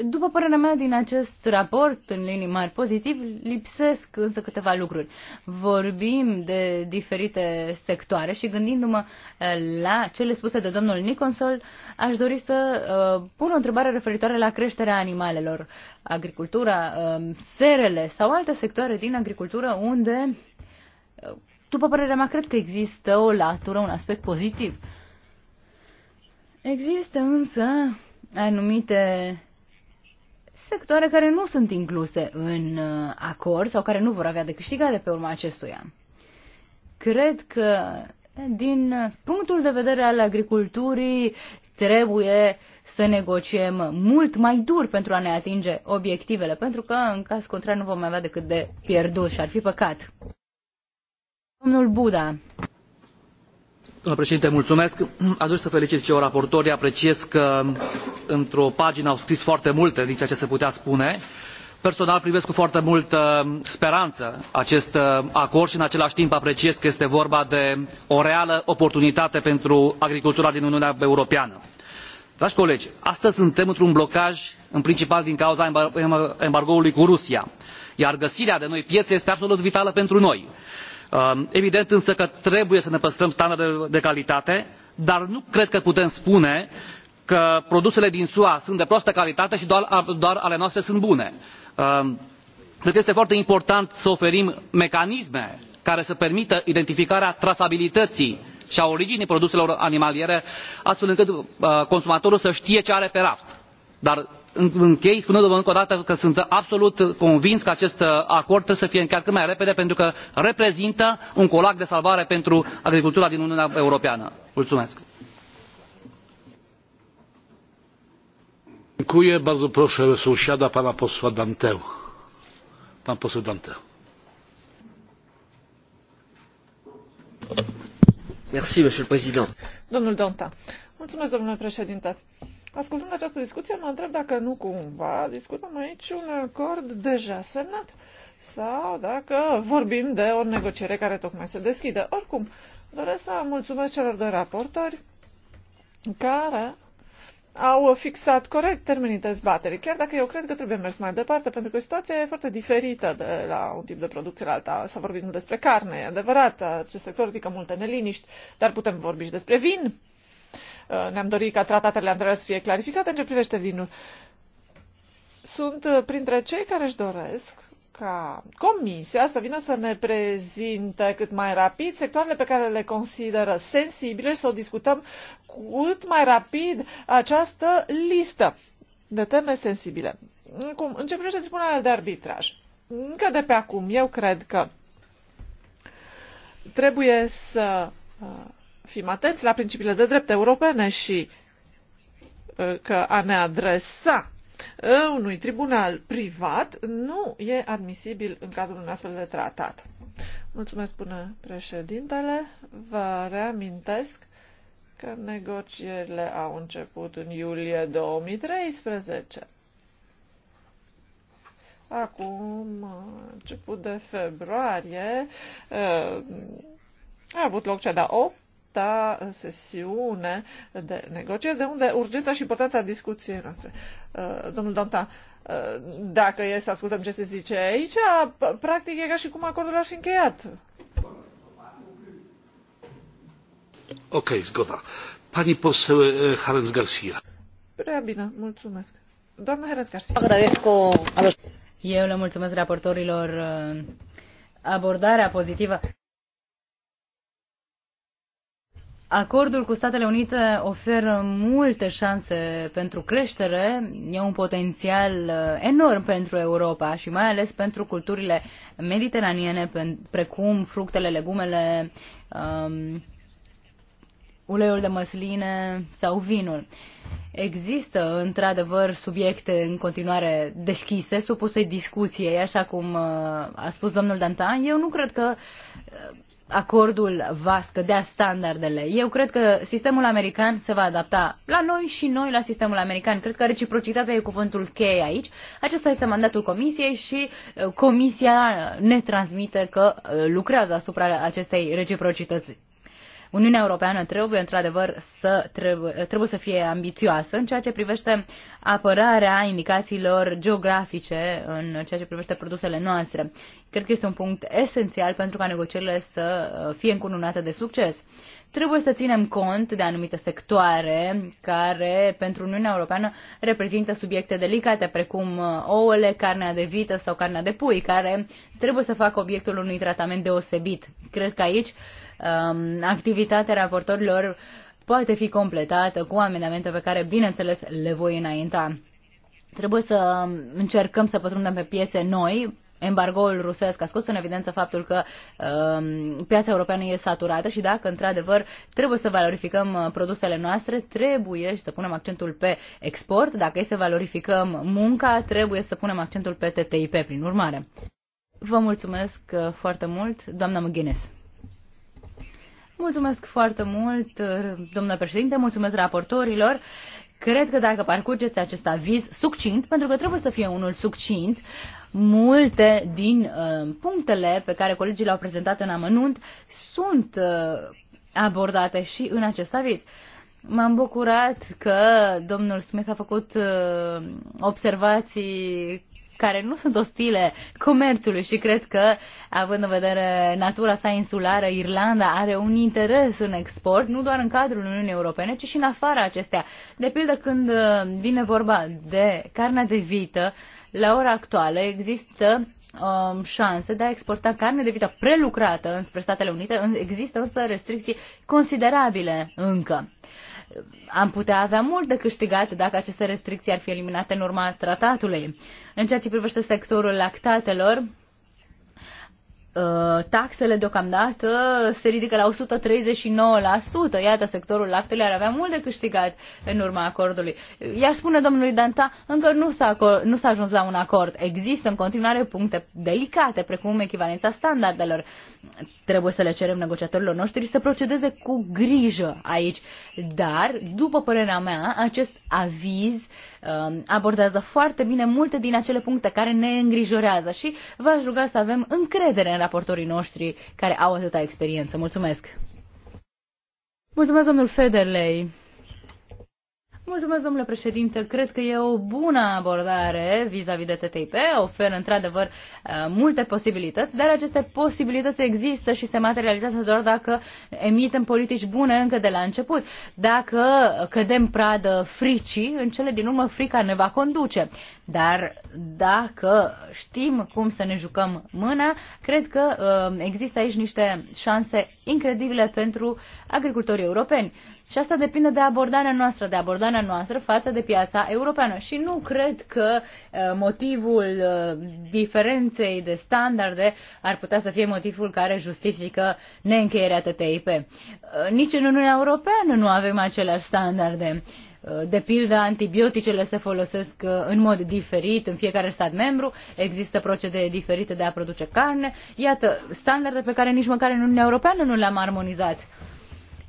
După părerea mea, din acest raport, în linii mari pozitiv, lipsesc însă câteva lucruri. Vorbim de diferite sectoare și gândindu-mă eh, la cele spuse de domnul Niconsol, aș dori să uh, pun o întrebare referitoare la creșterea animalelor, agricultura, uh, serele sau alte sectoare din agricultură unde, uh, după părerea mea, cred că există o latură, un aspect pozitiv. Există însă anumite sectoare care nu sunt incluse în uh, acord sau care nu vor avea de câștigat de pe urma acestuia. Cred că din punctul de vedere al agriculturii trebuie să negociem mult mai dur pentru a ne atinge obiectivele, pentru că în caz contrar nu vom avea decât de pierdut și ar fi păcat. Domnul Buda. Domnule președinte, mulțumesc. Aș dori să felicit și eu raportorii. Apreciez că într-o pagină au scris foarte multe din ceea ce se putea spune. Personal privesc cu foarte multă speranță acest uh, acord și în același timp apreciez că este vorba de o reală oportunitate pentru agricultura din Uniunea Europeană. Dragi colegi, astăzi suntem într-un blocaj în principal din cauza embargoului cu Rusia, iar găsirea de noi piețe este absolut vitală pentru noi Um, evident însă că trebuie să ne păstrăm standardele de calitate dar nu cred că putem spune că produsele din sua sunt de proastă calitate și doar ale noastre sunt bune. Um, cred că este foarte important să oferim mecanisme care să permită identificarea trasabilității și a originii produselor animaliere astfel încât uh, consumatorul să știe ce are pe raft dar închei spunându vă încă o dată că sunt absolut convins că acest acord trebuie să fie încheiat cât mai repede pentru că reprezintă un colac de salvare pentru agricultura din uniunea europeană. mulțumesc. dziękuję bardzo proszę sąsiada pana posła dantin pan poseł dantin Merci, monsieur le président. Domnul Donta. Mulțumesc, domnule președinte. Ascultând această discuție, mă întreb dacă nu cumva discutăm aici un acord deja semnat sau dacă vorbim de o negociere care tocmai se deschide. Oricum, doresc să mulțumesc celor doi raportori care au fixat corect termenii dezbaterii, chiar dacă eu cred că trebuie mers mai departe, pentru că situația e foarte diferită de la un tip de producție la alta. Să vorbim despre carne, e adevărat, acest sector ridică multe neliniști, dar putem vorbi și despre vin, Uh, ne-am dorit ca tratatele Andreea să fie clarificate în ce privește vinul. Sunt uh, printre cei care își doresc ca Comisia să vină să ne prezinte cât mai rapid sectoarele pe care le consideră sensibile și să o discutăm cât mai rapid această listă de teme sensibile. Cum, în ce privește tribunalele de arbitraj? Încă de pe acum, eu cred că trebuie să uh, fim atenți la principiile de drept europene și uh, că a ne adresa uh, unui tribunal privat nu e admisibil în cadrul unui astfel de tratat. Mulțumesc, spune președintele. Vă reamintesc că negocierile au început în iulie 2013. Acum, început de februarie, uh, a avut loc cea de-a sta sesiune de negocieri, de unde urgența și importanța discuției noastre. Uh, domnul Danta, uh, dacă e să ascultăm ce se zice aici, practic e ca și cum acordul ar fi încheiat. Ok, zgoda. Pani poseł Harens Garcia. Prea bine, mulțumesc. Doamna Harens Garcia. Eu le mulțumesc raportorilor abordarea pozitivă. Acordul cu Statele Unite oferă multe șanse pentru creștere, e un potențial uh, enorm pentru Europa și mai ales pentru culturile mediteraniene, precum fructele, legumele, um, uleiul de măsline sau vinul. Există, într-adevăr, subiecte în continuare deschise, supuse discuției, așa cum uh, a spus domnul Dantan. Eu nu cred că uh, acordul va scădea standardele. Eu cred că sistemul american se va adapta la noi și noi la sistemul american. Cred că reciprocitatea e cuvântul cheie aici. Acesta este mandatul comisiei și uh, comisia ne transmite că uh, lucrează asupra acestei reciprocități Uniunea Europeană trebuie, într-adevăr, să, trebuie, trebuie să fie ambițioasă în ceea ce privește apărarea indicațiilor geografice, în ceea ce privește produsele noastre. Cred că este un punct esențial pentru ca negocierile să uh, fie încununate de succes trebuie să ținem cont de anumite sectoare care pentru Uniunea Europeană reprezintă subiecte delicate, precum uh, ouăle, carnea de vită sau carnea de pui, care trebuie să facă obiectul unui tratament deosebit. Cred că aici Um, activitatea raportorilor poate fi completată cu amendamente pe care, bineînțeles, le voi înainta. Trebuie să încercăm să pătrundem pe piețe noi, embargoul rusesc a scos în evidență faptul că uh, piața europeană e saturată și dacă, într-adevăr, trebuie să valorificăm uh, produsele noastre, trebuie și să punem accentul pe export. Dacă e să valorificăm munca, trebuie să punem accentul pe TTIP, prin urmare. Vă mulțumesc uh, foarte mult, doamna McGuinness. Mulțumesc foarte mult, domnule președinte, mulțumesc raportorilor. Cred că dacă parcurgeți acest aviz succint, pentru că trebuie să fie unul succint, multe din uh, punctele pe care colegii le-au prezentat în amănunt sunt uh, abordate și în acest aviz. M-am bucurat că domnul Smith a făcut uh, observații care nu sunt ostile comerțului și cred că, având în vedere natura sa insulară, Irlanda are un interes în export, nu doar în cadrul Uniunii Europene, ci și în afara acestea. De pildă, când uh, vine vorba de carnea de vită, la ora actuală există um, șanse de a exporta carne de vită prelucrată înspre Statele Unite, există însă restricții considerabile încă. Uh, am putea avea mult de câștigat dacă aceste restricții ar fi eliminate în urma tratatului. În ceea ce privește sectorul lactatelor, Uh, taxele deocamdată se ridică la 139%. Iată, sectorul laptelui ar avea mult de câștigat în urma acordului. Ea spune domnului Danta, încă nu s-a, nu s-a ajuns la un acord. Există în continuare puncte delicate, precum echivalența standardelor. Trebuie să le cerem negociatorilor noștri să procedeze cu grijă aici. Dar, după părerea mea, acest aviz uh, Um, abordează foarte bine multe din acele puncte care ne îngrijorează și v-aș ruga să avem încredere în raportorii noștri care au atâta experiență. Mulțumesc! Mulțumesc, domnul Federley! Mulțumesc, domnule președinte. Cred că e o bună abordare vis-a-vis -vis de TTIP. Oferă, într-adevăr, uh, multe posibilități, dar aceste posibilități există și se materializează doar dacă emitem politici bune încă de la început. Dacă cădem pradă fricii, în cele din urmă frica ne va conduce. Dar dacă știm cum să ne jucăm mâna, cred că uh, există aici niște șanse incredibile pentru agricultorii europeni. Și asta depinde de abordarea noastră, de abordarea noastră față de piața europeană. Și nu cred că uh, motivul uh, diferenței de standarde ar putea să fie motivul care justifică neîncheierea TTIP. Uh, nici în Uniunea Europeană nu avem aceleași standarde. De pildă, antibioticele se folosesc în mod diferit în fiecare stat membru, există procedee diferite de a produce carne. Iată, standarde pe care nici măcar în Uniunea Europeană nu le-am armonizat.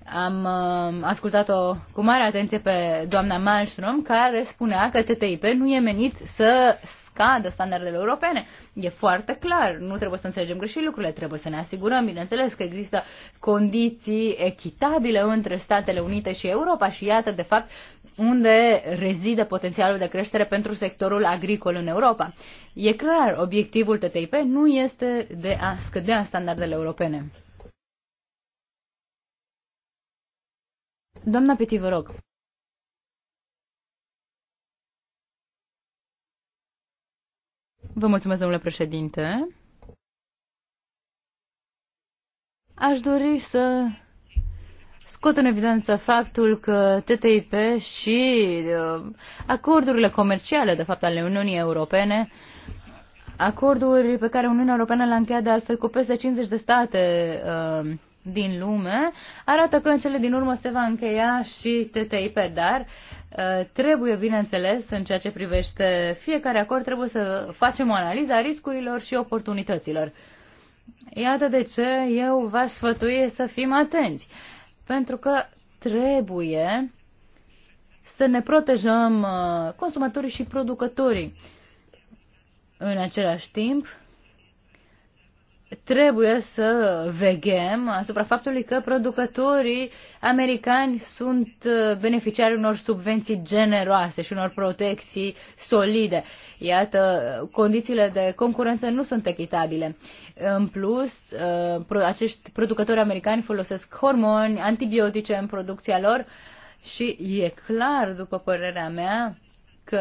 Am uh, ascultat-o cu mare atenție pe doamna Malmström, care spunea că TTIP nu e menit să scadă standardele europene. E foarte clar, nu trebuie să înțelegem greșit lucrurile, trebuie să ne asigurăm, bineînțeles, că există condiții echitabile între Statele Unite și Europa și iată, de fapt, unde rezidă potențialul de creștere pentru sectorul agricol în Europa. E clar, obiectivul TTIP nu este de a scădea standardele europene. Doamna Petit, vă rog. Vă mulțumesc, domnule președinte. Aș dori să scot în evidență faptul că TTIP și uh, acordurile comerciale, de fapt, ale Uniunii Europene, acorduri pe care Uniunea Europeană le-a încheiat de altfel cu peste 50 de state uh, din lume, arată că în cele din urmă se va încheia și TTIP, dar uh, trebuie, bineînțeles, în ceea ce privește fiecare acord, trebuie să facem o analiză a riscurilor și oportunităților. Iată de ce eu v-aș sfătui să fim atenți, pentru că trebuie să ne protejăm uh, consumatorii și producătorii. În același timp, trebuie să veghem asupra faptului că producătorii americani sunt uh, beneficiari unor subvenții generoase și unor protecții solide. Iată, condițiile de concurență nu sunt echitabile. În plus, uh, acești producători americani folosesc hormoni, antibiotice în producția lor și e clar, după părerea mea, că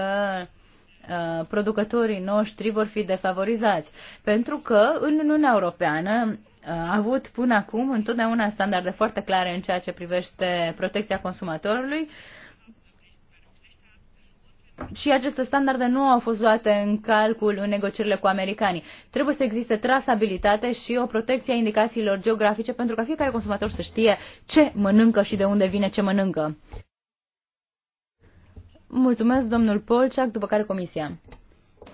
Uh, producătorii noștri vor fi defavorizați, pentru că în Uniunea Europeană uh, a avut până acum întotdeauna standarde foarte clare în ceea ce privește protecția consumatorului și aceste standarde nu au fost luate în calcul în negocierile cu americanii. Trebuie să existe trasabilitate și o protecție a indicațiilor geografice pentru ca fiecare consumator să știe ce mănâncă și de unde vine ce mănâncă. Mulțumesc, domnul Polciac, după care Comisia.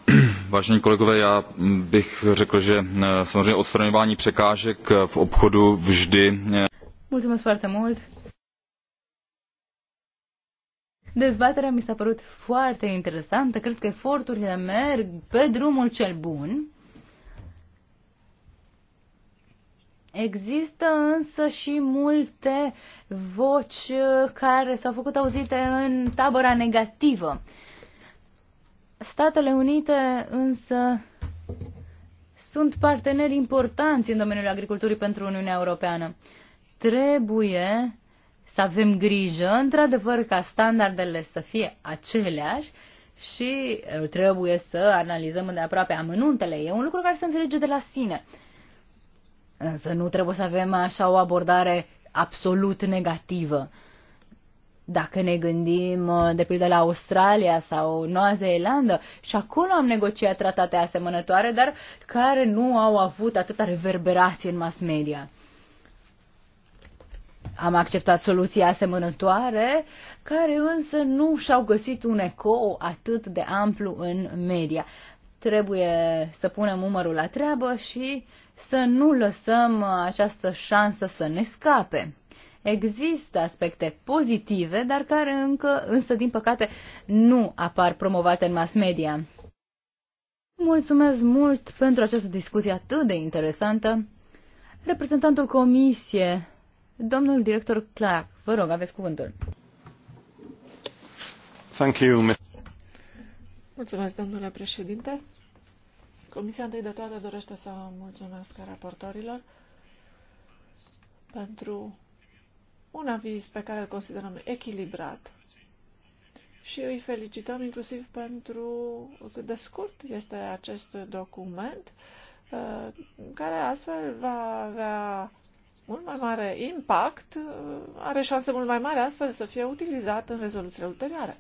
Vážení kolegové, já bych řekl, že eh, samozřejmě odstraňování překážek eh, v obchodu vždy. Eh, Mulțumesc foarte mult. Dezbaterea mi s-a părut foarte interesantă. Cred că eforturile merg pe drumul cel bun. Există însă și multe voci uh, care s-au făcut auzite în tabăra negativă. Statele Unite însă sunt parteneri importanți în domeniul agriculturii pentru Uniunea Europeană. Trebuie să avem grijă, într-adevăr, ca standardele să fie aceleași și trebuie să analizăm de aproape amănuntele. E un lucru care se înțelege de la sine. Însă nu trebuie să avem așa o abordare absolut negativă. Dacă ne gândim, uh, de pildă, la Australia sau Noua Zeelandă, și acolo am negociat tratate asemănătoare, dar care nu au avut atâta reverberație în mass media. Am acceptat soluții asemănătoare, care însă nu și-au găsit un ecou atât de amplu în media. Trebuie să punem umărul la treabă și să nu lăsăm uh, această șansă să ne scape. Există aspecte pozitive, dar care încă, însă, din păcate, nu apar promovate în mass media. Mulțumesc mult pentru această discuție atât de interesantă. Reprezentantul comisie, domnul director Clark, vă rog, aveți cuvântul. Thank you. Mulțumesc, domnule președinte. Comisia întâi de toate dorește să mulțumesc raportorilor pentru un aviz pe care îl considerăm echilibrat și îi felicităm inclusiv pentru cât de scurt este acest document, uh, care astfel va avea mult mai mare impact, uh, are șanse mult mai mare astfel să fie utilizat în rezoluțiile ulterioare.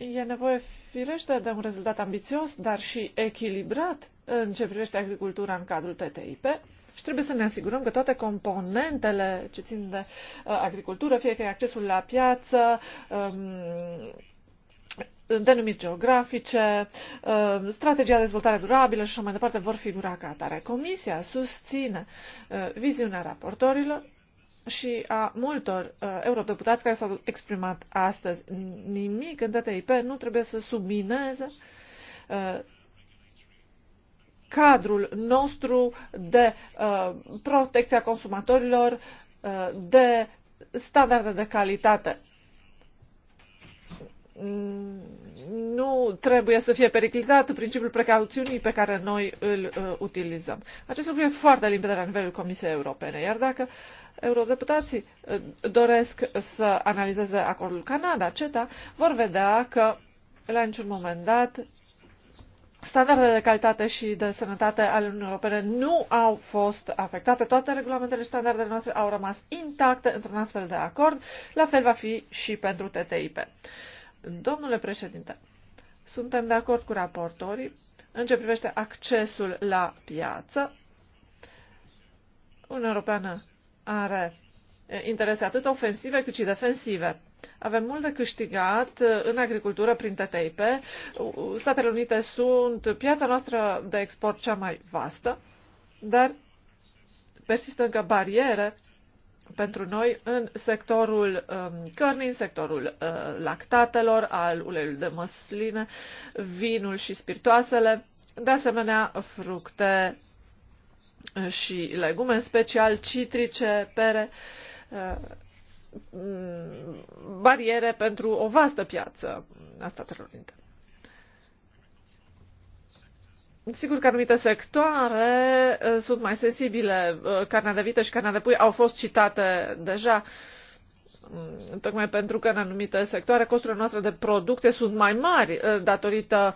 E nevoie, firește, de un rezultat ambițios, dar și echilibrat în ce privește agricultura în cadrul TTIP și trebuie să ne asigurăm că toate componentele ce țin de uh, agricultură, fie că e accesul la piață, um, denumiri geografice, um, strategia de dezvoltare durabilă și așa mai departe, vor figura ca atare. Comisia susține uh, viziunea raportorilor și a multor uh, eurodeputați care s-au exprimat astăzi. Nimic în DTIP nu trebuie să submineze uh, cadrul nostru de uh, protecția consumatorilor, uh, de standarde de calitate nu trebuie să fie periclitat principiul precauțiunii pe care noi îl uh, utilizăm. Acest lucru e foarte limpede la nivelul Comisiei Europene, iar dacă eurodeputații uh, doresc să analizeze acordul Canada-CETA, vor vedea că la niciun moment dat standardele de calitate și de sănătate ale Uniunii Europene nu au fost afectate. Toate regulamentele și standardele noastre au rămas intacte într-un astfel de acord. La fel va fi și pentru TTIP. Uh, Domnule președinte, suntem de acord cu raportorii în ce privește accesul la piață. Uniunea Europeană are interese atât ofensive cât și defensive. Avem mult de câștigat în agricultură prin TTIP. Statele Unite sunt piața noastră de export cea mai vastă, dar persistă încă bariere pentru noi în sectorul um, cărnii, în sectorul uh, lactatelor, al uleiului de măsline, vinul și spiritoasele, de asemenea fructe și legume, în special citrice, pere, uh, bariere pentru o vastă piață a Statelor Unite. Sigur că anumite sectoare eh, sunt mai sensibile. Eh, carnea de vită și carnea de pui au fost citate deja, mm, tocmai pentru că în anumite sectoare costurile noastre de producție sunt mai mari eh, datorită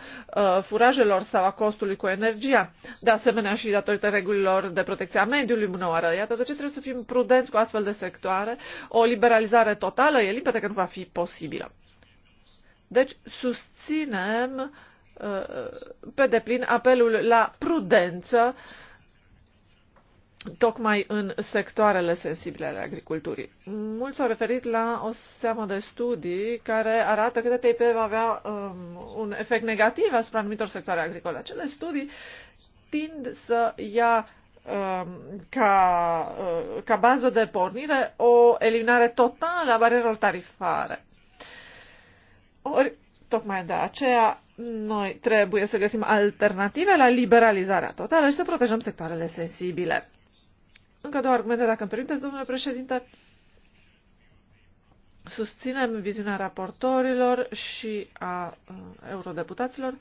furajelor sau a costului cu energia. De asemenea și datorită regulilor de protecție a mediului bunăoară. Iată de ce trebuie să fim prudenți cu astfel de sectoare. O liberalizare totală e limpede că nu va fi posibilă. Deci susținem uh, pe deplin apelul la prudență tocmai în sectoarele sensibile ale agriculturii. Mulți s-au referit la o seamă de studii care arată că TTIP va avea um, un efect negativ asupra anumitor sectoare agricole. Acele studii tind să ia um, ca, uh, ca bază de pornire o eliminare totală a barierelor tarifare. Ori, tocmai de aceea, noi trebuie să găsim alternative la liberalizarea totală și să protejăm sectoarele sensibile. Încă două argumente, dacă îmi permiteți, domnule președinte. Susținem viziunea raportorilor și a eurodeputaților.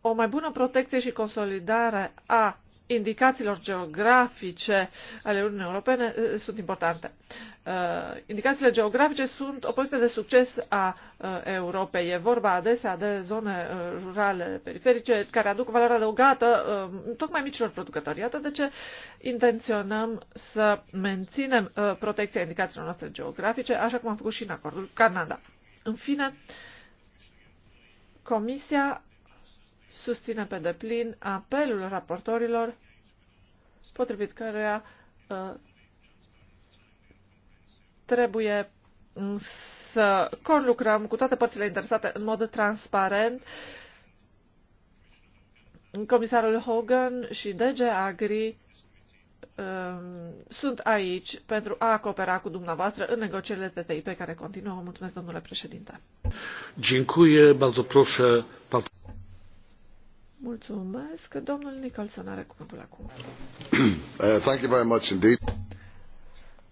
O mai bună protecție și consolidare a indicațiilor geografice ale Uniunii Europene uh, uh, sunt importante. Uh, indicațiile geografice sunt o poveste de succes a Europei. E vorba adesea de zone rurale periferice care aduc valoare adăugată tocmai micilor producători. Iată de ce intenționăm să menținem protecția indicațiilor noastre geografice, așa cum am făcut și în acordul Canada. În fine, Comisia susține pe deplin apelul raportorilor potrivit căreia uh, trebuie mm, să conlucrăm cu toate părțile interesate în mod transparent. Comisarul Hogan și DG Agri um, sunt aici pentru a coopera cu dumneavoastră în negocierile TTIP care continuă. Mulțumesc, domnule președinte. Dziękuję, bardzo proszę, pan... Mulțumesc. Domnul Nicholson are cuvântul acum. Uh, thank you very much indeed.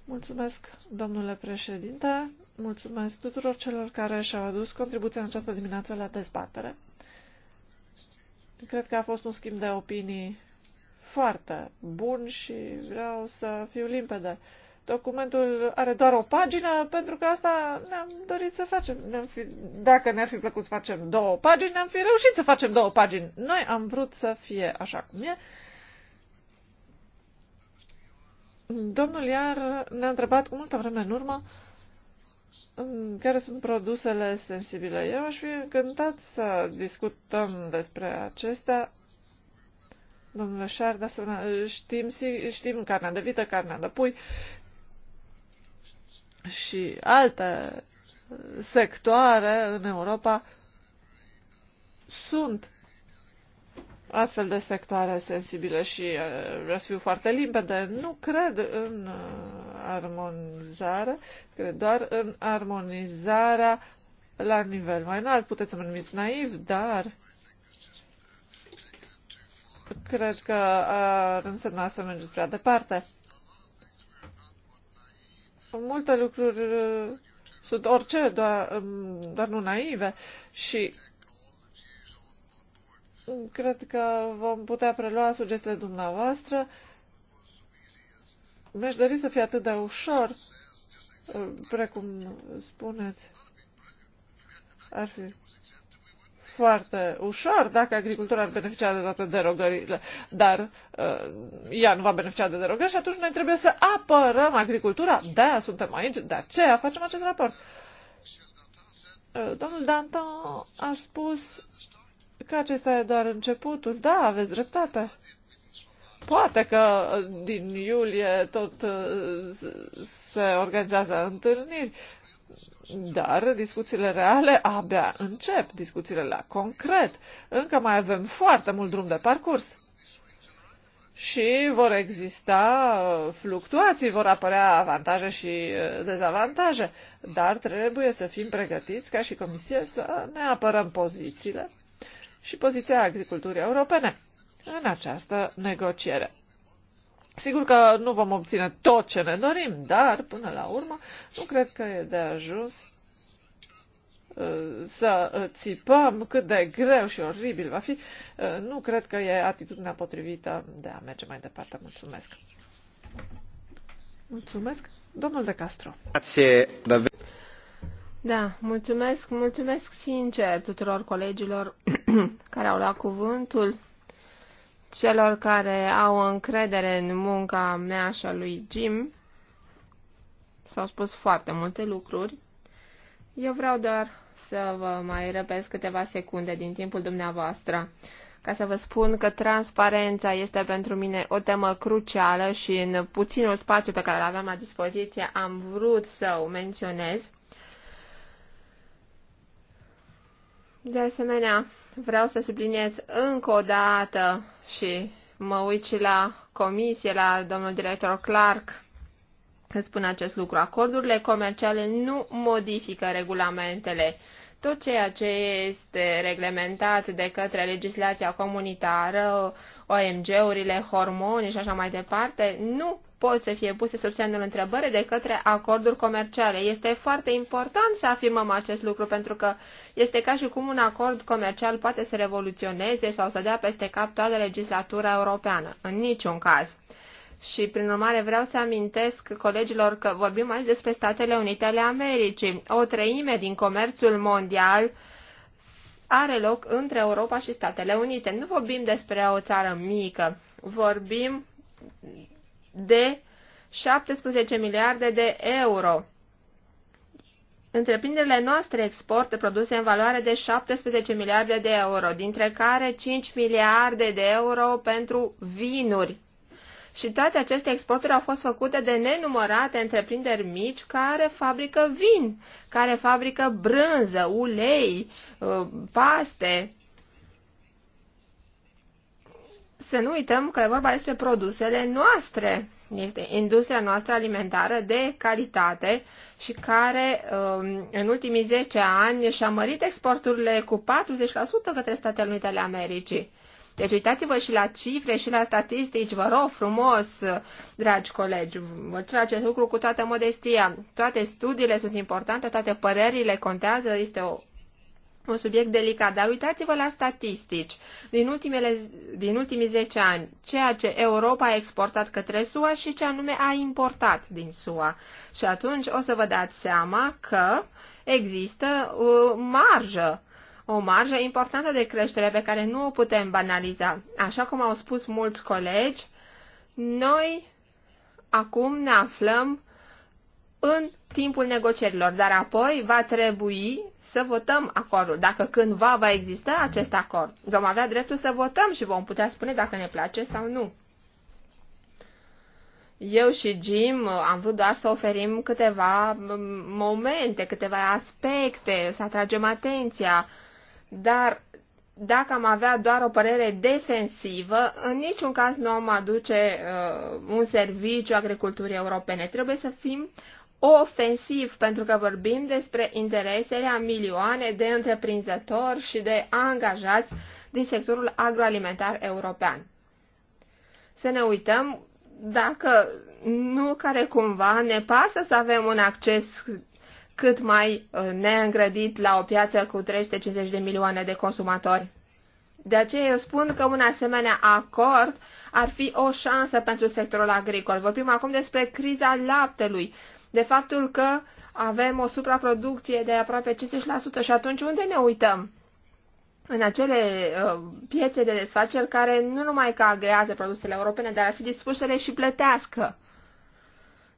Mulțumesc, domnule președinte. Mulțumesc tuturor celor care și-au adus contribuția în această dimineață la dezbatere. Cred că a fost un schimb de opinii foarte bun și vreau să fiu limpede. Uh, documentul are doar o pagină, pentru că asta ne-am dorit să facem. Ne-am fi, dacă ne-ar fi plăcut să facem două pagini, ne-am fi reușit să facem două pagini. Noi am vrut să fie așa cum e. Domnul Iar ne-a întrebat cu multă vreme în urmă care sunt produsele sensibile. Eu aș fi încântat să discutăm despre acestea. Domnule Șar, de asemenea, știm, știm carnea de vită, carnea de pui, și alte sectoare în Europa sunt astfel de sectoare sensibile și uh, vreau să fiu foarte limpede. Nu cred în uh, armonizare, cred doar în armonizarea la nivel mai înalt. Puteți să mă numiți naiv, dar cred că ar însemna să mergeți prea departe multe lucruri uh, sunt orice, doar, um, doar nu naive și cred că vom putea prelua sugestiile dumneavoastră. Mi-aș dori să fie atât de ușor, uh, precum spuneți. Ar fi foarte ușor dacă agricultura ar beneficia de toate derogările, dar uh, ea nu va beneficia de derogări și atunci noi trebuie să apărăm agricultura. Da, suntem aici, de aceea facem acest raport. Uh, domnul Danton a spus că acesta e doar începutul. Da, aveți dreptate. Poate că din iulie tot uh, se organizează întâlniri dar discuțiile reale abia încep, discuțiile la concret. Încă mai avem foarte mult drum de parcurs. Și vor exista fluctuații, vor apărea avantaje și uh, dezavantaje, dar trebuie să fim pregătiți ca și Comisie să ne apărăm pozițiile și poziția agriculturii europene în această negociere. Sigur că nu vom obține tot ce ne dorim, dar, până la urmă, nu cred că e de ajuns uh, să țipăm cât de greu și oribil va fi, uh, nu cred că e atitudinea potrivită de a merge mai departe. Mulțumesc! Mulțumesc, domnul De Castro. Da, mulțumesc, mulțumesc sincer tuturor colegilor care au luat cuvântul celor care au încredere în munca mea și a lui Jim. S-au spus foarte multe lucruri. Eu vreau doar să vă mai răpesc câteva secunde din timpul dumneavoastră ca să vă spun că transparența este pentru mine o temă crucială și în puținul spațiu pe care îl aveam la dispoziție am vrut să o menționez. De asemenea, vreau să subliniez încă o dată și mă uit și la comisie, la domnul director Clark, îți spun acest lucru. Acordurile comerciale nu modifică regulamentele. Tot ceea ce este reglementat de către legislația comunitară, OMG-urile, hormoni și așa mai departe, nu pot să fie puse sub semnul întrebării de către acorduri comerciale. Este foarte important să afirmăm acest lucru pentru că este ca și cum un acord comercial poate să revoluționeze sau să dea peste cap toată legislatura europeană. În niciun caz. Și, prin urmare, vreau să amintesc colegilor că vorbim aici despre Statele Unite ale Americii. O treime din comerțul mondial are loc între Europa și Statele Unite. Nu vorbim despre o țară mică, vorbim de 17 miliarde de euro. Întreprinderile noastre exportă produse în valoare de 17 miliarde de euro, dintre care 5 miliarde de euro pentru vinuri. Și toate aceste exporturi au fost făcute de nenumărate întreprinderi mici care fabrică vin, care fabrică brânză, ulei, uh, paste, Să nu uităm că e vorba despre produsele noastre. Este industria noastră alimentară de calitate și care um, în ultimii 10 ani și-a mărit exporturile cu 40% către Statele Unite ale Americii. Deci uitați-vă și la cifre și la statistici, vă rog frumos, dragi colegi, vă cer acest lucru cu toată modestia. Toate studiile sunt importante, toate părerile contează, este o un subiect delicat, dar uitați-vă la statistici. Din, ultimele, din ultimii 10 ani, ceea ce Europa a exportat către SUA și ce anume a importat din SUA. Și atunci o să vă dați seama că există o uh, marjă, o marjă importantă de creștere pe care nu o putem banaliza. Așa cum au spus mulți colegi, noi acum ne aflăm în timpul negocierilor, dar apoi va trebui să votăm acordul. Dacă cândva va exista acest acord, vom avea dreptul să votăm și vom putea spune dacă ne place sau nu. Eu și Jim uh, am vrut doar să oferim câteva um, momente, câteva aspecte, să atragem atenția, dar dacă am avea doar o părere defensivă, în niciun caz nu am aduce uh, un serviciu agriculturii europene. Trebuie să fim ofensiv pentru că vorbim despre interesele a milioane de întreprinzători și de angajați din sectorul agroalimentar european. Să ne uităm dacă nu care cumva ne pasă să avem un acces cât mai uh, neîngrădit la o piață cu 350 de milioane de consumatori. De aceea eu spun că un asemenea acord ar fi o șansă pentru sectorul agricol. Vorbim acum despre criza laptelui, de faptul că avem o supraproducție de aproape 50% și atunci unde ne uităm? În acele uh, piețe de desfaceri care nu numai că agrează produsele europene, dar ar fi dispus să le și plătească.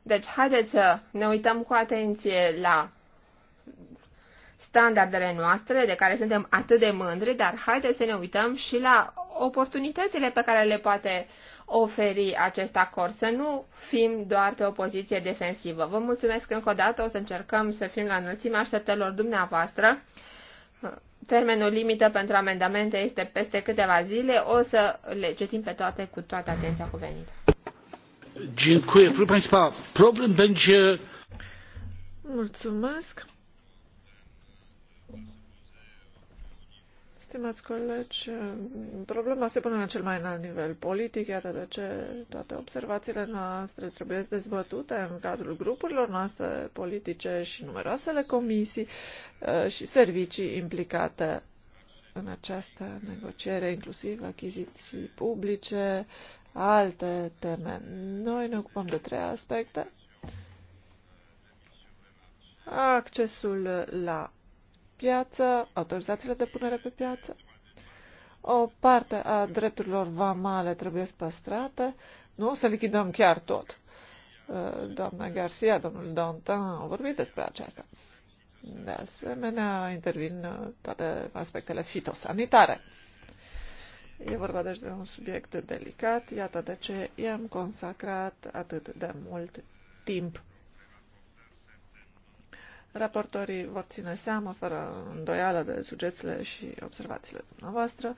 Deci, haideți să ne uităm cu atenție la standardele noastre, de care suntem atât de mândri, dar haideți să ne uităm și la oportunitățile pe care le poate oferi acest acord, să nu fim doar pe o poziție defensivă. Vă mulțumesc încă o dată, o să încercăm să fim la înălțimea așteptărilor dumneavoastră. Termenul limită pentru amendamente este peste câteva zile. O să le citim pe toate cu toată atenția cuvenită. Dziękuję. Proszę Państwa, problem będzie... Mulțumesc. Stimați colegi, problema se pune la cel mai înalt nivel politic, iată de ce toate observațiile noastre trebuie să dezbătute în cadrul grupurilor noastre politice și numeroasele comisii eh, și servicii implicate în această negociere, inclusiv achiziții publice, alte teme. Noi ne ocupăm de trei aspecte accesul la piață, autorizațiile de punere pe piață. O parte a drepturilor vamale trebuie păstrate. Nu să lichidăm chiar tot. Uh, doamna Garcia, domnul Dantin au vorbit despre aceasta. De asemenea, intervin uh, toate aspectele fitosanitare. E vorba deci de un subiect delicat, iată de ce i-am consacrat atât de mult timp Raportorii vor ține seamă, fără îndoială, de sugestiile și observațiile dumneavoastră.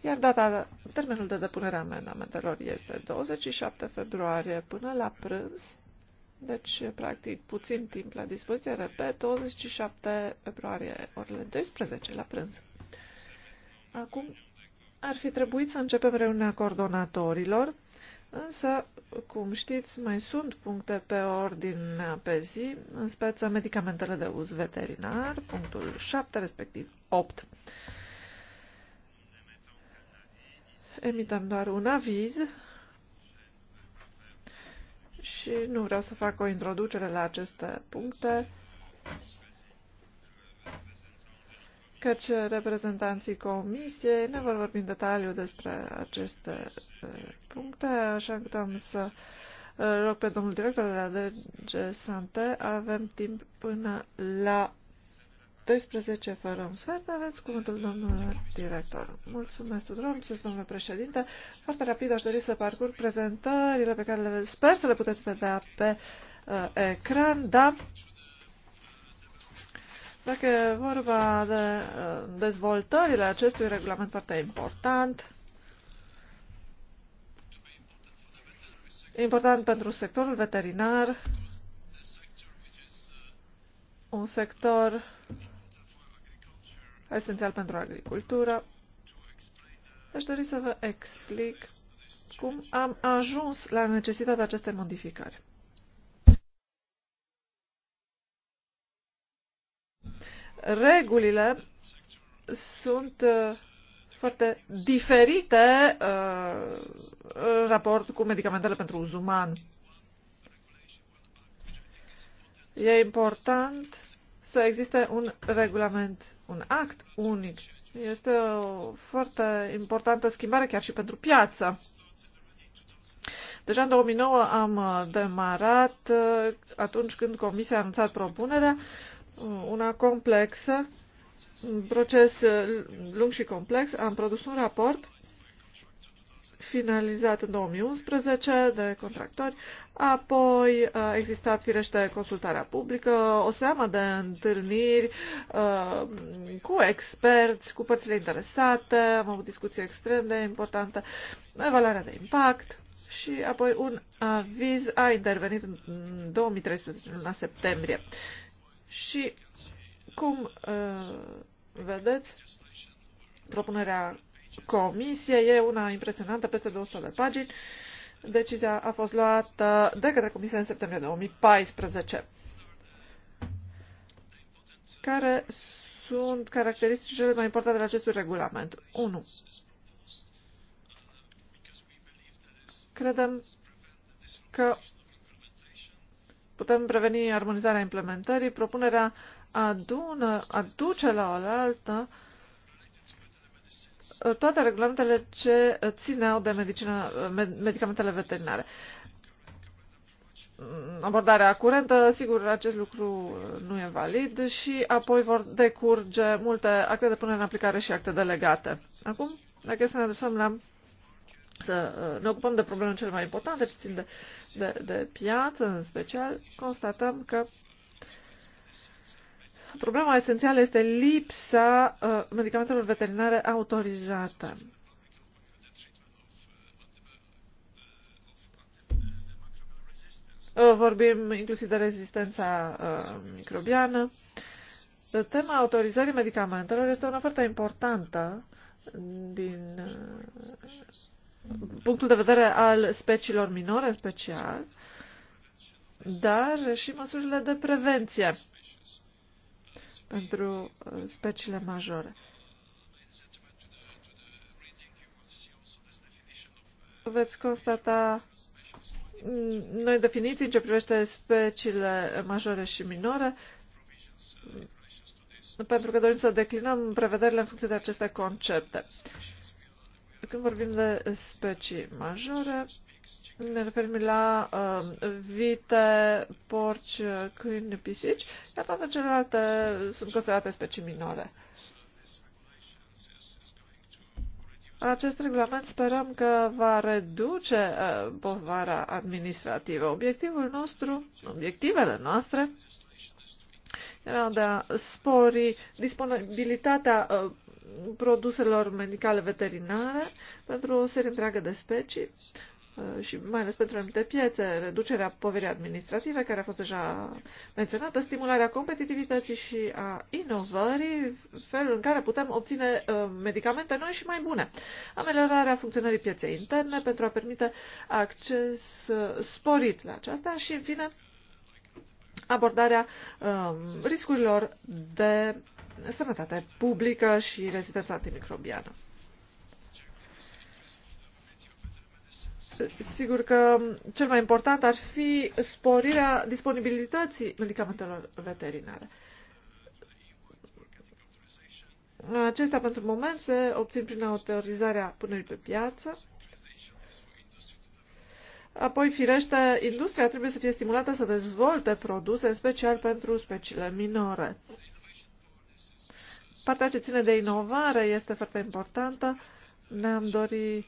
Iar data, termenul de depunere a amendamentelor este 27 februarie până la prânz, deci, practic, puțin timp la dispoziție, repet, 27 februarie, orele 12 la prânz. Acum, ar fi trebuit să începem reuniunea coordonatorilor, Însă, cum știți, mai sunt puncte pe ordinea pe zi, în speța medicamentele de uz veterinar, punctul 7, respectiv 8. Emitem doar un aviz și nu vreau să fac o introducere la aceste puncte căci reprezentanții comisiei ne vor vorbi în detaliu despre aceste uh, puncte, așa că am să uh, rog pe domnul director de la DG Sante, avem timp până la 12 fără un sfert, aveți cuvântul domnule director. Mulțumesc tuturor, mulțumesc domnule președinte. Foarte rapid aș dori să parcurg prezentările pe care le sper să le puteți vedea pe uh, ecran, da, dacă e vorba de uh, dezvoltările acestui regulament foarte important, important pentru sectorul veterinar, un sector esențial pentru agricultură. Aș dori să vă explic cum am ajuns la necesitatea acestei modificări. Regulile sunt uh, foarte diferite uh, în raport cu medicamentele pentru uz uman. E important să existe un regulament, un act unic. Este o foarte importantă schimbare chiar și pentru piață. Deja în 2009 am uh, demarat, atunci când Comisia a anunțat propunerea, una complexă, un proces uh, lung și complex. Am produs un raport finalizat în 2011 de contractori, apoi uh, a existat firește consultarea publică, o seamă de întâlniri uh, cu experți, cu părțile interesate, am avut discuții extrem de importante, evaluarea de impact și apoi un aviz a intervenit în 2013, în luna septembrie. Uh, și, cum uh, vedeți, propunerea comisiei e una impresionantă, peste 200 de pagini. Decizia a fost luată de către comisie în septembrie 2014. Care sunt caracteristicile mai importante ale acestui regulament? 1. Credem că putem preveni armonizarea implementării. Propunerea adună, aduce la oaltă toate regulamentele ce țineau de medicină, medicamentele veterinare. Abordarea curentă, sigur, acest lucru nu e valid și apoi vor decurge multe acte de punere în aplicare și acte delegate. Acum, dacă să ne adresăm la să uh, ne ocupăm de problemele cele mai importante, ce de, de, de piață în special, constatăm că problema esențială este lipsa uh, medicamentelor veterinare autorizate. Uh, vorbim inclusiv de rezistența uh, microbiană. Tema autorizării medicamentelor este una foarte importantă din punctul de vedere al speciilor minore în special, dar și măsurile de prevenție pentru uh, speciile majore. Veți constata mm, noi definiții în ce privește speciile majore și minore, pentru că dorim să declinăm prevederile în funcție de aceste concepte când vorbim de specii majore, ne referim la uh, vite, porci, uh, câini, pisici, iar toate celelalte sunt considerate specii minore. Acest regulament sperăm că va reduce uh, povara administrativă. Obiectivul nostru, obiectivele noastre, era de a spori disponibilitatea uh, produselor medicale veterinare pentru o serie întreagă de specii uh, și mai ales pentru anumite piețe, reducerea poverii administrative, care a fost deja menționată, stimularea competitivității și a inovării, felul în care putem obține uh, medicamente noi și mai bune, ameliorarea funcționării pieței interne pentru a permite acces uh, sporit la aceasta și, în fine, abordarea riscurilor de sănătate publică și rezistența antimicrobiană. Sigur că cel mai important ar fi sporirea disponibilității medicamentelor veterinare. Acestea, pentru moment, se obțin prin autorizarea punerii pe piață. Apoi, firește, industria trebuie să fie stimulată să dezvolte produse, în special pentru speciile minore. Partea ce ține de inovare este foarte importantă. Ne-am dorit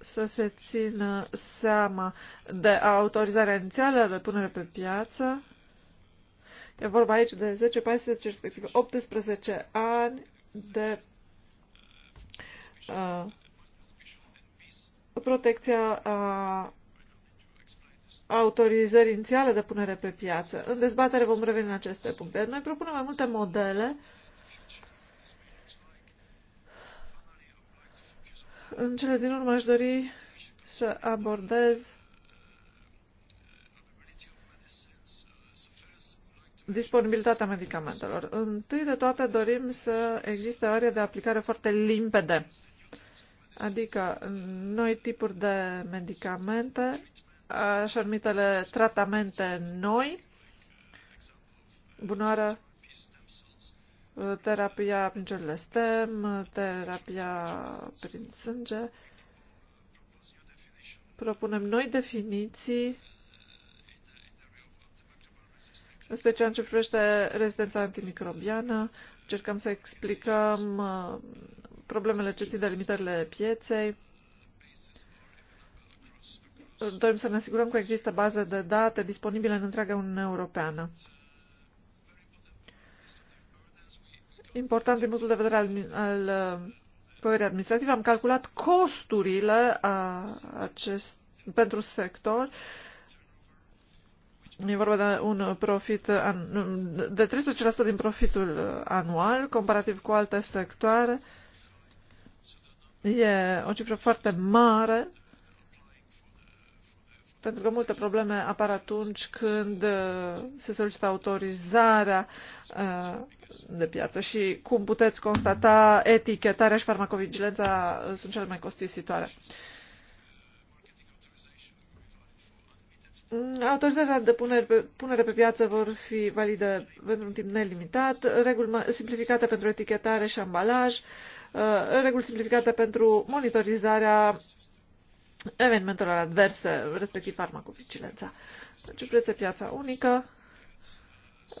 să se țină seama de autorizarea inițială de punere pe piață. E vorba aici de 10, 14, respectiv 18 ani de uh, protecția a uh, autorizări inițiale de punere pe piață. În dezbatere vom reveni în aceste puncte. Noi propunem mai multe modele În cele din urmă aș dori să abordez disponibilitatea medicamentelor. Întâi de toate dorim să existe o arie de aplicare foarte limpede, adică noi tipuri de medicamente așa numitele tratamente noi, bunoară, terapia prin celule STEM, terapia prin sânge. Propunem noi definiții, în special în ce privește rezistența antimicrobiană. Încercăm să explicăm uh, problemele ce țin de limitările pieței dorim să ne asigurăm că există bază de date disponibile în întreaga Uniune Europeană. Important din punctul de vedere al, al uh, poverii administrative, am calculat costurile a acest, pentru sector E vorba de un profit an, de 13% din profitul uh, anual, comparativ cu alte sectoare. E o cifră foarte mare pentru că multe probleme apar atunci când uh, se solicită autorizarea uh, de piață și, cum puteți constata, etichetarea și farmacovigilența uh, sunt cele mai costisitoare. Mm, autorizarea de punere pe, punere pe piață vor fi valide pentru un timp nelimitat, reguli simplificate pentru etichetare și ambalaj, reguli simplificate pentru monitorizarea evenimentelor adverse, respectiv farmacovigilența. Deci, prețe piața unică,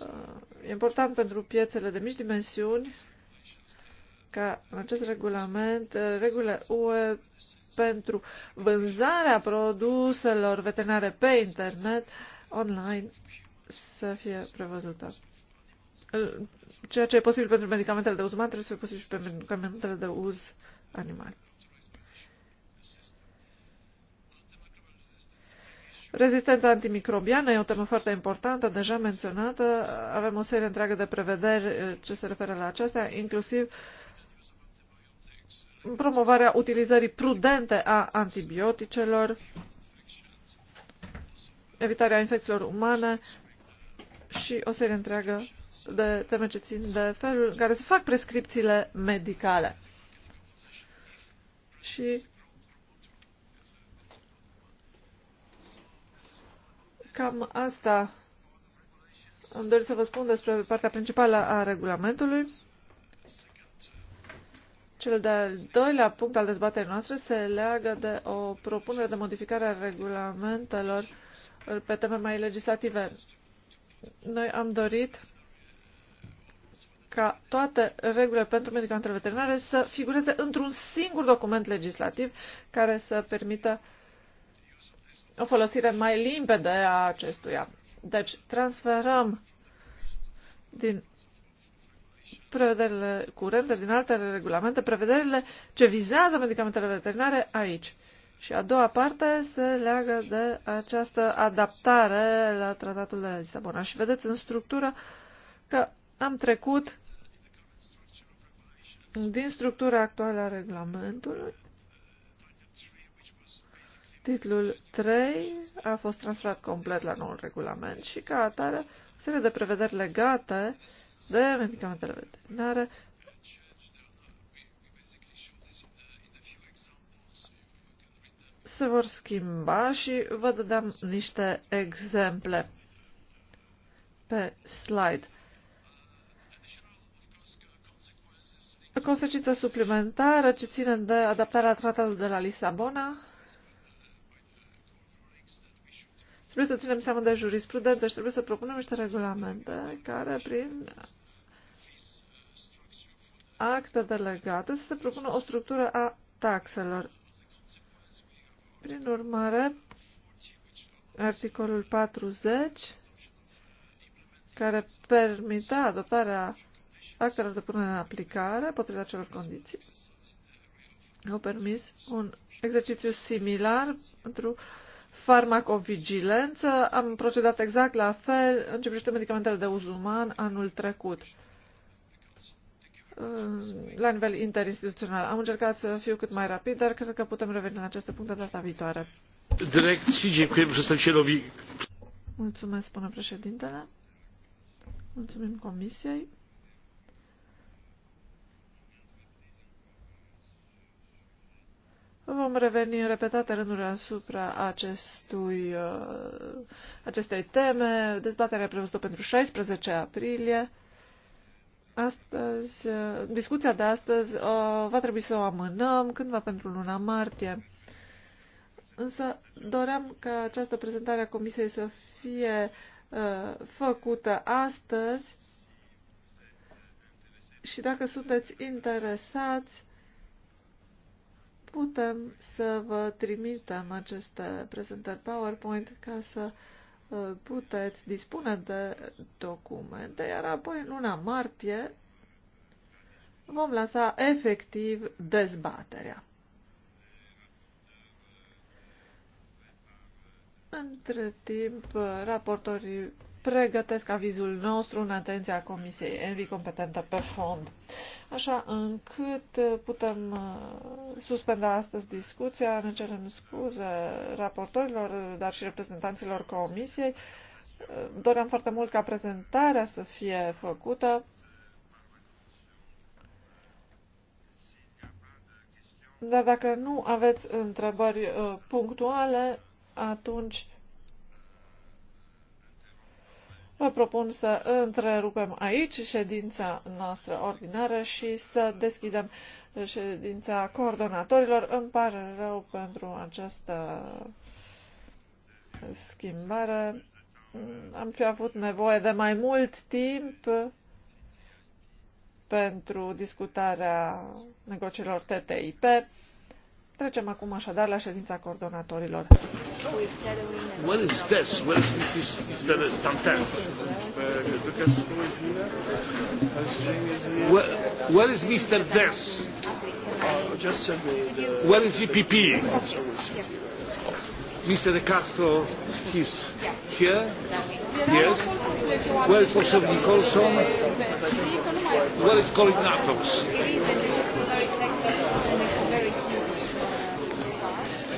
uh, e important pentru piețele de mici dimensiuni ca în acest regulament uh, regulile UE pentru vânzarea produselor veterinare pe internet online să fie prevăzută. Ceea ce e posibil pentru medicamentele de uz uman trebuie să fie posibil și pentru medicamentele de uz animal. Rezistența antimicrobiană e o temă foarte importantă, deja menționată. Avem o serie întreagă de prevederi eh, ce se referă la acestea, inclusiv promovarea utilizării prudente a antibioticelor, evitarea infecțiilor umane și o serie întreagă de teme ce țin de felul în care se fac prescripțiile medicale. Și Cam asta îmi doresc să vă spun despre partea principală a regulamentului. Cel de-al doilea punct al dezbaterii noastre se leagă de o propunere de modificare a regulamentelor pe teme mai legislative. Noi am dorit ca toate regulile pentru medicamentele veterinare să figureze într-un singur document legislativ care să permită uh, o folosire mai limpede a acestuia. Deci transferăm din prevederile curente, din alte regulamente, prevederile ce vizează medicamentele veterinare aici. Și a doua parte se leagă de această adaptare la tratatul de Lisabona. Și vedeți în structură că am trecut din structura actuală a regulamentului Titlul 3 a fost transferat complet la noul regulament și, ca atare, o serie de prevederi legate de medicamentele veterinare se vor schimba și vă dădeam niște exemple pe slide. Consecință suplimentară ce ține de adaptarea tratatului de la Lisabona Trebuie să ținem seama de jurisprudență și trebuie să propunem niște regulamente care, prin acte delegate, să se propună o structură a taxelor. Prin urmare, articolul 40, care permitea adoptarea actelor de punere în aplicare, potrivit acelor condiții, au permis un exercițiu similar pentru farmacovigilență. Am procedat exact la fel în ce privește medicamentele de uz uman anul trecut la nivel interinstituțional. Am încercat să fiu cât mai rapid, dar cred că putem reveni la aceste puncte data viitoare. Direcții, dziękuję Mulțumesc, spune președintele. Mulțumim comisiei. Vom reveni în repetate rânduri asupra acestui, uh, acestei teme. Dezbaterea prevăzută pentru 16 aprilie. Astăzi, uh, discuția de astăzi va trebui să o amânăm cândva pentru luna martie. Însă doream ca această prezentare a Comisiei să fie uh, făcută astăzi și dacă sunteți interesați, putem să vă trimitem aceste prezentări PowerPoint ca să uh, puteți dispune de documente, iar apoi în luna martie vom lăsa efectiv dezbaterea. Între timp, raportorii pregătesc avizul nostru în atenția Comisiei Envi competentă pe fond, așa încât uh, putem uh, suspenda astăzi discuția, ne cerem scuze raportorilor, uh, dar și reprezentanților Comisiei. Doream foarte mult ca prezentarea să fie făcută. Dar dacă nu aveți întrebări punctuale, atunci Vă propun să întrerupem aici ședința noastră ordinară și să deschidem ședința coordonatorilor. Îmi pare rău pentru această schimbare. Am fi avut nevoie de mai mult timp pentru discutarea negocierilor TTIP. Trecem acum așadar la ședința coordonatorilor. Where is this? Where is this? Is, is that a tantan? Where, is Mr. Des? Where is EPP? Mr. De Castro, he's here. Yes. Where is Professor Nicholson? Where is Colin Natos?